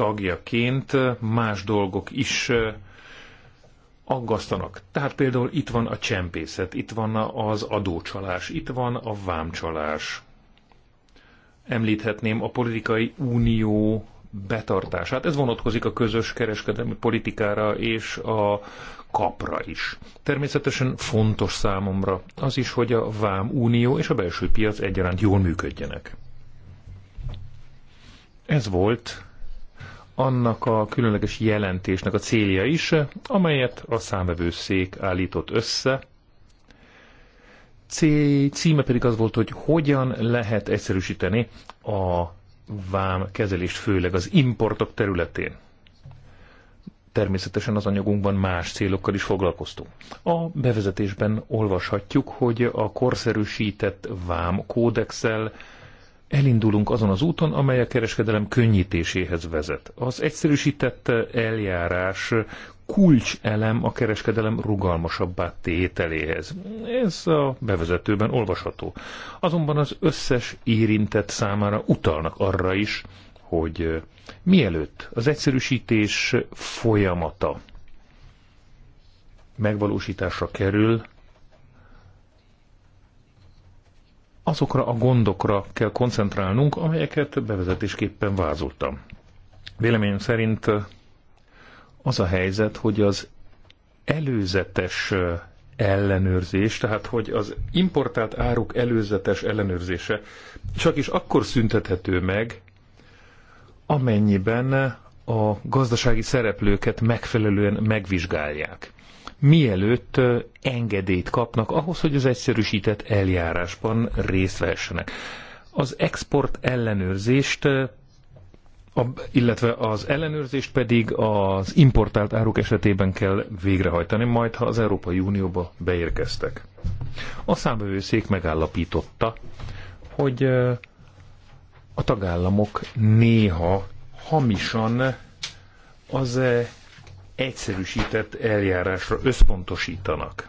tagjaként más dolgok is aggasztanak. Tehát például itt van a csempészet, itt van az adócsalás, itt van a vámcsalás. Említhetném a politikai unió betartását. Ez vonatkozik a közös kereskedelmi politikára és a kapra is. Természetesen fontos számomra az is, hogy a vám unió és a belső piac egyaránt jól működjenek. Ez volt annak a különleges jelentésnek a célja is, amelyet a számvevőszék állított össze. címe pedig az volt, hogy hogyan lehet egyszerűsíteni a vám kezelést, főleg az importok területén. Természetesen az anyagunkban más célokkal is foglalkoztunk. A bevezetésben olvashatjuk, hogy a korszerűsített vám kódexel elindulunk azon az úton, amely a kereskedelem könnyítéséhez vezet. Az egyszerűsített eljárás kulcselem a kereskedelem rugalmasabbá tételéhez. Ez a bevezetőben olvasható. Azonban az összes érintett számára utalnak arra is, hogy mielőtt az egyszerűsítés folyamata megvalósításra kerül, azokra a gondokra kell koncentrálnunk, amelyeket bevezetésképpen vázoltam. Véleményem szerint az a helyzet, hogy az előzetes ellenőrzés, tehát hogy az importált áruk előzetes ellenőrzése csak is akkor szüntethető meg, amennyiben a gazdasági szereplőket megfelelően megvizsgálják mielőtt engedélyt kapnak ahhoz, hogy az egyszerűsített eljárásban részt vessenek. Az export ellenőrzést illetve az ellenőrzést pedig az importált áruk esetében kell végrehajtani, majd ha az Európai Unióba beérkeztek. A számbevőszék megállapította, hogy a tagállamok néha hamisan az egyszerűsített eljárásra összpontosítanak.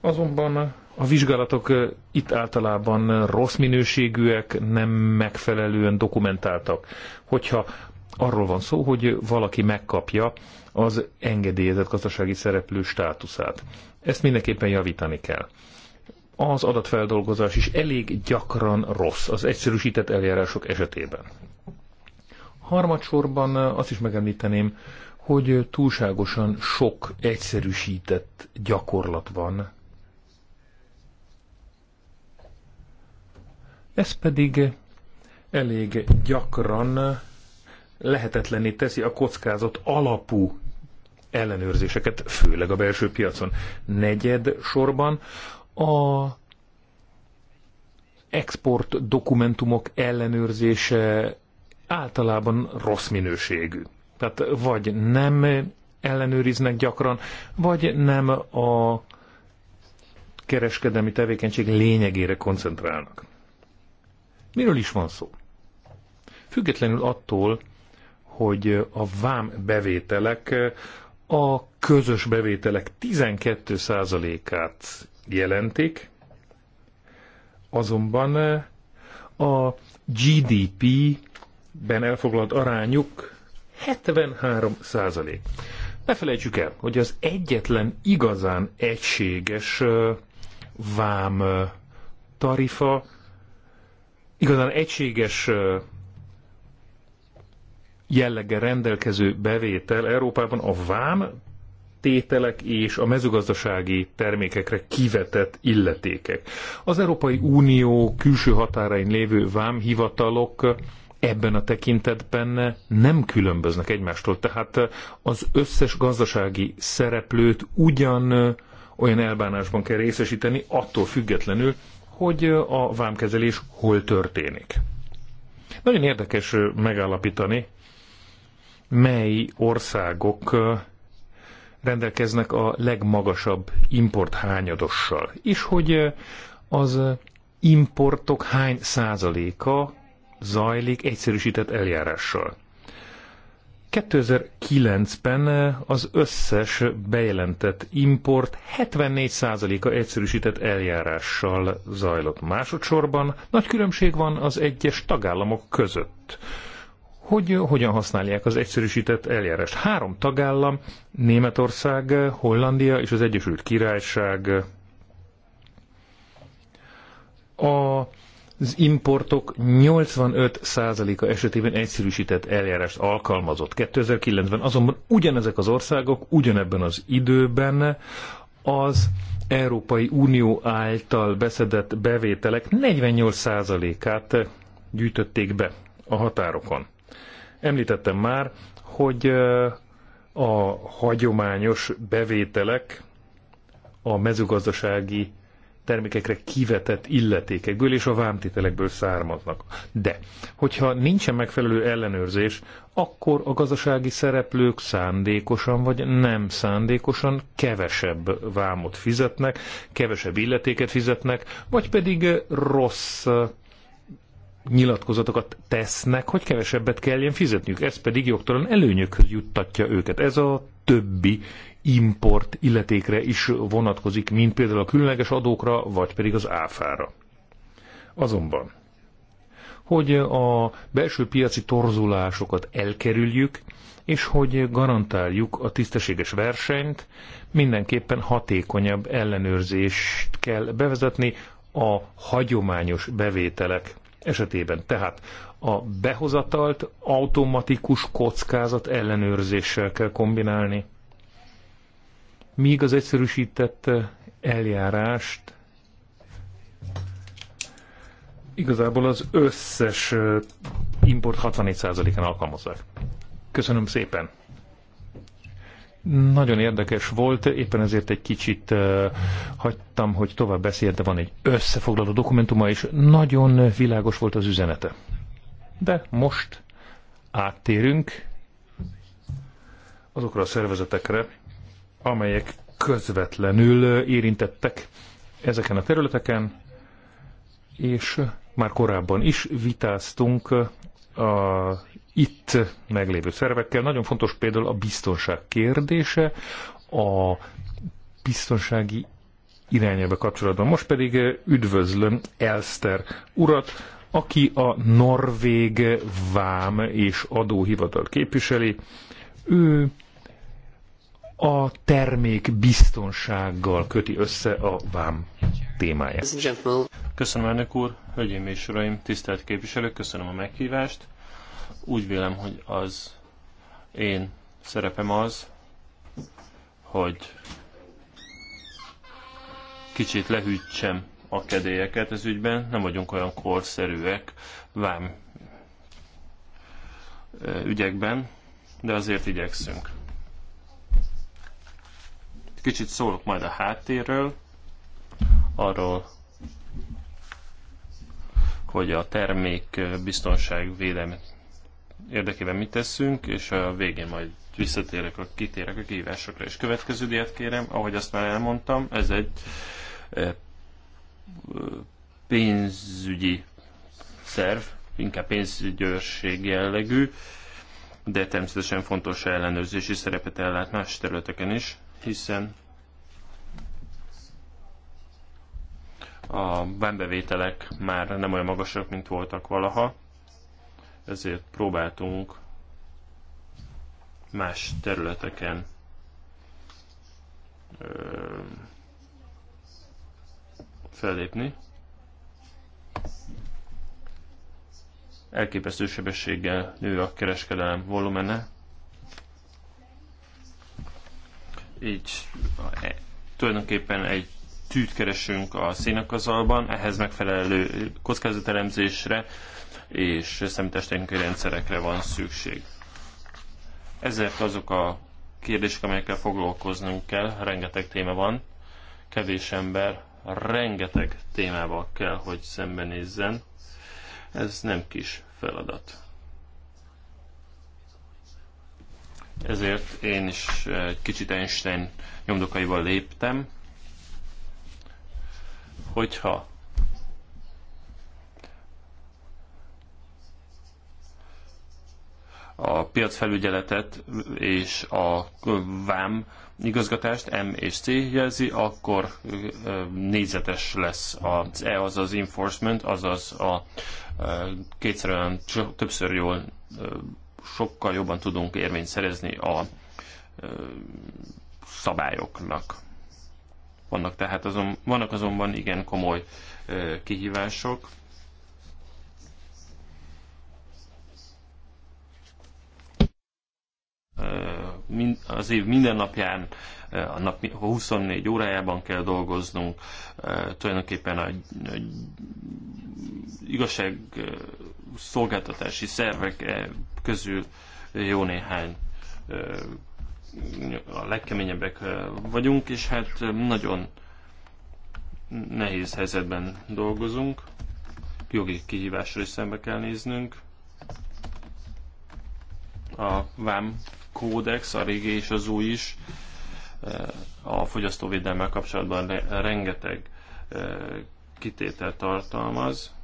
Azonban a vizsgálatok itt általában rossz minőségűek, nem megfelelően dokumentáltak. Hogyha arról van szó, hogy valaki megkapja az engedélyezett gazdasági szereplő státuszát. Ezt mindenképpen javítani kell. Az adatfeldolgozás is elég gyakran rossz az egyszerűsített eljárások esetében. Harmadsorban azt is megemlíteném, hogy túlságosan sok egyszerűsített gyakorlat van. Ez pedig elég gyakran lehetetlenné teszi a kockázat alapú ellenőrzéseket, főleg a belső piacon. Negyed sorban a export dokumentumok ellenőrzése általában rossz minőségű. Tehát vagy nem ellenőriznek gyakran, vagy nem a kereskedelmi tevékenység lényegére koncentrálnak. Miről is van szó? Függetlenül attól, hogy a vám bevételek a közös bevételek 12%-át jelentik, azonban a GDP-ben elfoglalt arányuk 73 százalék. Ne felejtsük el, hogy az egyetlen igazán egységes vám tarifa, igazán egységes jellege rendelkező bevétel Európában a vám tételek és a mezőgazdasági termékekre kivetett illetékek. Az Európai Unió külső határain lévő vámhivatalok hivatalok ebben a tekintetben nem különböznek egymástól. Tehát az összes gazdasági szereplőt ugyan olyan elbánásban kell részesíteni, attól függetlenül, hogy a vámkezelés hol történik. Nagyon érdekes megállapítani, mely országok rendelkeznek a legmagasabb import hányadossal, és hogy az importok hány százaléka zajlik egyszerűsített eljárással. 2009-ben az összes bejelentett import 74%-a egyszerűsített eljárással zajlott. Másodszorban nagy különbség van az egyes tagállamok között hogy hogyan használják az egyszerűsített eljárást. Három tagállam, Németország, Hollandia és az Egyesült Királyság a az importok 85%-a esetében egyszerűsített eljárást alkalmazott. 2009-ben azonban ugyanezek az országok ugyanebben az időben az Európai Unió által beszedett bevételek 48%-át gyűjtötték be a határokon. Említettem már, hogy eh, a hagyományos bevételek a mezőgazdasági termékekre kivetett illetékekből és a vámtételekből származnak. De, hogyha nincsen megfelelő ellenőrzés, akkor a gazdasági szereplők szándékosan vagy nem szándékosan kevesebb vámot fizetnek, kevesebb illetéket fizetnek, vagy pedig eh, rossz eh, nyilatkozatokat tesznek, hogy kevesebbet kelljen fizetniük. Ez pedig jogtalan előnyökhöz juttatja őket. Ez a többi import illetékre is vonatkozik, mint például a különleges adókra, vagy pedig az áfára. Azonban, hogy a belső piaci torzulásokat elkerüljük, és hogy garantáljuk a tisztességes versenyt, mindenképpen hatékonyabb ellenőrzést kell bevezetni a hagyományos bevételek esetében. Tehát a behozatalt automatikus kockázat ellenőrzéssel kell kombinálni, míg az egyszerűsített eh, eljárást igazából az összes eh, import 64%-án alkalmazzák. Köszönöm szépen! Nagyon érdekes volt, éppen ezért egy kicsit uh, hagytam, hogy tovább beszél, de van egy összefoglaló dokumentuma, és nagyon világos volt az üzenete. De most áttérünk azokra a szervezetekre, amelyek közvetlenül érintettek ezeken a területeken, és már korábban is vitáztunk a itt meglévő szervekkel. Nagyon fontos például a biztonság kérdése, a biztonsági irányelve kapcsolatban. Most pedig üdvözlöm Elster urat, aki a Norvég Vám és Adóhivatal képviseli. Ő a termék biztonsággal köti össze a vám témáját. Köszönöm, elnök úr, hölgyeim és uraim, tisztelt képviselők, köszönöm a meghívást. Úgy vélem, hogy az én szerepem az, hogy kicsit lehűtsem a kedélyeket ez ügyben, nem vagyunk olyan korszerűek vám ügyekben, de azért igyekszünk. Kicsit szólok majd a háttérről, arról, hogy a termék biztonság védelme érdekében mit teszünk, és a végén majd visszatérek, a, kitérek a kihívásokra. És következő diát kérem, ahogy azt már elmondtam, ez egy e, pénzügyi szerv, inkább pénzügyőrség jellegű, de természetesen fontos ellenőrzési szerepet ellát más területeken is hiszen a vámbevételek már nem olyan magasak, mint voltak valaha, ezért próbáltunk más területeken fellépni. Elképesztő sebességgel nő a kereskedelem volumene, így e, tulajdonképpen egy tűt keresünk a szénakazalban, ehhez megfelelő kockázatelemzésre és számítástechnikai rendszerekre van szükség. Ezért azok a kérdések, amelyekkel foglalkoznunk kell, rengeteg téma van, kevés ember rengeteg témával kell, hogy szembenézzen. Ez nem kis feladat. Ezért én is egy eh, kicsit Einstein nyomdokaival léptem, hogyha a piacfelügyeletet és a VAM igazgatást M és C jelzi, akkor eh, négyzetes lesz az E, az az enforcement, azaz a eh, kétszer olyan többször jól sokkal jobban tudunk érvényt szerezni a szabályoknak. Vannak tehát azon, vannak azonban igen komoly kihívások. az év minden napján a nap 24 órájában kell dolgoznunk, e, tulajdonképpen a, a igazság szolgáltatási szervek e, közül jó néhány e, a legkeményebbek vagyunk, és hát nagyon nehéz helyzetben dolgozunk. Jogi kihívásra is szembe kell néznünk. A VAM kódex, a régi és az új is Eh, a fogyasztóvédelmel kapcsolatban rengeteg eh, kitétel tartalmaz.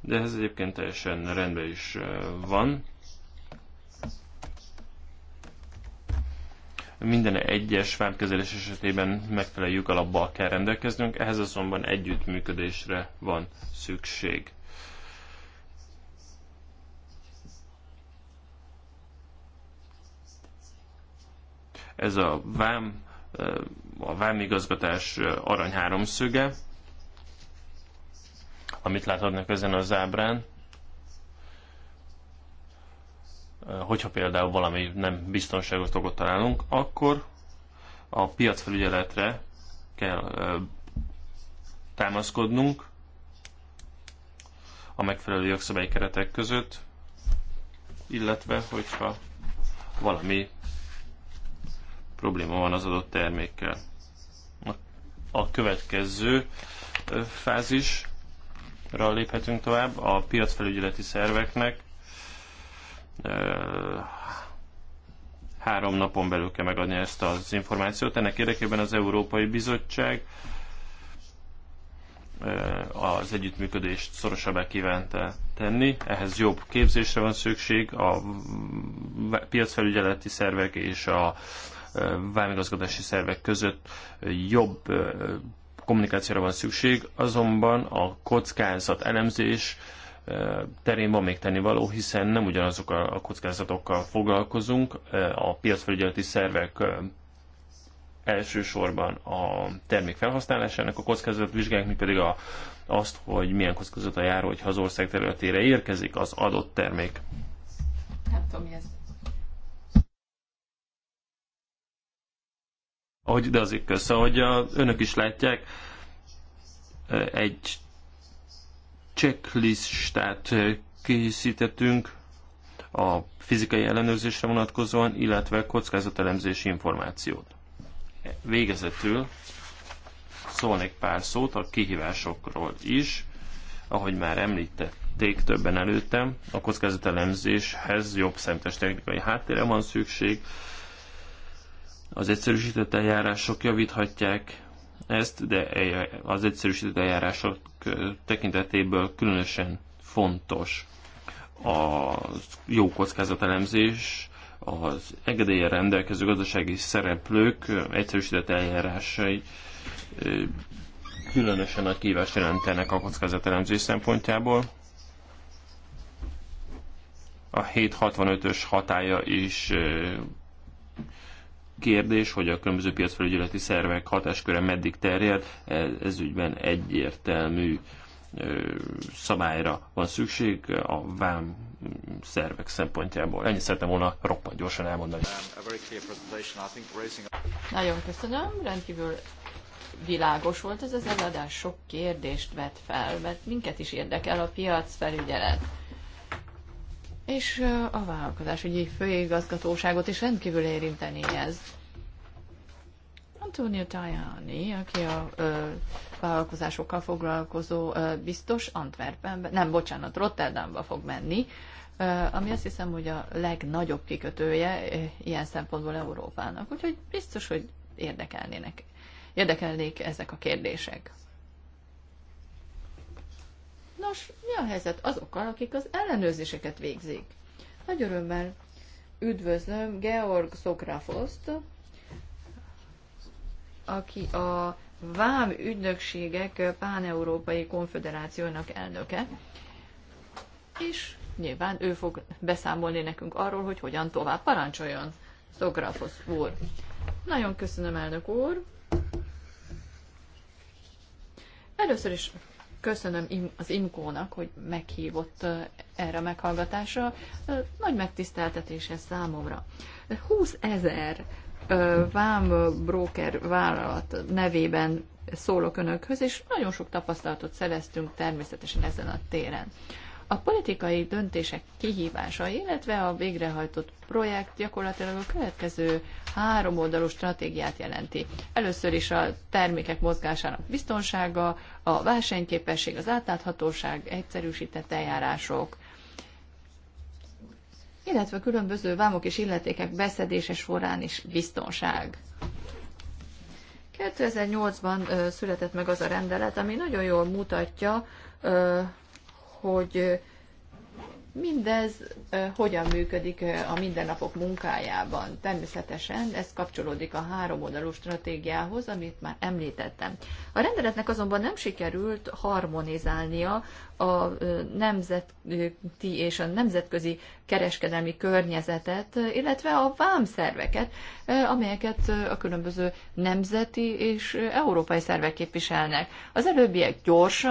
De ez egyébként teljesen rendben is eh, van. Minden egyes vádkezelés esetében megfelelő jogalabbal kell rendelkeznünk, ehhez azonban együttműködésre van szükség. Ez a vám, a vámigazgatás arany háromszöge, amit láthatnak ezen az ábrán. Hogyha például valami nem biztonságos dolgot találunk, akkor a piacfelügyeletre kell támaszkodnunk a megfelelő jogszabályi keretek között, illetve hogyha valami probléma van az adott termékkel. A következő fázisra léphetünk tovább. A piacfelügyeleti szerveknek három napon belül kell megadni ezt az információt. Ennek érdekében az Európai Bizottság az együttműködést szorosabbá kívánta tenni. Ehhez jobb képzésre van szükség, a piacfelügyeleti szervek és a vámigazgatási szervek között jobb kommunikációra van szükség, azonban a kockázat elemzés terén van még tennivaló, hiszen nem ugyanazok a kockázatokkal foglalkozunk. A piacfelügyeleti szervek elsősorban a termék felhasználásának a kockázatot vizsgálják, mi pedig a, azt, hogy milyen kockázata jár, hogyha az ország területére érkezik az adott termék. Nem tudom, mi ez. ahogy de azért kösz, ahogy a, önök is látják, egy checklistát készítettünk a fizikai ellenőrzésre vonatkozóan, illetve kockázatelemzési információt. Végezetül szólnék pár szót a kihívásokról is, ahogy már említették többen előttem, a kockázatelemzéshez jobb szemtes technikai háttérre van szükség, az egyszerűsített eljárások javíthatják ezt, de az egyszerűsített eljárások tekintetéből különösen fontos a jó kockázatelemzés, az engedélyen rendelkező gazdasági szereplők egyszerűsített eljárásai különösen nagy kívást jelentenek a kockázatelemzés szempontjából. A 765-ös hatája is kérdés, hogy a különböző piacfelügyeleti szervek hatásköre meddig terjed, ez ügyben egyértelmű szabályra van szükség a vám szervek szempontjából. Ennyit szerettem volna roppant gyorsan elmondani. Nagyon köszönöm, rendkívül világos volt ez az eladás, sok kérdést vet fel, mert minket is érdekel a piac felügyelet és a vállalkozás ügyi főigazgatóságot is rendkívül érinteni ez. Antonio Tajani, aki a ö, vállalkozásokkal foglalkozó ö, biztos Antwerpenben, nem, bocsánat, Rotterdamba fog menni, ö, ami azt hiszem, hogy a legnagyobb kikötője ö, ilyen szempontból Európának. Úgyhogy biztos, hogy érdekelnének, érdekelnék ezek a kérdések. Nos, mi a helyzet azokkal, akik az ellenőrzéseket végzik? Nagy örömmel üdvözlöm Georg Szokráfoszt, aki a Vám ügynökségek Páneurópai Konfederációnak elnöke, és nyilván ő fog beszámolni nekünk arról, hogy hogyan tovább parancsoljon. Szokráfosz úr. Nagyon köszönöm, elnök úr. Először is köszönöm az Imkónak, hogy meghívott erre a meghallgatásra. Nagy megtiszteltetés ez számomra. 20 ezer vám broker vállalat nevében szólok önökhöz, és nagyon sok tapasztalatot szereztünk természetesen ezen a téren. A politikai döntések kihívása, illetve a végrehajtott projekt gyakorlatilag a következő három oldalú stratégiát jelenti. Először is a termékek mozgásának biztonsága, a versenyképesség, az átláthatóság, egyszerűsített eljárások, illetve különböző vámok és illetékek beszedése során is biztonság. 2008-ban született meg az a rendelet, ami nagyon jól mutatja, hogy mindez hogyan működik a mindennapok munkájában. Természetesen ez kapcsolódik a háromoldalú stratégiához, amit már említettem. A rendeletnek azonban nem sikerült harmonizálnia a nemzeti és a nemzetközi kereskedelmi környezetet, illetve a vámszerveket, amelyeket a különböző nemzeti és európai szervek képviselnek. Az előbbiek gyors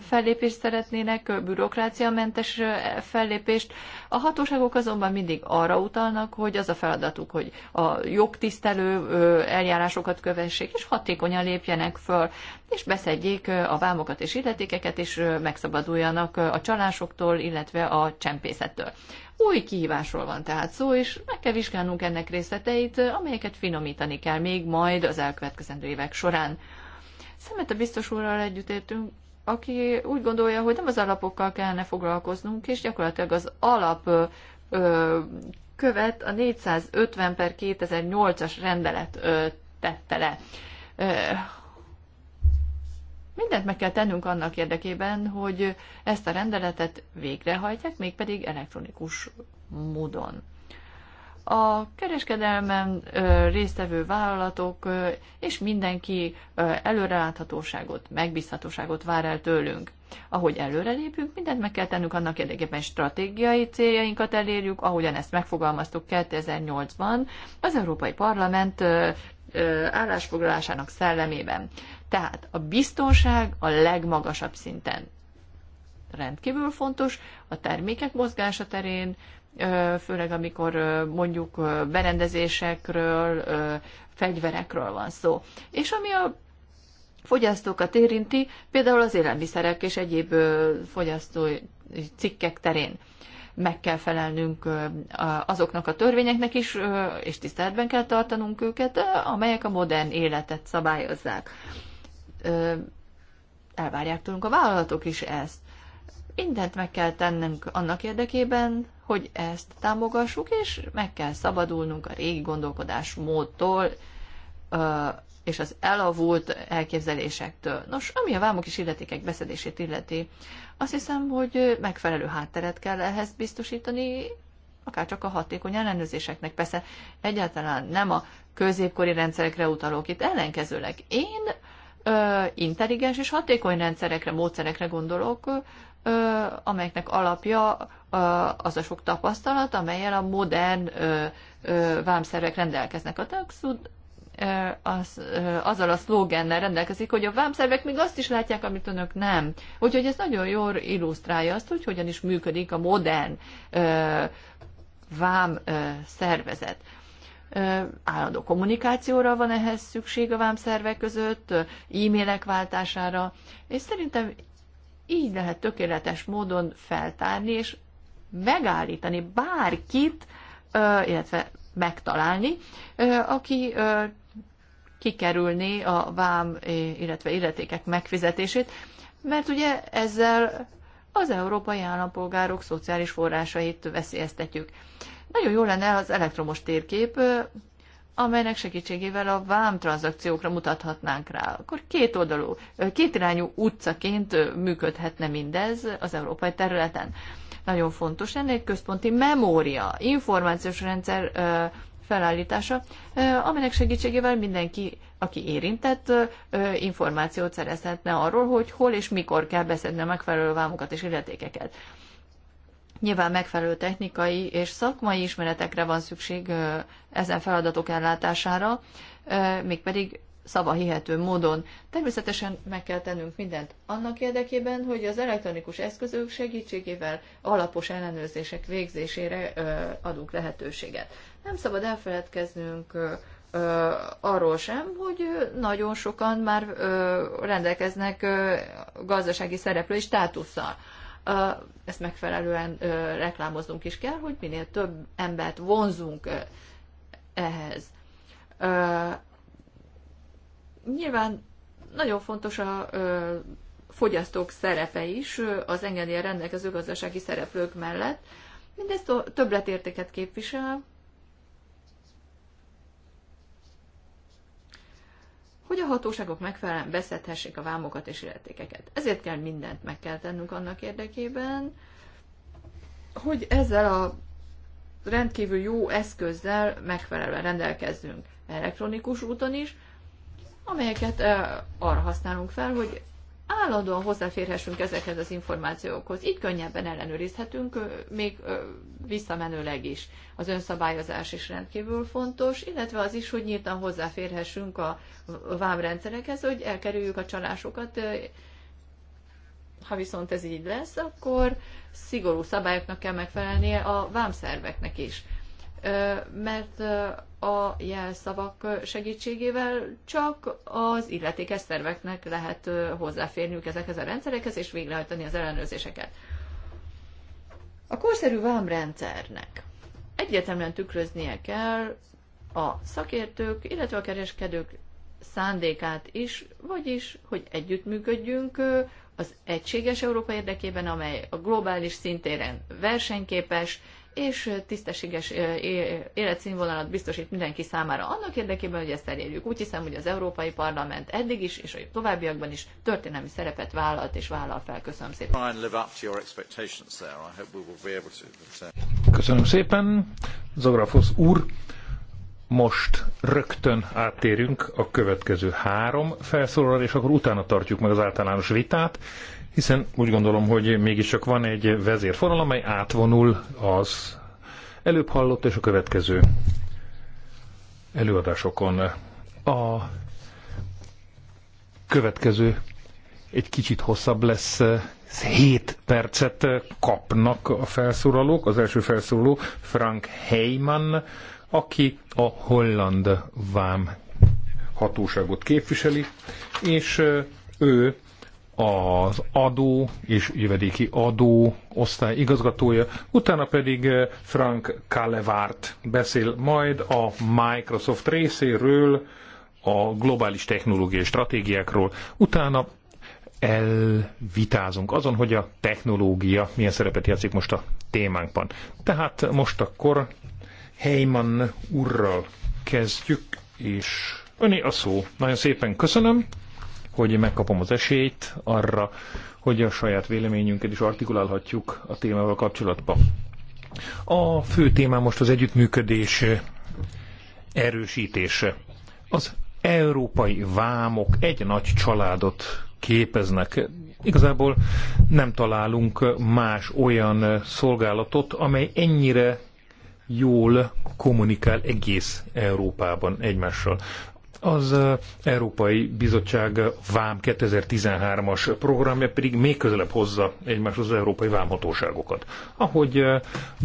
fellépést szeretnének, bürokráciamentes fellépést, a hatóságok azonban mindig arra utalnak, hogy az a feladatuk, hogy a jogtisztelő eljárásokat kövessék, és hatékonyan lépjenek föl, és beszedjék a vámokat és illetékeket, és megszerzik megszabaduljanak a csalásoktól, illetve a csempészettől. Új kihívásról van tehát szó, és meg kell vizsgálnunk ennek részleteit, amelyeket finomítani kell még majd az elkövetkezendő évek során. Szemet a biztos úrral együtt értünk, aki úgy gondolja, hogy nem az alapokkal kellene foglalkoznunk, és gyakorlatilag az alap ö, követ a 450 per 2008-as rendelet ö, tette le. Ö, Mindent meg kell tennünk annak érdekében, hogy ezt a rendeletet végrehajtják, mégpedig elektronikus módon. A kereskedelmen résztvevő vállalatok és mindenki előreláthatóságot, megbízhatóságot vár el tőlünk. Ahogy előrelépünk, mindent meg kell tennünk annak érdekében, stratégiai céljainkat elérjük, ahogyan ezt megfogalmaztuk 2008-ban az Európai Parlament állásfoglalásának szellemében. Tehát a biztonság a legmagasabb szinten. Rendkívül fontos a termékek mozgása terén, főleg amikor mondjuk berendezésekről, fegyverekről van szó. És ami a fogyasztókat érinti, például az élelmiszerek és egyéb fogyasztói cikkek terén meg kell felelnünk azoknak a törvényeknek is, és tiszteletben kell tartanunk őket, amelyek a modern életet szabályozzák elvárják tőlünk a vállalatok is ezt. Mindent meg kell tennünk annak érdekében, hogy ezt támogassuk, és meg kell szabadulnunk a régi gondolkodás módtól és az elavult elképzelésektől. Nos, ami a vámok és illetékek beszedését illeti, azt hiszem, hogy megfelelő hátteret kell ehhez biztosítani, akár csak a hatékony ellenőrzéseknek. Persze egyáltalán nem a középkori rendszerekre utalok itt, ellenkezőleg én intelligens és hatékony rendszerekre, módszerekre gondolok, amelyeknek alapja az a sok tapasztalat, amelyel a modern vámszervek rendelkeznek. A taxud az, azzal a szlogennel rendelkezik, hogy a vámszervek még azt is látják, amit önök nem. Úgyhogy ez nagyon jól illusztrálja azt, hogy hogyan is működik a modern vám szervezet állandó kommunikációra van ehhez szükség a vámszervek között, e-mailek váltására, és szerintem így lehet tökéletes módon feltárni és megállítani bárkit, illetve megtalálni, aki kikerülné a vám, illetve illetékek megfizetését, mert ugye ezzel az európai állampolgárok szociális forrásait veszélyeztetjük. Nagyon jó lenne az elektromos térkép, amelynek segítségével a vám tranzakciókra mutathatnánk rá. Akkor két oldalú, kétirányú utcaként működhetne mindez az európai területen. Nagyon fontos lenne egy központi memória, információs rendszer felállítása, aminek segítségével mindenki, aki érintett, információt szerezhetne arról, hogy hol és mikor kell beszedni a megfelelő vámokat és illetékeket. Nyilván megfelelő technikai és szakmai ismeretekre van szükség ezen feladatok ellátására, mégpedig szava hihető módon. Természetesen meg kell tennünk mindent annak érdekében, hogy az elektronikus eszközök segítségével alapos ellenőrzések végzésére adunk lehetőséget. Nem szabad elfeledkeznünk arról sem, hogy nagyon sokan már rendelkeznek gazdasági szereplői státusszal ezt megfelelően reklámoznunk is kell, hogy minél több embert vonzunk ehhez. Nyilván nagyon fontos a fogyasztók szerepe is az engedélye rendelkező gazdasági szereplők mellett. Mindez többletértéket képvisel, hogy a hatóságok megfelelően beszedhessék a vámokat és illetékeket. Ezért kell mindent meg kell tennünk annak érdekében, hogy ezzel a rendkívül jó eszközzel megfelelően rendelkezzünk elektronikus úton is, amelyeket eh, arra használunk fel, hogy állandóan hozzáférhessünk ezekhez az információkhoz. Így könnyebben ellenőrizhetünk, még visszamenőleg is. Az önszabályozás is rendkívül fontos, illetve az is, hogy nyíltan hozzáférhessünk a vámrendszerekhez, hogy elkerüljük a csalásokat. Ha viszont ez így lesz, akkor szigorú szabályoknak kell megfelelnie a vámszerveknek is mert a jelszavak segítségével csak az illetékes szerveknek lehet hozzáférniük ezekhez a rendszerekhez, és végrehajtani az ellenőrzéseket. A korszerű vámrendszernek egyetemlen tükröznie kell a szakértők, illetve a kereskedők szándékát is, vagyis, hogy együttműködjünk az egységes Európa érdekében, amely a globális szintéren versenyképes, és tisztességes életszínvonalat biztosít mindenki számára annak érdekében, hogy ezt elérjük. Úgy hiszem, hogy az Európai Parlament eddig is, és a továbbiakban is történelmi szerepet vállalt és vállal fel. Köszönöm szépen. Uh, Köszönöm szépen, Zografosz úr. Most rögtön áttérünk a következő három felszólalásra, és akkor utána tartjuk meg az általános vitát, hiszen úgy gondolom, hogy mégiscsak van egy vezérfonal, amely átvonul az előbb hallott és a következő előadásokon. A következő egy kicsit hosszabb lesz, 7 percet kapnak a felszólalók. Az első felszóló Frank Heyman, aki a holland vám hatóságot képviseli, és ő az adó és jövedéki adó osztály igazgatója, utána pedig eh, Frank Kalevárt beszél majd a Microsoft részéről, a globális technológiai stratégiákról, utána elvitázunk azon, hogy a technológia milyen szerepet játszik most a témánkban. Tehát most akkor Heyman urral kezdjük, és öné a szó. Nagyon szépen köszönöm hogy megkapom az esélyt arra, hogy a saját véleményünket is artikulálhatjuk a témával kapcsolatban. A fő témám most az együttműködés erősítése. Az európai vámok egy nagy családot képeznek. Igazából nem találunk más olyan szolgálatot, amely ennyire jól kommunikál egész Európában egymással. Az Európai Bizottság Vám 2013-as programja pedig még közelebb hozza egymáshoz az európai vámhatóságokat. Ahogy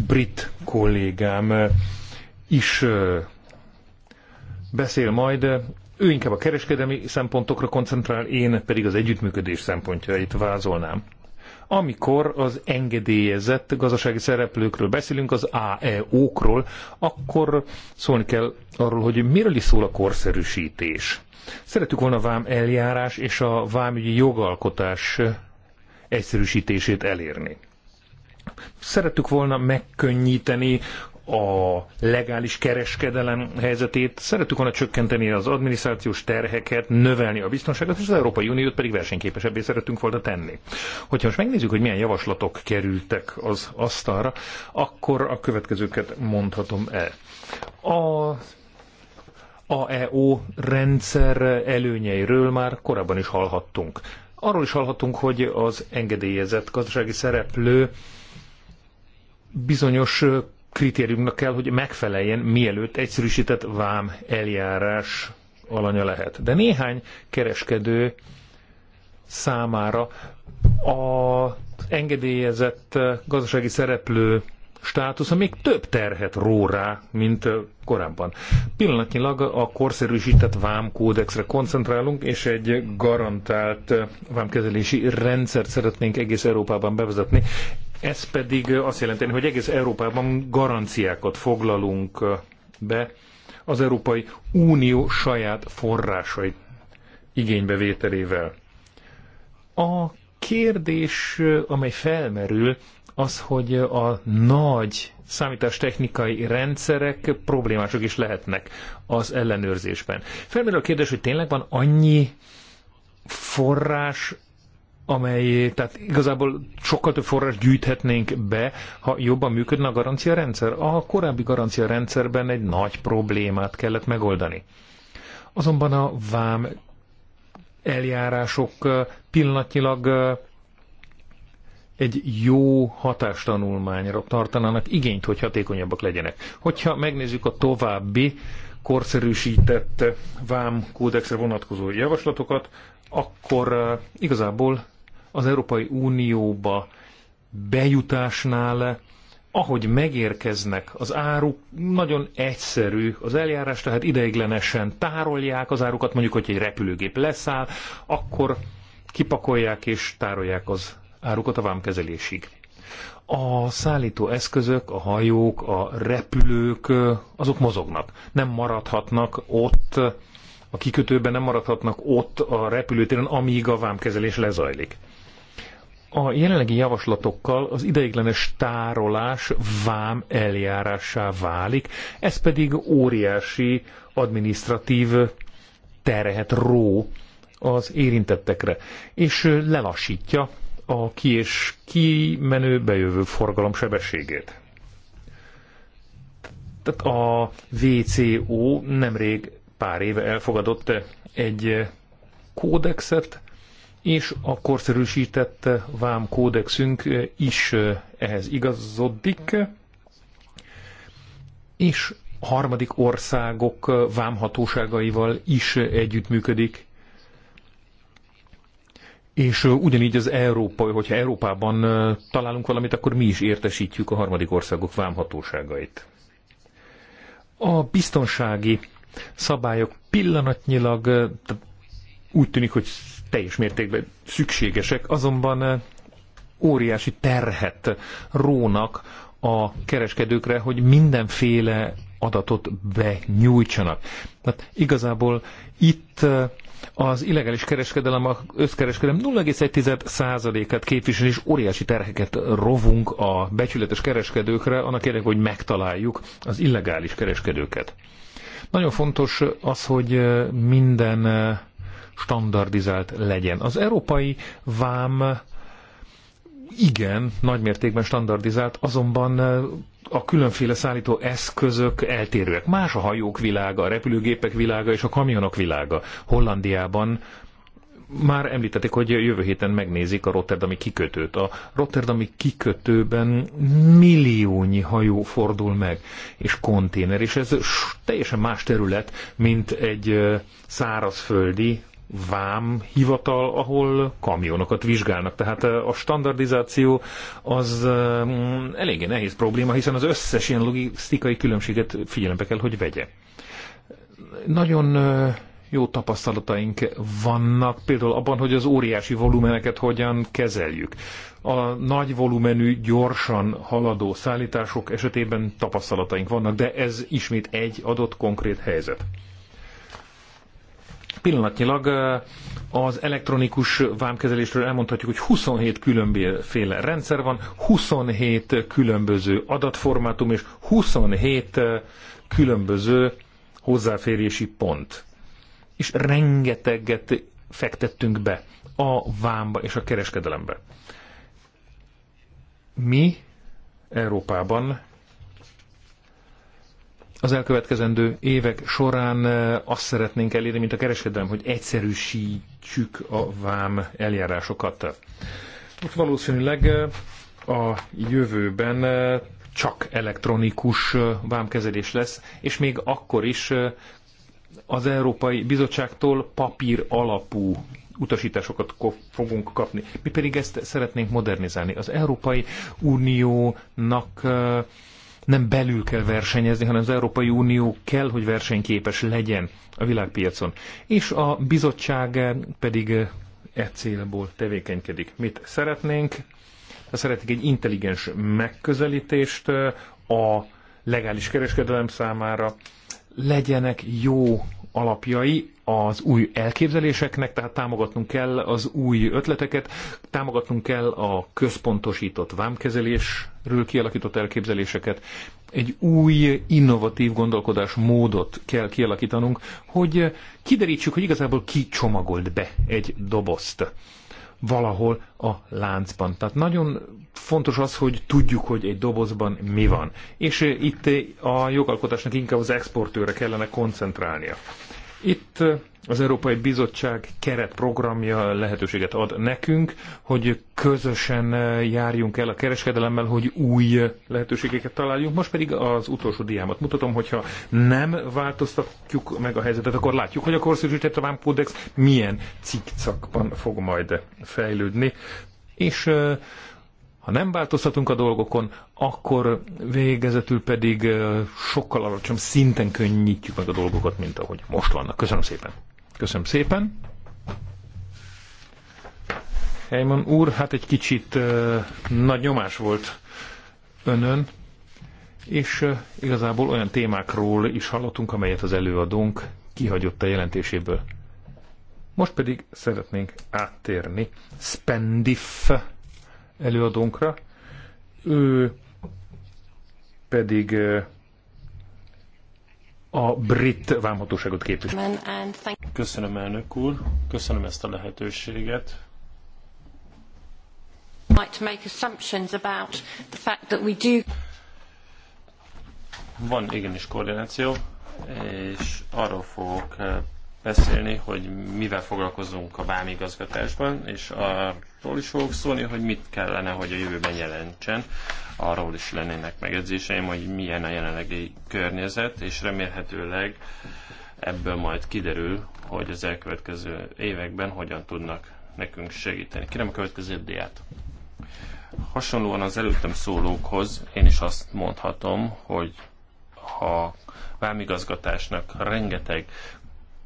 brit kollégám is beszél majd, ő inkább a kereskedelmi szempontokra koncentrál, én pedig az együttműködés szempontjait vázolnám. Amikor az engedélyezett gazdasági szereplőkről beszélünk, az AEO-król, akkor szólni kell arról, hogy miről is szól a korszerűsítés. Szeretük volna a vám eljárás és a vámügyi jogalkotás egyszerűsítését elérni. Szerettük volna megkönnyíteni a legális kereskedelem helyzetét, szeretük volna csökkenteni az adminisztrációs terheket, növelni a biztonságot, és az Európai Uniót pedig versenyképesebbé szeretünk volna tenni. Hogyha most megnézzük, hogy milyen javaslatok kerültek az asztalra, akkor a következőket mondhatom el. A AEO rendszer előnyeiről már korábban is hallhattunk. Arról is hallhattunk, hogy az engedélyezett gazdasági szereplő bizonyos kritériumnak kell, hogy megfeleljen, mielőtt egyszerűsített vám eljárás alanya lehet. De néhány kereskedő számára a engedélyezett gazdasági szereplő státusza még több terhet ró rá, mint korábban. Pillanatnyilag a korszerűsített vámkódexre koncentrálunk, és egy garantált vámkezelési rendszert szeretnénk egész Európában bevezetni. Ez pedig azt jelenti, hogy egész Európában garanciákat foglalunk be az Európai Unió saját forrásait igénybevételével. A kérdés, amely felmerül, az, hogy a nagy számítástechnikai rendszerek problémások is lehetnek az ellenőrzésben. Felmerül a kérdés, hogy tényleg van annyi forrás, amely, tehát igazából sokkal több forrás gyűjthetnénk be, ha jobban működne a garanciarendszer. A korábbi garanciarendszerben egy nagy problémát kellett megoldani. Azonban a vám eljárások pillanatnyilag egy jó hatástanulmányra tartanának igényt, hogy hatékonyabbak legyenek. Hogyha megnézzük a további korszerűsített vám kódexre vonatkozó javaslatokat, akkor igazából az Európai Unióba bejutásnál, ahogy megérkeznek az áruk, nagyon egyszerű az eljárás, tehát ideiglenesen tárolják az árukat, mondjuk, hogy egy repülőgép leszáll, akkor kipakolják és tárolják az árukat a vámkezelésig. A szállító eszközök, a hajók, a repülők, azok mozognak. Nem maradhatnak ott, a kikötőben nem maradhatnak ott a repülőtéren, amíg a vámkezelés lezajlik. A jelenlegi javaslatokkal az ideiglenes tárolás vám eljárásá válik, ez pedig óriási adminisztratív terhet ró az érintettekre, és lelassítja a ki és kimenő bejövő forgalom sebességét. Tehát a WCO nemrég pár éve elfogadott egy kódexet, és a korszerűsített vám kódexünk is ehhez igazodik, és harmadik országok vámhatóságaival is együttműködik, és ugyanígy az Európa, hogyha Európában találunk valamit, akkor mi is értesítjük a harmadik országok vámhatóságait. A biztonsági szabályok pillanatnyilag úgy tűnik, hogy teljes mértékben szükségesek, azonban eh, óriási terhet rónak a kereskedőkre, hogy mindenféle adatot benyújtsanak. Tehát igazából itt eh, az illegális kereskedelem, az összkereskedelem 0,1%-át képvisel, és óriási terheket rovunk a becsületes kereskedőkre, annak érdekében, hogy megtaláljuk az illegális kereskedőket. Nagyon fontos az, hogy eh, minden standardizált legyen. Az európai vám igen, nagymértékben standardizált, azonban eh, a különféle szállító eszközök eltérőek. Más a hajók világa, a repülőgépek világa és a kamionok világa. Hollandiában már említették, hogy jövő héten megnézik a Rotterdami kikötőt. A Rotterdami kikötőben milliónyi hajó fordul meg, és konténer, és ez teljesen más terület, mint egy eh, szárazföldi vám hivatal, ahol kamionokat vizsgálnak. Tehát eh, a standardizáció az mm, eléggé nehéz probléma, hiszen az összes ilyen logisztikai különbséget figyelembe kell, hogy vegye. Nagyon eh, jó tapasztalataink vannak, például abban, hogy az óriási volumeneket hogyan kezeljük. A nagy volumenű, gyorsan haladó szállítások esetében tapasztalataink vannak, de ez ismét egy adott konkrét helyzet. Pillanatnyilag az elektronikus vámkezelésről elmondhatjuk, hogy 27 különféle rendszer van, 27 különböző adatformátum és 27 különböző hozzáférési pont. És rengeteget fektettünk be a vámba és a kereskedelembe. Mi Európában az elkövetkezendő évek során eh, azt szeretnénk elérni, mint a kereskedelem, hogy egyszerűsítsük a vám eljárásokat. Most valószínűleg eh, a jövőben eh, csak elektronikus vámkezelés lesz, és még akkor is az Európai Bizottságtól papír alapú utasításokat fogunk kapni. Mi pedig ezt szeretnénk modernizálni. Az Európai Uniónak nem belül kell versenyezni, hanem az Európai Unió kell, hogy versenyképes legyen a világpiacon. És a bizottság pedig eh, e célból tevékenykedik. Mit szeretnénk? Szeretnék egy intelligens megközelítést eh, a legális kereskedelem számára, legyenek jó alapjai az új elképzeléseknek, tehát támogatnunk kell az új ötleteket, támogatnunk kell a központosított vámkezelésről kialakított elképzeléseket. Egy új, innovatív gondolkodás módot kell kialakítanunk, hogy kiderítsük, hogy igazából ki csomagolt be egy dobozt valahol a láncban. Tehát nagyon fontos az, hogy tudjuk, hogy egy dobozban mi van. És eh, itt eh, a jogalkotásnak inkább az exportőre kellene koncentrálnia. Itt eh, az Európai Bizottság keretprogramja lehetőséget ad nekünk, hogy közösen járjunk el a kereskedelemmel, hogy új lehetőségeket találjunk. Most pedig az utolsó diámat mutatom, hogyha nem változtatjuk meg a helyzetet, akkor látjuk, hogy a korszerűsített a milyen cikcakban fog majd fejlődni. És ha nem változtatunk a dolgokon, akkor végezetül pedig sokkal alacsonyabb szinten könnyítjük meg a dolgokat, mint ahogy most vannak. Köszönöm szépen. Köszönöm szépen. Heyman úr, hát egy kicsit uh, nagy nyomás volt önön, és uh, igazából olyan témákról is hallottunk, amelyet az előadónk kihagyott a jelentéséből. Most pedig szeretnénk áttérni Spendiff előadónkra. Ő pedig a brit vámhatóságot képvisel. Köszönöm, elnök úr. Köszönöm ezt a lehetőséget. Van igenis koordináció, és arról fogok beszélni, hogy mivel foglalkozunk a vámigazgatásban, és arról is fogok szólni, hogy mit kellene, hogy a jövőben jelentsen. Arról is lennének megjegyzéseim, hogy milyen a jelenlegi környezet, és remélhetőleg ebből majd kiderül, hogy az elkövetkező években hogyan tudnak nekünk segíteni. Kérem a következő diát. Hasonlóan az előttem szólókhoz én is azt mondhatom, hogy ha vámigazgatásnak rengeteg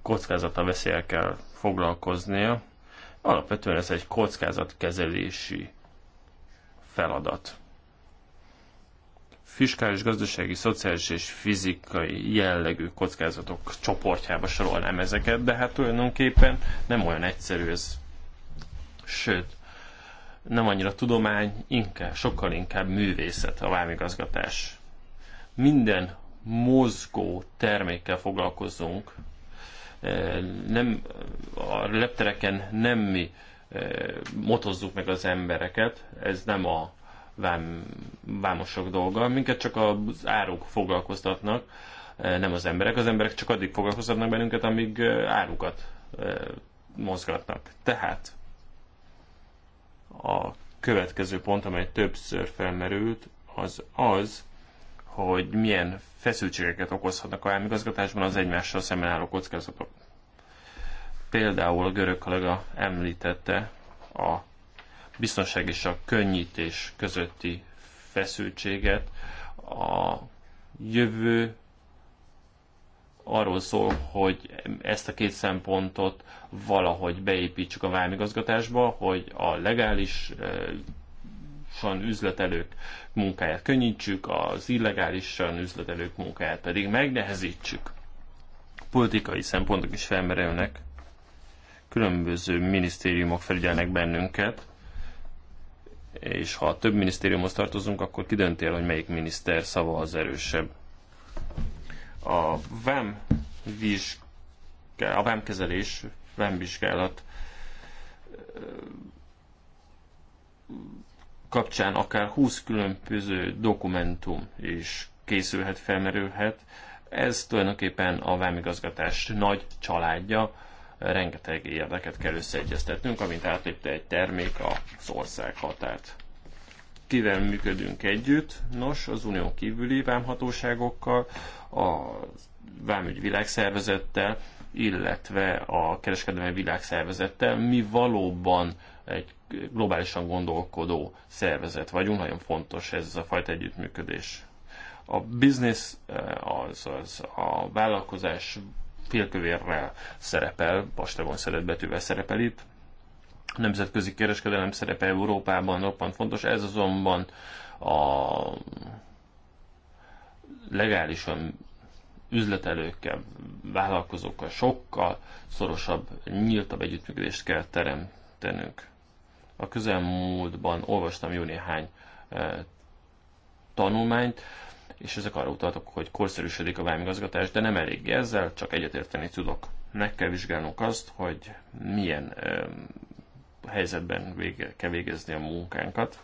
kockázata veszélyel kell foglalkoznia. Alapvetően ez egy kockázatkezelési feladat. Fiskális, gazdasági, szociális és fizikai jellegű kockázatok csoportjába sorolnám ezeket, de hát tulajdonképpen nem olyan egyszerű ez. Sőt, nem annyira tudomány, inkább, sokkal inkább művészet a vámigazgatás. Minden mozgó termékkel foglalkozunk, nem, a leptereken nem mi motozzuk meg az embereket, ez nem a vám, vámosok dolga, minket csak az áruk foglalkoztatnak, nem az emberek. Az emberek csak addig foglalkoztatnak bennünket, amíg árukat mozgatnak. Tehát a következő pont, amely többször felmerült, az az, hogy milyen feszültségeket okozhatnak a államigazgatásban az egymással szemben álló kockázatok. Például a görög kollega említette a biztonság és a könnyítés közötti feszültséget. A jövő arról szól, hogy ezt a két szempontot valahogy beépítsük a vámigazgatásba, hogy a legális eh, illegálisan üzletelők munkáját könnyítsük, az illegálisan üzletelők munkáját pedig megnehezítsük. Politikai szempontok is felmerülnek. Különböző minisztériumok felügyelnek bennünket, és ha több minisztériumhoz tartozunk, akkor kidöntél, hogy melyik miniszter szava az erősebb. A VEM vizsgál, a VEM kezelés, VEM vizsgálat kapcsán akár 20 különböző dokumentum is készülhet, felmerülhet. Ez tulajdonképpen a vámigazgatás nagy családja, rengeteg érdeket kell összeegyeztetnünk, amint átlépte egy termék az ország határt. Kivel működünk együtt? Nos, az unió kívüli vámhatóságokkal, a vámügy világszervezettel, illetve a kereskedelmi világszervezettel. Mi valóban egy globálisan gondolkodó szervezet vagyunk, nagyon fontos ez a fajta együttműködés. A biznisz, eh, az, az a vállalkozás félkövérrel szerepel, vastagon szeretbetűvel szerepel itt, nemzetközi kereskedelem szerepe Európában roppant fontos, ez azonban a legálisan üzletelőkkel, vállalkozókkal sokkal szorosabb, nyíltabb együttműködést kell teremtenünk. A közelmúltban olvastam jó néhány e, tanulmányt, és ezek arra utaltak, hogy korszerűsödik a vámigazgatás, de nem elég ezzel, csak egyetérteni tudok. Meg kell vizsgálnunk azt, hogy milyen ö, e, helyzetben vége, kell végezni a munkánkat.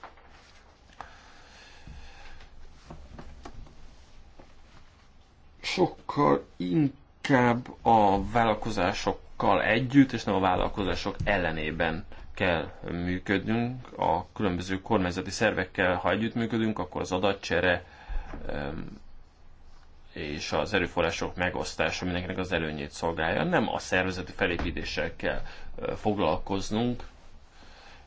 Sokkal inkább a vállalkozásokkal együtt, és nem a vállalkozások ellenében kell működnünk, a különböző kormányzati szervekkel, ha együttműködünk, akkor az adatcsere és az erőforrások megosztása mindenkinek az előnyét szolgálja. Nem a szervezeti felépítéssel kell foglalkoznunk,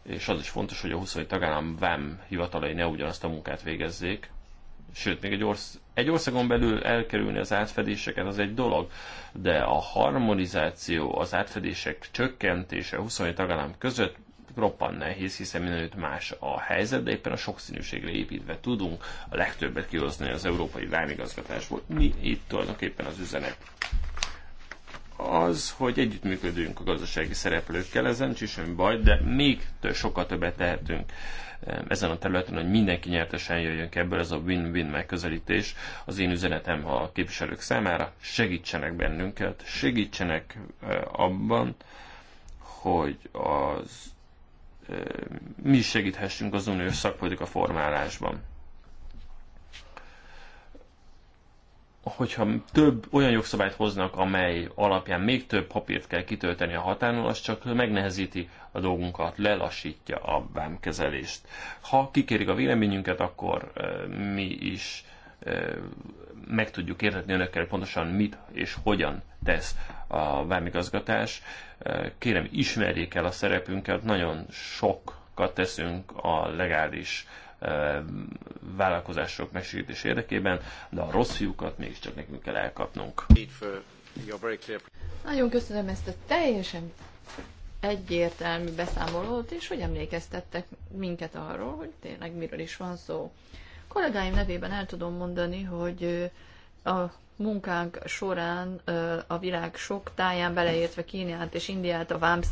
és az is fontos, hogy a 27 tagállam VAM hivatalai ne ugyanazt a munkát végezzék. Sőt, még egy, orsz- egy országon belül elkerülni az átfedéseket az egy dolog, de a harmonizáció, az átfedések csökkentése 27 tagállam között roppan nehéz, hiszen mindenütt más a helyzet, de éppen a sokszínűségre építve tudunk a legtöbbet kihozni az európai vámigazgatásból. Mi itt tulajdonképpen az üzenet? az, hogy együttműködünk a gazdasági szereplőkkel, ez nem sem baj, de még több, sokkal többet tehetünk eh, ezen a területen, hogy mindenki nyertesen jöjjön ebből, ez a win-win megközelítés. Az én üzenetem a képviselők számára, segítsenek bennünket, segítsenek eh, abban, hogy az mi is segíthessünk az uniós szakpolitika formálásban. Hogyha több olyan jogszabályt hoznak, amely alapján még több papírt kell kitölteni a határon, az csak megnehezíti a dolgunkat, lelassítja a vámkezelést. Ha kikérik a véleményünket, akkor mi is meg tudjuk értetni önökkel, hogy pontosan mit és hogyan tesz a vámigazgatás. Kérem, ismerjék el a szerepünket, nagyon sokat teszünk a legális e, vállalkozások megsegítés érdekében, de a rossz fiúkat mégiscsak nekünk kell elkapnunk. Nagyon köszönöm ezt a teljesen egyértelmű beszámolót, és hogy emlékeztettek minket arról, hogy tényleg miről is van szó kollégáim nevében el tudom mondani, hogy a munkánk során a világ sok táján, beleértve Kínát és Indiát, a VAMS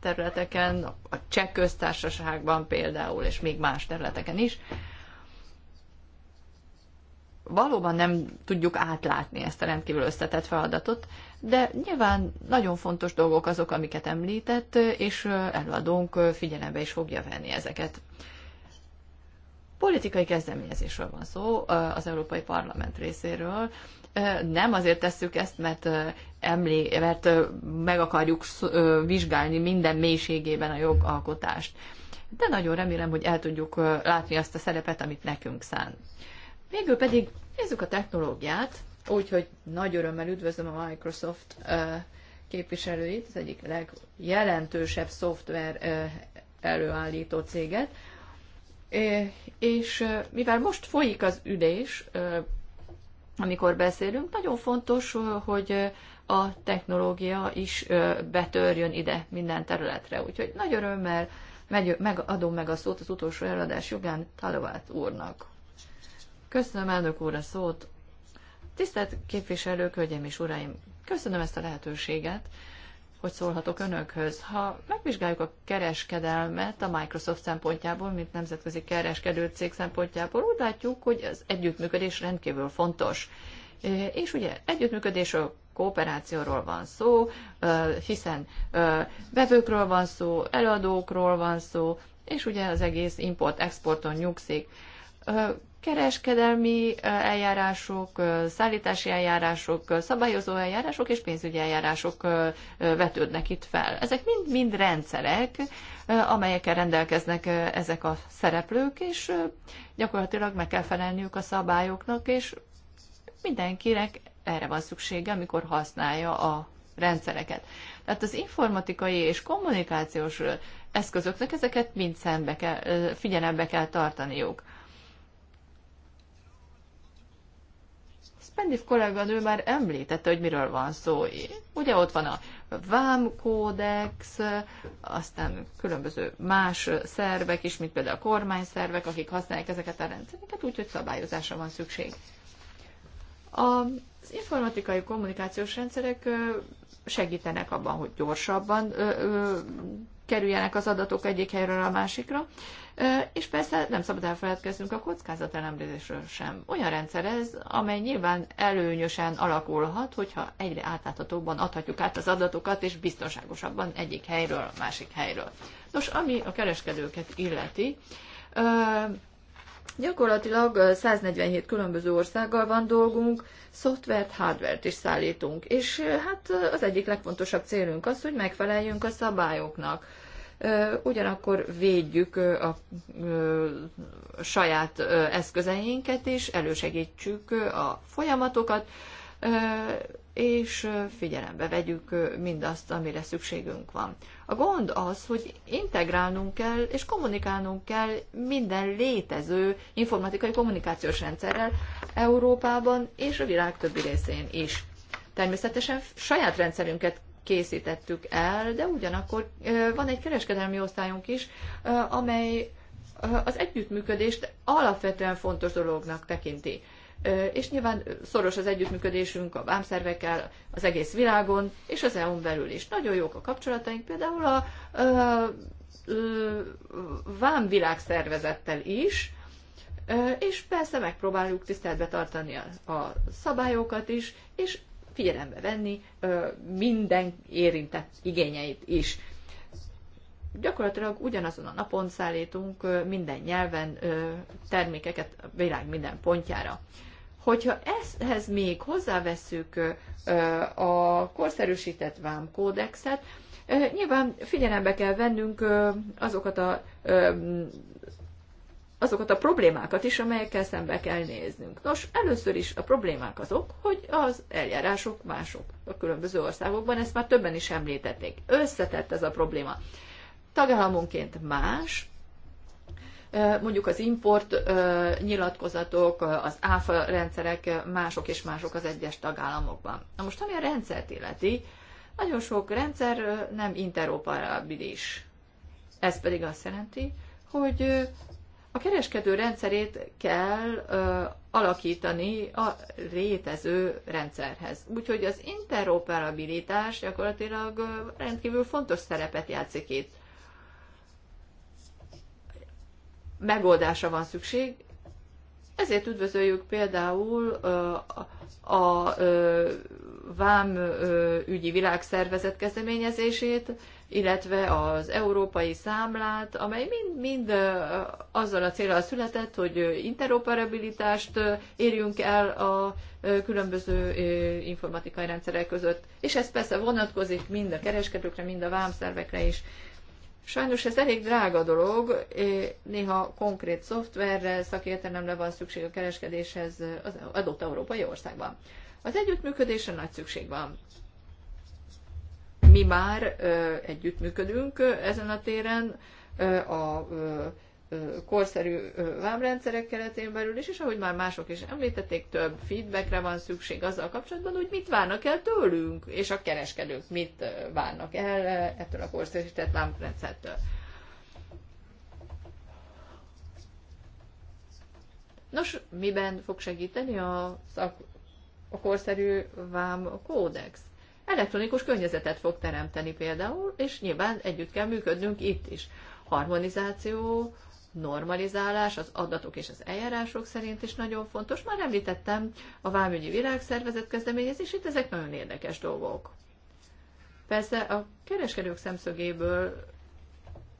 területeken, a cseh köztársaságban például, és még más területeken is, valóban nem tudjuk átlátni ezt a rendkívül összetett feladatot, de nyilván nagyon fontos dolgok azok, amiket említett, és előadónk figyelembe is fogja venni ezeket politikai kezdeményezésről van szó az Európai Parlament részéről. Nem azért tesszük ezt, mert, emlé, mert meg akarjuk vizsgálni minden mélységében a jogalkotást. De nagyon remélem, hogy el tudjuk látni azt a szerepet, amit nekünk szán. Végül pedig nézzük a technológiát, úgyhogy nagy örömmel üdvözlöm a Microsoft képviselőit, az egyik legjelentősebb szoftver előállító céget, és mivel most folyik az ülés, amikor beszélünk, nagyon fontos, hogy a technológia is betörjön ide minden területre. Úgyhogy nagy örömmel megadom meg, adom meg a szót az utolsó eladás jogán Talovát úrnak. Köszönöm elnök úr a szót. Tisztelt képviselők, hölgyeim és uraim, köszönöm ezt a lehetőséget, hogy szólhatok önökhöz. Ha megvizsgáljuk a kereskedelmet a Microsoft szempontjából, mint nemzetközi kereskedő cég szempontjából, úgy látjuk, hogy az együttműködés rendkívül fontos. E, és ugye együttműködés a kooperációról van szó, e, hiszen e, vevőkről van szó, eladókról van szó, és ugye az egész import-exporton nyugszik kereskedelmi eljárások, szállítási eljárások, szabályozó eljárások és pénzügyi eljárások vetődnek itt fel. Ezek mind-mind rendszerek, amelyekkel rendelkeznek ezek a szereplők, és gyakorlatilag meg kell felelniük a szabályoknak, és mindenkinek erre van szüksége, amikor használja a rendszereket. Tehát az informatikai és kommunikációs eszközöknek ezeket mind szembe kell, figyelembe kell tartaniuk. Pendif kolléganő már említette, hogy miről van szó. Ugye ott van a vámkódex, aztán különböző más szervek is, mint például a kormányszervek, akik használják ezeket a rendszereket, úgyhogy szabályozásra van szükség. Az informatikai kommunikációs rendszerek segítenek abban, hogy gyorsabban kerüljenek az adatok egyik helyről a másikra, és persze nem szabad elfeledkeznünk a kockázatelemzésről sem. Olyan rendszer ez, amely nyilván előnyösen alakulhat, hogyha egyre átláthatóbban adhatjuk át az adatokat, és biztonságosabban egyik helyről a másik helyről. Nos, ami a kereskedőket illeti, Gyakorlatilag 147 különböző országgal van dolgunk, szoftvert, hardvert is szállítunk, és hát az egyik legfontosabb célunk az, hogy megfeleljünk a szabályoknak ugyanakkor védjük a saját eszközeinket is, elősegítsük a folyamatokat, és figyelembe vegyük mindazt, amire szükségünk van. A gond az, hogy integrálnunk kell és kommunikálnunk kell minden létező informatikai kommunikációs rendszerrel Európában és a világ többi részén is. Természetesen saját rendszerünket készítettük el, de ugyanakkor van egy kereskedelmi osztályunk is, amely az együttműködést alapvetően fontos dolognak tekinti. És nyilván szoros az együttműködésünk a vámszervekkel az egész világon, és az EU-n belül is. Nagyon jók a kapcsolataink, például a, a, a vámvilágszervezettel is, és persze megpróbáljuk tiszteletbe tartani a, a szabályokat is, és figyelembe venni minden érintett igényeit is. Gyakorlatilag ugyanazon a napon szállítunk minden nyelven termékeket a világ minden pontjára. Hogyha ehhez még hozzáveszünk a korszerűsített vámkódexet, nyilván figyelembe kell vennünk azokat a azokat a problémákat is, amelyekkel szembe kell néznünk. Nos, először is a problémák azok, hogy az eljárások mások a különböző országokban, ezt már többen is említették. Összetett ez a probléma. Tagállamonként más, mondjuk az import nyilatkozatok, az áfa rendszerek mások és mások az egyes tagállamokban. Na most, ami a rendszert illeti, nagyon sok rendszer nem interoperabilis. Ez pedig azt jelenti, hogy a kereskedő rendszerét kell ö, alakítani a létező rendszerhez. Úgyhogy az interoperabilitás gyakorlatilag ö, rendkívül fontos szerepet játszik itt. Megoldásra van szükség, ezért üdvözöljük például a, a, vám ügyi világszervezet kezdeményezését, illetve az európai számlát, amely mind, mind azzal a célral született, hogy interoperabilitást érjünk el a különböző informatikai rendszerek között. És ez persze vonatkozik mind a kereskedőkre, mind a vámszervekre is. Sajnos ez elég drága dolog, néha konkrét szoftverre, szakértelemre van szükség a kereskedéshez az adott európai országban. Az együttműködésre nagy szükség van mi már együttműködünk ezen a téren a korszerű vámrendszerek keretén belül is, és ahogy már mások is említették, több feedbackre van szükség azzal kapcsolatban, hogy mit várnak el tőlünk, és a kereskedők mit várnak el ettől a korszerűsített vámrendszertől. Nos, miben fog segíteni a, szak, a korszerű vám kódex? elektronikus környezetet fog teremteni például, és nyilván együtt kell működnünk itt is. Harmonizáció, normalizálás az adatok és az eljárások szerint is nagyon fontos. Már említettem a Vámügyi Világszervezet kezdeményezését, ezek nagyon érdekes dolgok. Persze a kereskedők szemszögéből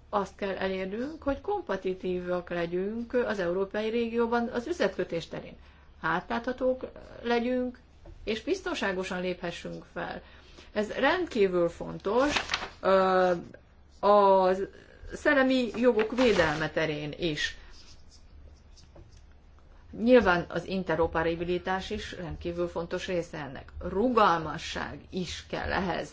azt kell elérnünk, hogy kompetitívak legyünk az európai régióban az üzletkötés terén. Átláthatók legyünk, és biztonságosan léphessünk fel. Ez rendkívül fontos a szellemi jogok védelme terén is. Nyilván az interoperabilitás is rendkívül fontos része ennek. Rugalmasság is kell ehhez.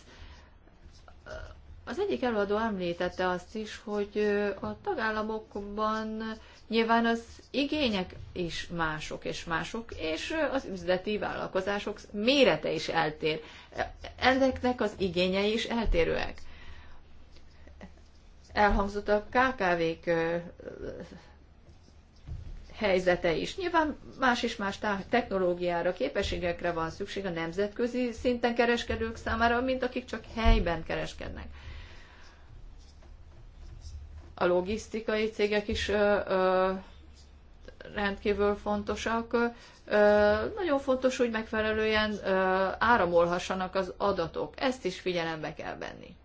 Az egyik előadó említette azt is, hogy a tagállamokban Nyilván az igények is mások és mások, és az üzleti vállalkozások mérete is eltér. Ezeknek az igényei is eltérőek. Elhangzott a KKV-k helyzete is. Nyilván más és más technológiára, képességekre van szükség a nemzetközi szinten kereskedők számára, mint akik csak helyben kereskednek a logisztikai cégek is rendkívül fontosak. Nagyon fontos, hogy megfelelően áramolhassanak az adatok. Ezt is figyelembe kell venni.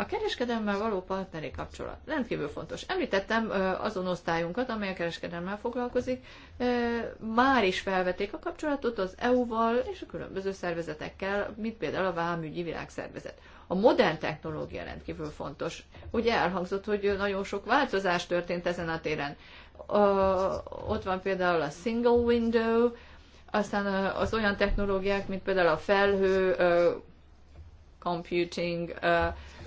A kereskedelemmel való partneri kapcsolat rendkívül fontos. Említettem azon osztályunkat, amely a kereskedelemmel foglalkozik, már is felvették a kapcsolatot az EU-val és a különböző szervezetekkel, mint például a Vámügyi Világszervezet. A modern technológia rendkívül fontos. Ugye elhangzott, hogy nagyon sok változás történt ezen a téren. Ott van például a single window, aztán az olyan technológiák, mint például a felhő, computing,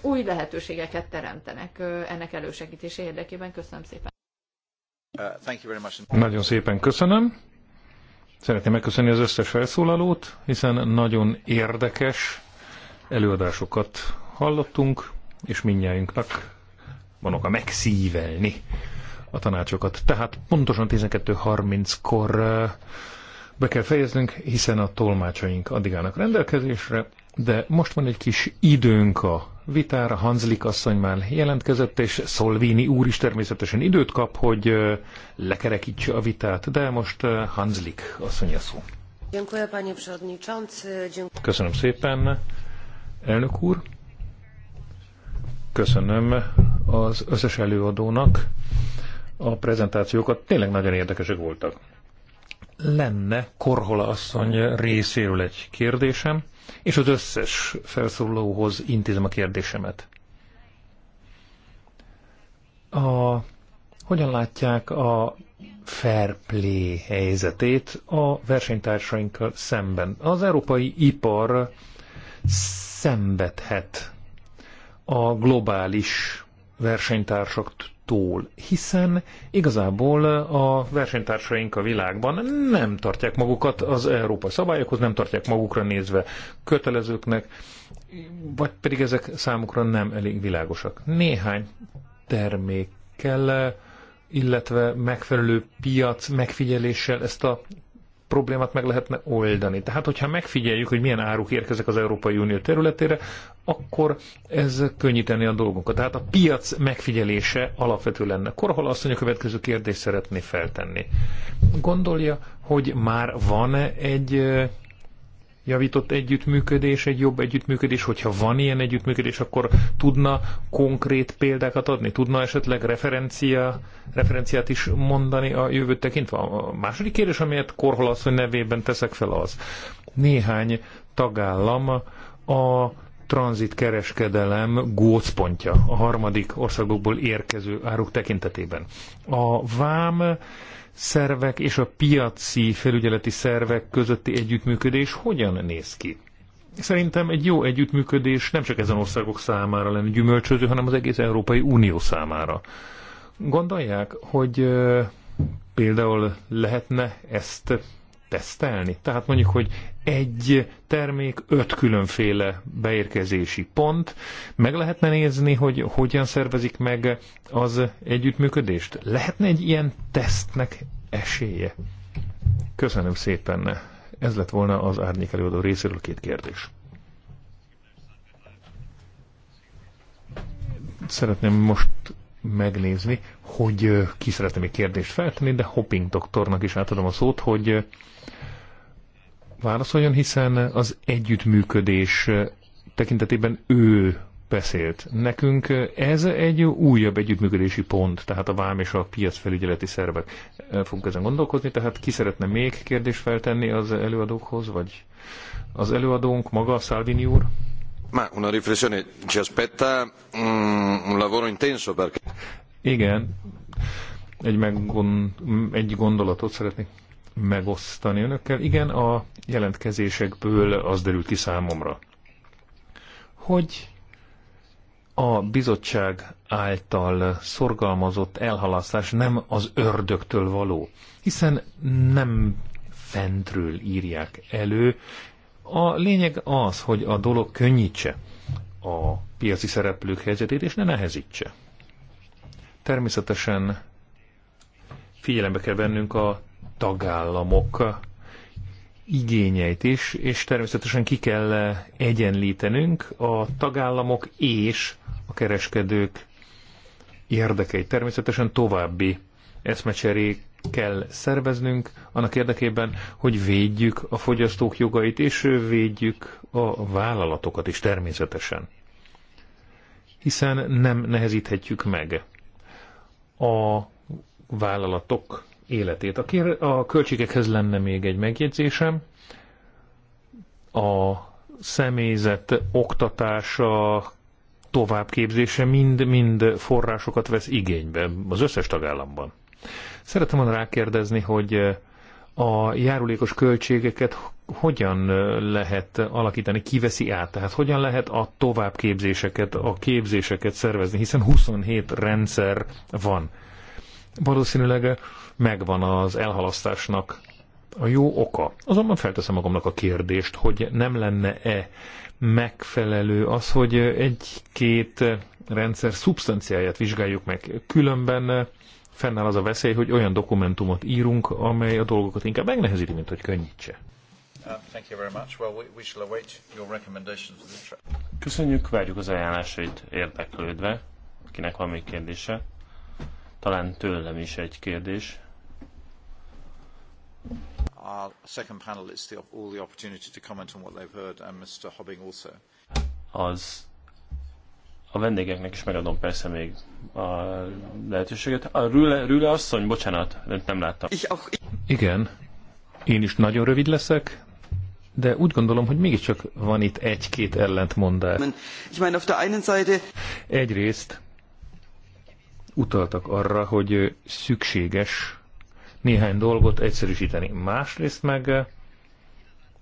új lehetőségeket teremtenek ennek elősegítése érdekében. Köszönöm szépen. Uh, nagyon szépen köszönöm. Szeretném megköszönni az összes felszólalót, hiszen nagyon érdekes előadásokat hallottunk, és mindnyájunknak van oka megszívelni a tanácsokat. Tehát pontosan 12.30-kor be kell fejeznünk, hiszen a tolmácsaink addig állnak rendelkezésre, de most van egy kis időnk a vitára Hanzlik asszony már jelentkezett, és Szolvini úr is természetesen időt kap, hogy lekerekítse a vitát, de most Hanzlik asszony a szó. Köszönöm szépen, elnök úr. Köszönöm az összes előadónak a prezentációkat. Tényleg nagyon érdekesek voltak. Lenne Korhola asszony részéről egy kérdésem és az összes felszólalóhoz intézem a kérdésemet. A, hogyan látják a fair play helyzetét a versenytársainkkal szemben? Az európai ipar szenvedhet a globális versenytársak tól, hiszen igazából a versenytársaink a világban nem tartják magukat az európai szabályokhoz, nem tartják magukra nézve kötelezőknek, vagy pedig ezek számukra nem elég világosak. Néhány termékkel, illetve megfelelő piac megfigyeléssel ezt a problémát meg lehetne oldani. Tehát, hogyha megfigyeljük, hogy milyen áruk érkeznek az Európai Unió területére, akkor ez könnyíteni a dolgunkat. Tehát a piac megfigyelése alapvető lenne. Korhol mondja, a következő kérdést szeretné feltenni. Gondolja, hogy már van -e egy javított együttműködés, egy jobb együttműködés, hogyha van ilyen együttműködés, akkor tudna konkrét példákat adni? Tudna esetleg referencia, referenciát is mondani a jövőt tekintve? A második kérdés, amelyet Korholasszony nevében teszek fel az. Néhány tagállam a tranzitkereskedelem gócpontja a harmadik országokból érkező áruk tekintetében. A vám szervek és a piaci felügyeleti szervek közötti együttműködés hogyan néz ki? Szerintem egy jó együttműködés nem csak ezen országok számára lenne gyümölcsöző, hanem az egész Európai Unió számára. Gondolják, hogy például lehetne ezt tesztelni. Tehát mondjuk, hogy egy termék öt különféle beérkezési pont. Meg lehetne nézni, hogy hogyan szervezik meg az együttműködést? Lehetne egy ilyen tesztnek esélye? Köszönöm szépen. Ez lett volna az árnyék előadó részéről két kérdés. Szeretném most megnézni, hogy ki szeretne még kérdést feltenni, de Hopping doktornak is átadom a szót, hogy válaszoljon, hiszen az együttműködés tekintetében ő beszélt. Nekünk ez egy újabb együttműködési pont, tehát a vám és a piacfelügyeleti szervek. El fogunk ezen gondolkozni, tehát ki szeretne még kérdést feltenni az előadókhoz, vagy az előadónk maga, Szálvini úr? Ma una riflessione ci aspetta mm, un lavoro intenso perché... Igen, egy, meggon, egy gondolatot szeretnék megosztani önökkel. Igen, a jelentkezésekből az derült ki számomra, hogy a bizottság által szorgalmazott elhalasztás nem az ördögtől való, hiszen nem fentről írják elő, a lényeg az, hogy a dolog könnyítse a piaci szereplők helyzetét, és ne nehezítse. Természetesen figyelembe kell vennünk a tagállamok igényeit is, és természetesen ki kell egyenlítenünk a tagállamok és a kereskedők érdekeit. Természetesen további eszmecserék kell szerveznünk annak érdekében, hogy védjük a fogyasztók jogait, és védjük a vállalatokat is természetesen. Hiszen nem nehezíthetjük meg a vállalatok életét. A, a költségekhez lenne még egy megjegyzésem. A személyzet oktatása, továbbképzése mind-mind forrásokat vesz igénybe az összes tagállamban. Szeretem volna rákérdezni, hogy eh, a járulékos költségeket hogyan eh, lehet alakítani, kiveszi át, tehát hogyan lehet a továbbképzéseket, a képzéseket szervezni, hiszen 27 rendszer van. Valószínűleg eh, megvan az elhalasztásnak a jó oka. Azonban felteszem magamnak a kérdést, hogy nem lenne-e megfelelő az, hogy egy-két rendszer szubstanciáját vizsgáljuk meg. Különben fennáll az a veszély, hogy olyan dokumentumot írunk, amely a dolgokat inkább megnehezíti, mint hogy könnyítse. Uh, Köszönjük, várjuk az ajánlásait érdeklődve, kinek van még kérdése. Talán tőlem is egy kérdés. second all the opportunity to comment on what they've heard, and Mr. Hobbing also. Az a vendégeknek is megadom persze még a lehetőséget. A Rüle, Rüle asszony, bocsánat, nem láttam. Igen, én is nagyon rövid leszek, de úgy gondolom, hogy mégiscsak van itt egy-két ellentmondás. Egyrészt utaltak arra, hogy szükséges néhány dolgot egyszerűsíteni. Másrészt meg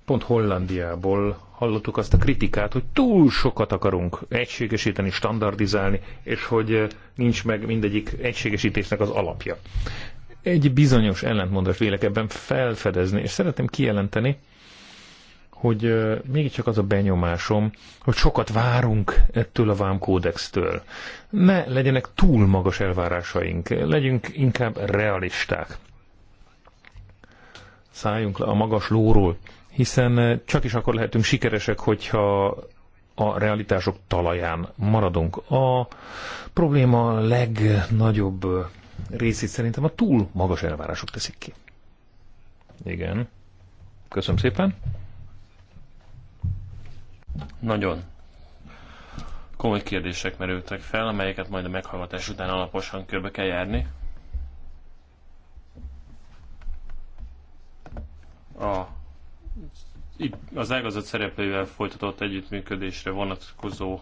pont Hollandiából hallottuk azt a kritikát, hogy túl sokat akarunk egységesíteni, standardizálni, és hogy eh, nincs meg mindegyik egységesítésnek az alapja. Egy bizonyos ellentmondást vélek ebben felfedezni, és szeretném kijelenteni, hogy eh, mégiscsak az a benyomásom, hogy sokat várunk ettől a vámkódextől. Ne legyenek túl magas elvárásaink, legyünk inkább realisták. Szálljunk le a magas lóról, hiszen eh, csak is akkor lehetünk sikeresek, hogyha a realitások talaján maradunk. A probléma legnagyobb eh, részét szerintem a túl magas elvárások teszik ki. Igen. Köszönöm szépen. Nagyon komoly kérdések merültek fel, amelyeket majd a meghallgatás után alaposan körbe kell járni. A az ágazat szereplővel folytatott együttműködésre vonatkozóan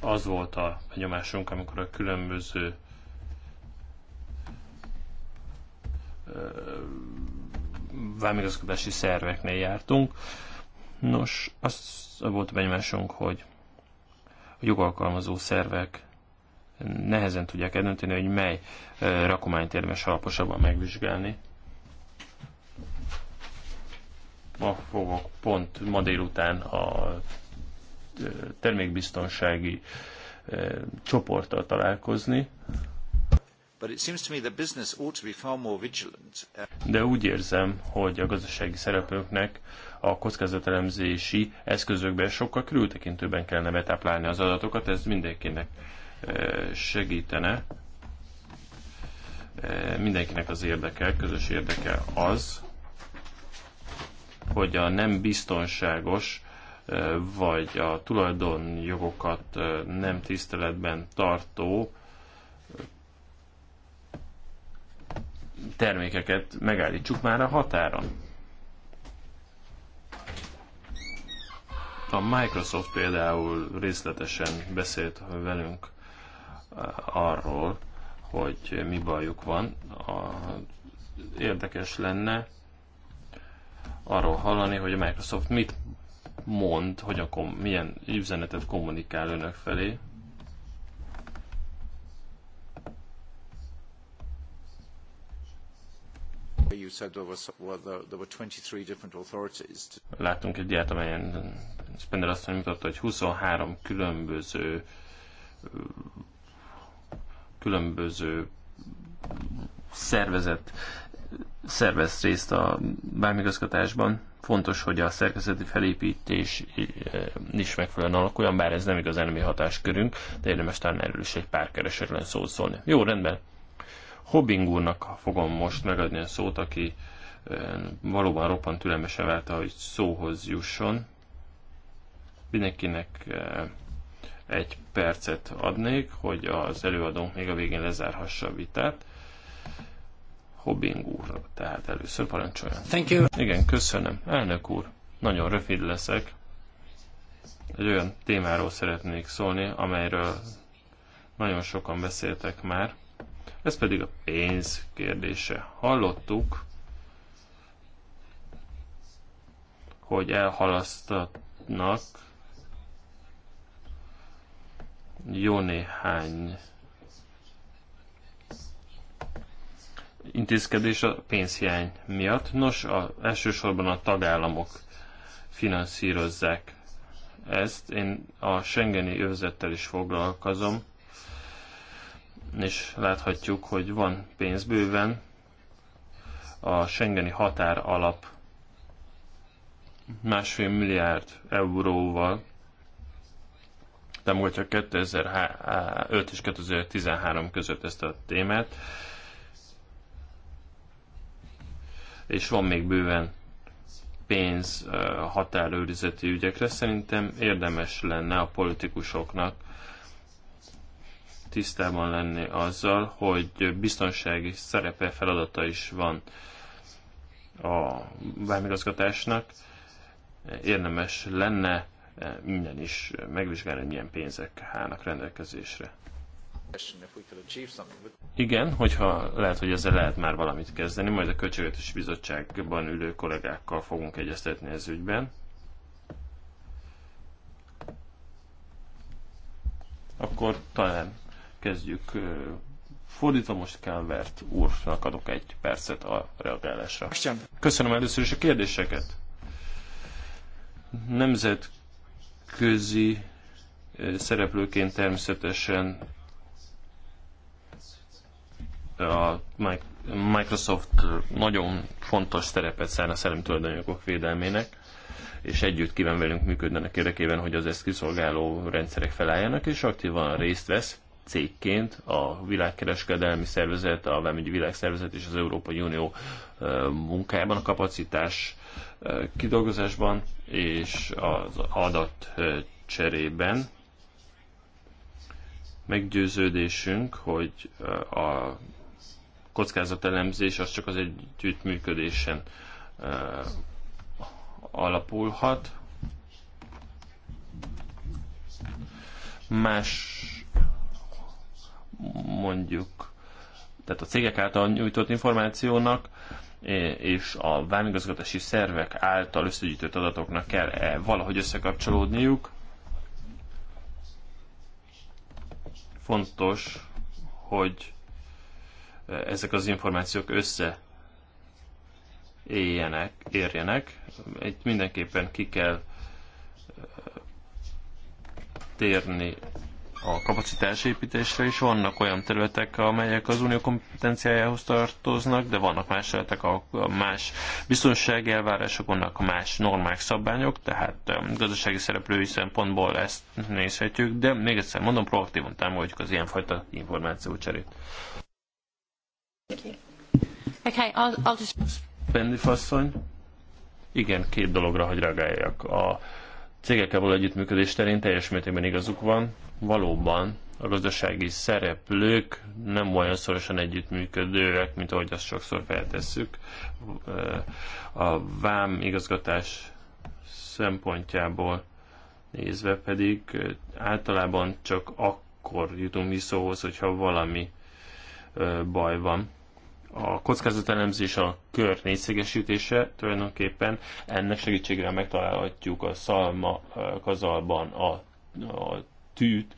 az volt a benyomásunk, amikor a különböző vámigazgatási szerveknél jártunk. Nos, az volt a benyomásunk, hogy a jogalkalmazó szervek nehezen tudják eldönteni, hogy mely rakományt érdemes alaposabban megvizsgálni. ma fogok pont ma délután a termékbiztonsági csoporttal találkozni. De úgy érzem, hogy a gazdasági szereplőknek a kockázatelemzési eszközökben sokkal körültekintőben kellene betáplálni az adatokat, ez mindenkinek segítene. Mindenkinek az érdeke, közös érdeke az, hogy a nem biztonságos vagy a tulajdonjogokat nem tiszteletben tartó termékeket megállítsuk már a határon. A Microsoft például részletesen beszélt velünk arról, hogy mi bajuk van. A, érdekes lenne arról hallani, hogy a Microsoft mit mond, hogy akkor kom- milyen üzenetet kommunikál önök felé. Láttunk egy diát, amelyen Spender azt mutatta, hogy 23 különböző különböző szervezet szervez részt a bármigazgatásban, fontos, hogy a szerkezeti felépítés eh, is megfelelően alakuljon, bár ez nem igazán mi hatáskörünk, de érdemes talán erről is egy pár keresetlen szót szólni. Jó, rendben. Hobbing úrnak fogom most megadni a szót, aki eh, valóban roppant türelmesen várta, hogy szóhoz jusson. Mindenkinek eh, egy percet adnék, hogy az előadónk még a végén lezárhassa a vitát. Hobbing úrnak. tehát először parancsoljon. Thank you. Igen, köszönöm. Elnök úr, nagyon rövid leszek. Egy olyan témáról szeretnék szólni, amelyről nagyon sokan beszéltek már. Ez pedig a pénz kérdése. Hallottuk, hogy elhalasztatnak jó néhány intézkedés a pénzhiány miatt. Nos, a, elsősorban a tagállamok finanszírozzák ezt. Én a Schengeni övezettel is foglalkozom, és láthatjuk, hogy van pénz bőven a Schengeni határ alap másfél milliárd euróval támogatja 2005 és 2013 között ezt a témát. és van még bőven pénz határőrizeti ügyekre. Szerintem érdemes lenne a politikusoknak tisztában lenni azzal, hogy biztonsági szerepe, feladata is van a vámigazgatásnak. Érdemes lenne minden is megvizsgálni, hogy milyen pénzek állnak rendelkezésre. Igen, hogyha lehet, hogy ezzel lehet már valamit kezdeni, majd a Költségvetési Bizottságban ülő kollégákkal fogunk egyeztetni ez ügyben. Akkor talán kezdjük. Fordítva most Calvert úrnak adok egy percet a reagálásra. Köszönöm először is a kérdéseket. Nemzetközi szereplőként természetesen a Microsoft nagyon fontos szerepet szán a szellemi tulajdonjogok védelmének, és együtt kíván velünk működnek érdekében, hogy az ezt kiszolgáló rendszerek felálljanak, és aktívan részt vesz cégként a világkereskedelmi szervezet, a Vámügyi Világszervezet és az Európai Unió munkájában, a kapacitás kidolgozásban és az adat cserében. Meggyőződésünk, hogy a kockázatelemzés az csak az együttműködésen eh, alapulhat. Más mondjuk, tehát a cégek által nyújtott információnak eh, és a vámigazgatási szervek által összegyűjtött adatoknak kell -e valahogy összekapcsolódniuk. Fontos, hogy ezek az információk össze éljenek, érjenek. Itt mindenképpen ki kell térni a kapacitásépítésre is. Vannak olyan területek, amelyek az unió kompetenciájához tartoznak, de vannak más területek, ahol más biztonsági elvárások, vannak más normák, szabványok, tehát gazdasági szereplői szempontból ezt nézhetjük, de még egyszer mondom, proaktívan támogatjuk az ilyenfajta információcserét. Okay, I'll, I'll just... Igen, két dologra, hogy reagáljak. A cégekkel való együttműködés terén teljes mértékben igazuk van. Valóban a gazdasági szereplők nem olyan szorosan együttműködőek, mint ahogy azt sokszor feltesszük. A vám igazgatás szempontjából nézve pedig általában csak akkor jutunk mi hogyha valami baj van a kockázatelemzés a kör négyszegesítése tulajdonképpen ennek segítségével megtalálhatjuk a szalma kazalban a, a tűt.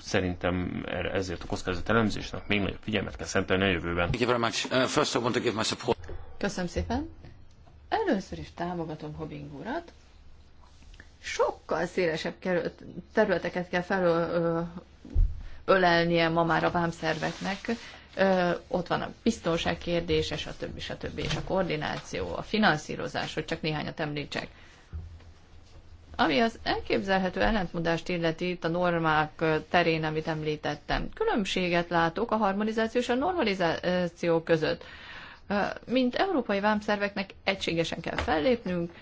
Szerintem ezért a kockázatelemzésnek még nagyobb figyelmet kell szentelni a jövőben. Uh, Köszönöm szépen. Először is támogatom Hobbing urat. Sokkal szélesebb területeket kell felölelnie ma már a vámszerveknek, ott van a biztonság kérdése, stb. stb. és a koordináció, a finanszírozás, hogy csak néhányat említsek. Ami az elképzelhető ellentmondást illeti itt a normák terén, amit említettem, különbséget látok a harmonizáció és a normalizáció között. Mint európai vámszerveknek egységesen kell fellépnünk,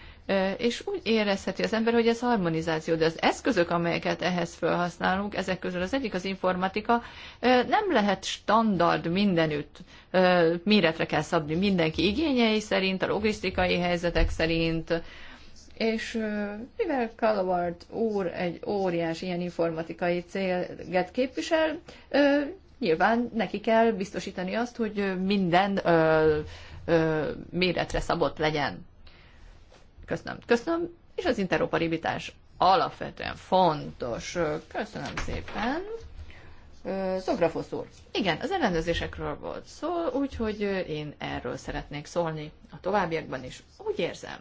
és úgy érezheti az ember, hogy ez harmonizáció, de az eszközök, amelyeket ehhez felhasználunk, ezek közül az egyik az informatika, nem lehet standard mindenütt, méretre kell szabni mindenki igényei szerint, a logisztikai helyzetek szerint, és mivel Calvart úr egy óriás ilyen informatikai céget képvisel, nyilván neki kell biztosítani azt, hogy minden méretre szabott legyen. Köszönöm. Köszönöm. És az interoperabilitás alapvetően fontos. Köszönöm szépen. Szografosz úr. Igen, az ellenőrzésekről volt szó, úgyhogy én erről szeretnék szólni a továbbiakban is. Úgy érzem,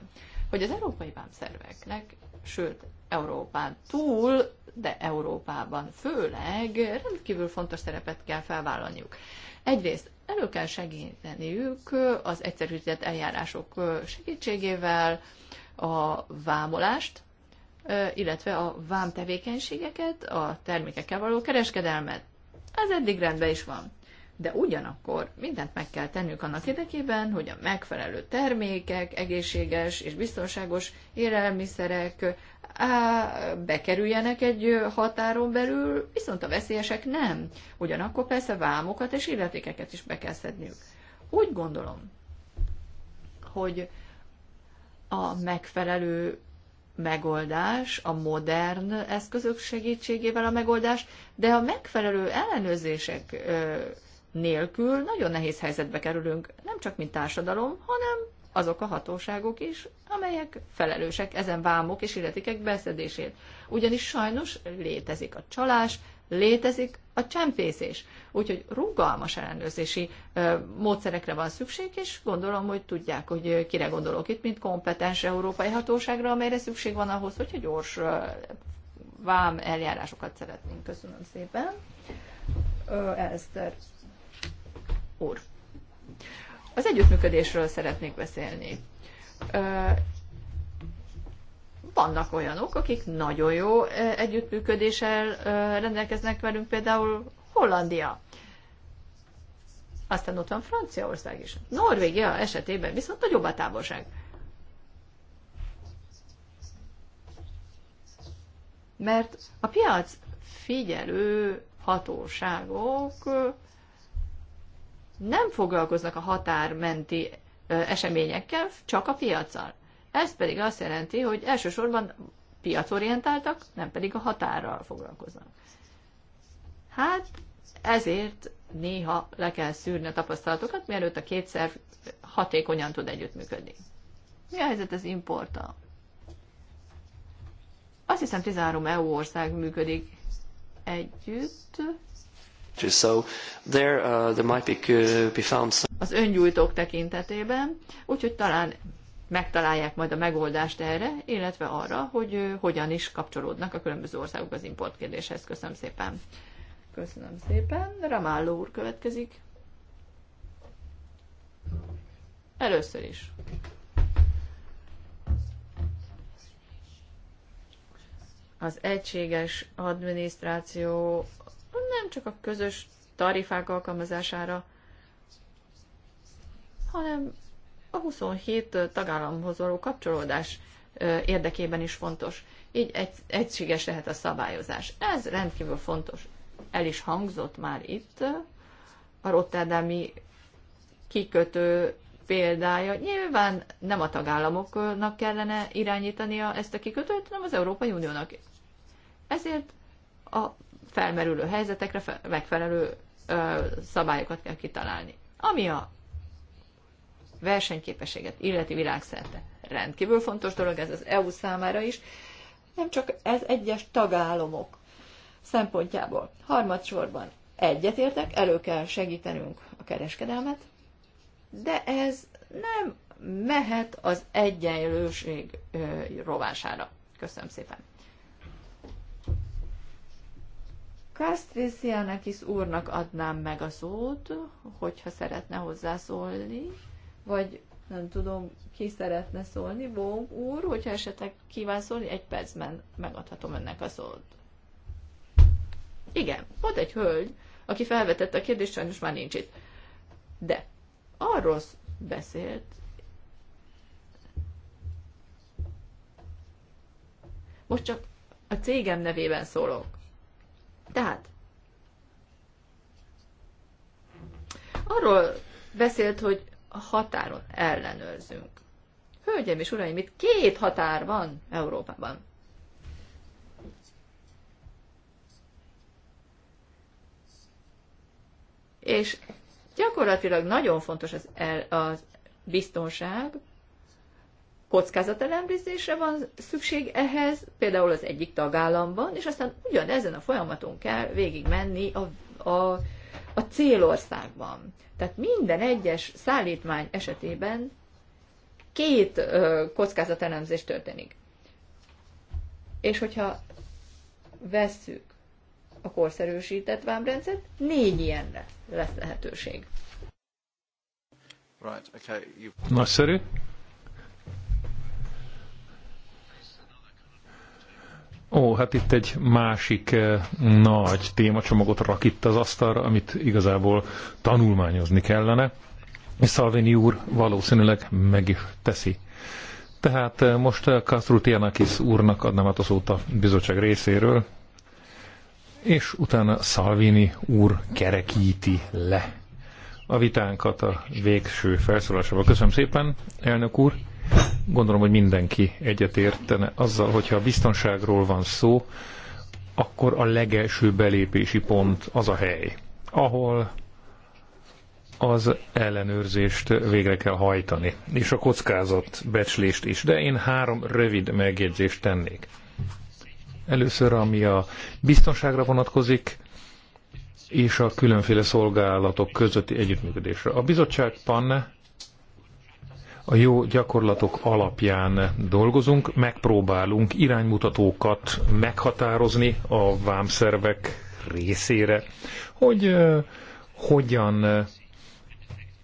hogy az európai vámszerveknek, sőt, Európán túl, de Európában főleg rendkívül fontos szerepet kell felvállalniuk. Egyrészt elő kell segíteniük az egyszerűsített eljárások segítségével a vámolást, illetve a vám tevékenységeket, a termékekkel való kereskedelmet. Ez eddig rendben is van. De ugyanakkor mindent meg kell tennünk annak érdekében, hogy a megfelelő termékek, egészséges és biztonságos élelmiszerek, bekerüljenek egy határon belül, viszont a veszélyesek nem. Ugyanakkor persze vámokat és illetékeket is be kell szedniük. Úgy gondolom, hogy a megfelelő megoldás, a modern eszközök segítségével a megoldás, de a megfelelő ellenőrzések nélkül nagyon nehéz helyzetbe kerülünk, nem csak mint társadalom, hanem azok a hatóságok is, amelyek felelősek ezen vámok és illetikek beszedését. Ugyanis sajnos létezik a csalás, létezik a csempészés. Úgyhogy rugalmas ellenőrzési ö, módszerekre van szükség, és gondolom, hogy tudják, hogy kire gondolok itt, mint kompetens európai hatóságra, amelyre szükség van ahhoz, hogyha gyors ö, vám eljárásokat szeretnénk. Köszönöm szépen. Ö, Eszter úr. Az együttműködésről szeretnék beszélni. Vannak olyanok, akik nagyon jó együttműködéssel rendelkeznek velünk, például Hollandia. Aztán ott van Franciaország is. Norvégia esetében viszont nagyobb a távolság. Mert a piac figyelő hatóságok nem foglalkoznak a határmenti eseményekkel, csak a piacsal. Ez pedig azt jelenti, hogy elsősorban piacorientáltak, nem pedig a határral foglalkoznak. Hát ezért néha le kell szűrni a tapasztalatokat, mielőtt a kétszer hatékonyan tud együttműködni. Mi a helyzet az importa? Azt hiszem 13 EU ország működik együtt, So there, uh, there might be, uh, be found some... Az öngyújtók tekintetében, úgyhogy talán megtalálják majd a megoldást erre, illetve arra, hogy uh, hogyan is kapcsolódnak a különböző országok az import kérdéshez Köszönöm szépen. Köszönöm szépen. Ramálló úr következik. Először is. Az egységes adminisztráció nem csak a közös tarifák alkalmazására, hanem a 27 tagállamhoz való kapcsolódás érdekében is fontos. Így egy, egységes lehet a szabályozás. Ez rendkívül fontos. El is hangzott már itt a Rotterdami kikötő példája. Nyilván nem a tagállamoknak kellene irányítania ezt a kikötőt, hanem az Európai Uniónak. Ezért a felmerülő helyzetekre megfelelő szabályokat kell kitalálni. Ami a versenyképességet illeti világszerte rendkívül fontos dolog, ez az EU számára is, nem csak ez egyes tagállamok szempontjából. Harmadsorban egyetértek, elő kell segítenünk a kereskedelmet, de ez nem mehet az egyenlőség rovására. Köszönöm szépen! is úrnak adnám meg a szót, hogyha szeretne hozzászólni, vagy nem tudom, ki szeretne szólni, Bóg úr, hogyha esetleg kíván szólni, egy percben megadhatom önnek a szót. Igen, volt egy hölgy, aki felvetette a kérdést, sajnos már nincs itt. De arról beszélt, most csak a cégem nevében szólok tehát arról beszélt, hogy a határon ellenőrzünk. Hölgyeim és uraim, itt két határ van Európában. És gyakorlatilag nagyon fontos az, el, az biztonság, kockázatelemzésre van szükség ehhez, például az egyik tagállamban, és aztán ugyanezen a folyamaton kell végig menni a, a, a célországban. Tehát minden egyes szállítmány esetében két ö, kockázatelemzés történik. És hogyha vesszük a korszerűsített vámrendszert, négy ilyenre lesz lehetőség. Right, okay, Nagyszerű. Ó, hát itt egy másik eh, nagy témacsomagot rak itt az asztalra, amit igazából tanulmányozni kellene, és Salvini úr valószínűleg meg is teszi. Tehát eh, most Kastru eh, Tianakis úrnak adnám át a szót a bizottság részéről, és utána Salvini úr kerekíti le a vitánkat a végső felszólásával. Köszönöm szépen, elnök úr! Gondolom, hogy mindenki egyetértene azzal, hogyha a biztonságról van szó, akkor a legelső belépési pont az a hely, ahol az ellenőrzést végre kell hajtani, és a kockázat becslést is. De én három rövid megjegyzést tennék. Először, ami a biztonságra vonatkozik, és a különféle szolgálatok közötti együttműködésre. A bizottság panne a jó gyakorlatok alapján dolgozunk, megpróbálunk iránymutatókat meghatározni a vámszervek részére, hogy uh, hogyan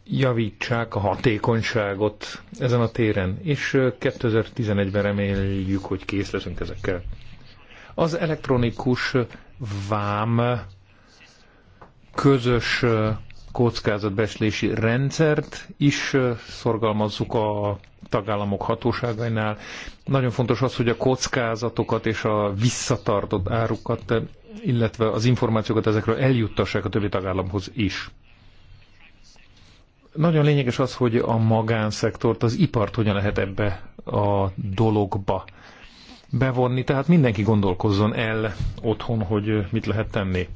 javítsák a hatékonyságot ezen a téren, és 2011-ben reméljük, hogy kész leszünk ezekkel. Az elektronikus vám közös kockázatbeslési rendszert is szorgalmazzuk a tagállamok hatóságainál. Nagyon fontos az, hogy a kockázatokat és a visszatartott árukat, illetve az információkat ezekről eljuttassák a többi tagállamhoz is. Nagyon lényeges az, hogy a magánszektort, az ipart hogyan lehet ebbe a dologba bevonni, tehát mindenki gondolkozzon el otthon, hogy mit lehet tenni.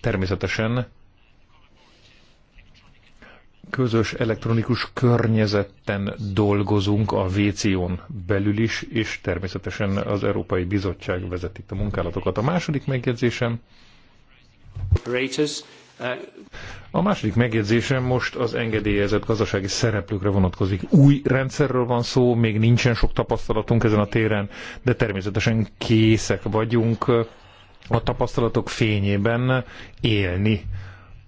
Természetesen közös elektronikus környezetten dolgozunk a WCO-n belül is, és természetesen az Európai Bizottság vezet itt a munkálatokat. A második megjegyzésem a második megjegyzésem most az engedélyezett gazdasági szereplőkre vonatkozik. Új rendszerről van szó, még nincsen sok tapasztalatunk ezen a téren, de természetesen készek vagyunk a tapasztalatok fényében élni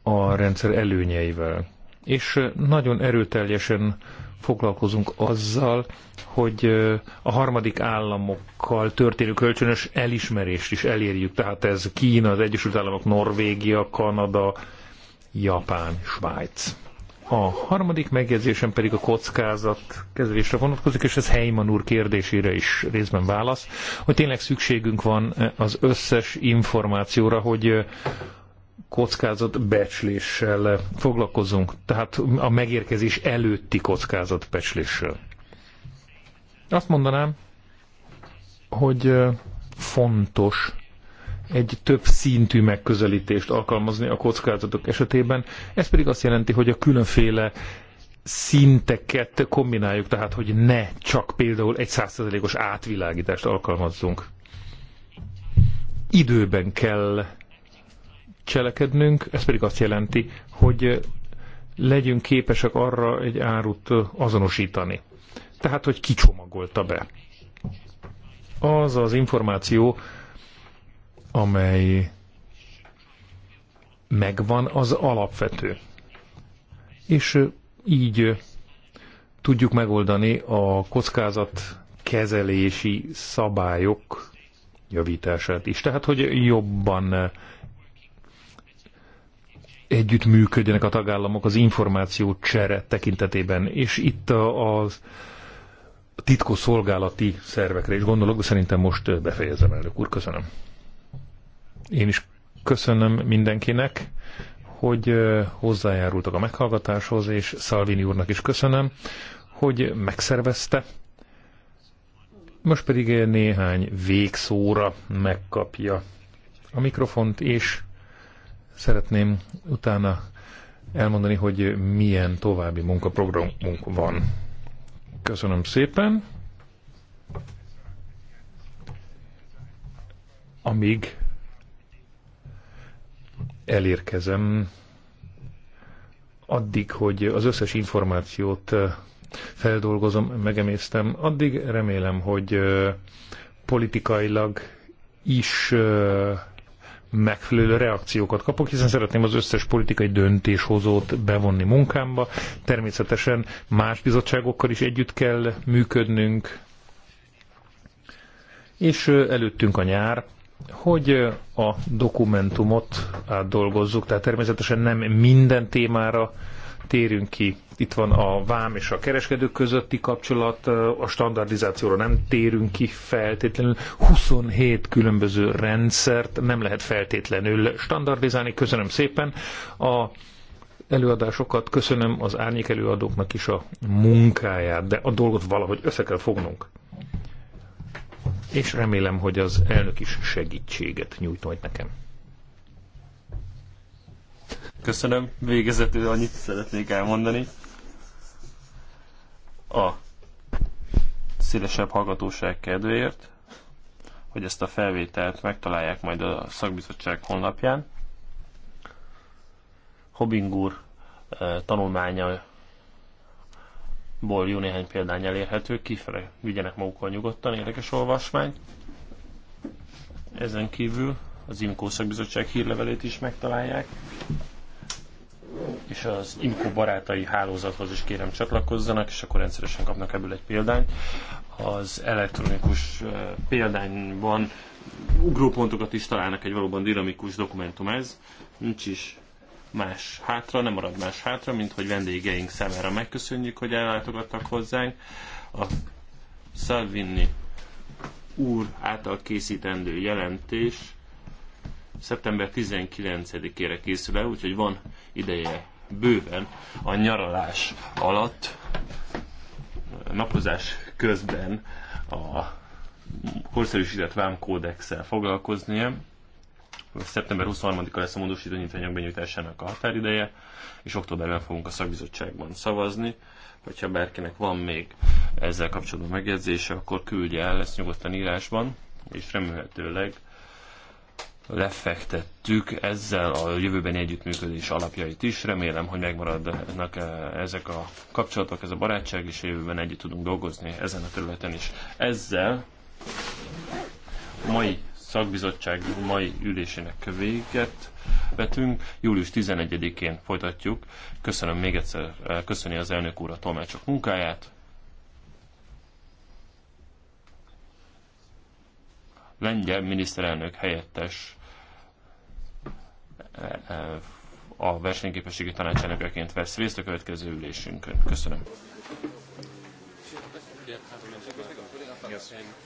a rendszer előnyeivel és nagyon erőteljesen foglalkozunk azzal, hogy a harmadik államokkal történő kölcsönös elismerést is elérjük. Tehát ez Kína, az Egyesült Államok, Norvégia, Kanada, Japán, Svájc. A harmadik megjegyzésem pedig a kockázat kezelésre vonatkozik, és ez Heyman úr kérdésére is részben válasz, hogy tényleg szükségünk van az összes információra, hogy kockázatbecsléssel foglalkozunk, tehát a megérkezés előtti kockázatbecsléssel. Azt mondanám, hogy fontos egy több szintű megközelítést alkalmazni a kockázatok esetében. Ez pedig azt jelenti, hogy a különféle szinteket kombináljuk, tehát hogy ne csak például egy százszerzelékos átvilágítást alkalmazzunk. Időben kell cselekednünk, ez pedig azt jelenti, hogy eh, legyünk képesek arra egy árut eh, azonosítani. Tehát, hogy kicsomagolta be. Az az információ, amely megvan, az alapvető. És eh, így tudjuk megoldani a kockázat kezelési szabályok javítását is. Tehát, hogy jobban együttműködjenek a tagállamok az információ csere tekintetében. És itt a, a titkosszolgálati szervekre is gondolok, de szerintem most befejezem, elnök úr. Köszönöm. Én is köszönöm mindenkinek, hogy hozzájárultak a meghallgatáshoz, és Salvini úrnak is köszönöm, hogy megszervezte. Most pedig néhány végszóra megkapja a mikrofont, és Szeretném utána elmondani, hogy milyen további munkaprogramunk van. Köszönöm szépen. Amíg elérkezem addig, hogy az összes információt feldolgozom, megemésztem, addig remélem, hogy politikailag is megfelelő reakciókat kapok, hiszen szeretném az összes politikai döntéshozót bevonni munkámba. Természetesen más bizottságokkal is együtt kell működnünk, és előttünk a nyár, hogy a dokumentumot átdolgozzuk, tehát természetesen nem minden témára térünk ki, itt van a vám és a kereskedők közötti kapcsolat, a standardizációra nem térünk ki feltétlenül. 27 különböző rendszert nem lehet feltétlenül standardizálni. Köszönöm szépen a előadásokat, köszönöm az árnyék előadóknak is a munkáját, de a dolgot valahogy össze kell fognunk. És remélem, hogy az elnök is segítséget nyújt majd nekem. Köszönöm, végezetül annyit szeretnék elmondani, a szélesebb hallgatóság kedvéért, hogy ezt a felvételt megtalálják majd a szakbizottság honlapján. Hobbing úr e, ból jó néhány példány elérhető, kifele vigyenek magukkal nyugodtan, érdekes olvasmány. Ezen kívül az IMKO szakbizottság hírlevelét is megtalálják és az IMCO barátai hálózathoz is kérem csatlakozzanak, és akkor rendszeresen kapnak ebből egy példányt. Az elektronikus példányban ugrópontokat is találnak, egy valóban dinamikus dokumentum ez. Nincs is más hátra, nem marad más hátra, mint hogy vendégeink számára megköszönjük, hogy ellátogattak hozzánk. A Salvini úr által készítendő jelentés szeptember 19-ére készül el, úgyhogy van ideje bőven a nyaralás alatt, napozás közben a korszerűsített vámkódexsel foglalkoznia. Szeptember 23-a lesz a módosító nyitványok benyújtásának a határideje, és októberben fogunk a szakbizottságban szavazni. Hogyha bárkinek van még ezzel kapcsolatban megjegyzése, akkor küldje el, lesz nyugodtan írásban, és remélhetőleg lefektettük ezzel a jövőbeni együttműködés alapjait is. Remélem, hogy megmaradnak ezek a kapcsolatok, ez a barátság, és a jövőben együtt tudunk dolgozni ezen a területen is. Ezzel a mai szakbizottság mai ülésének véget vetünk. Július 11-én folytatjuk. Köszönöm még egyszer, eh, köszöni az elnök úr a tolmácsok munkáját. lengyel miniszterelnök helyettes e, e, a versenyképességi tanácselnökeként vesz részt a következő ülésünkön. Köszönöm. Yes.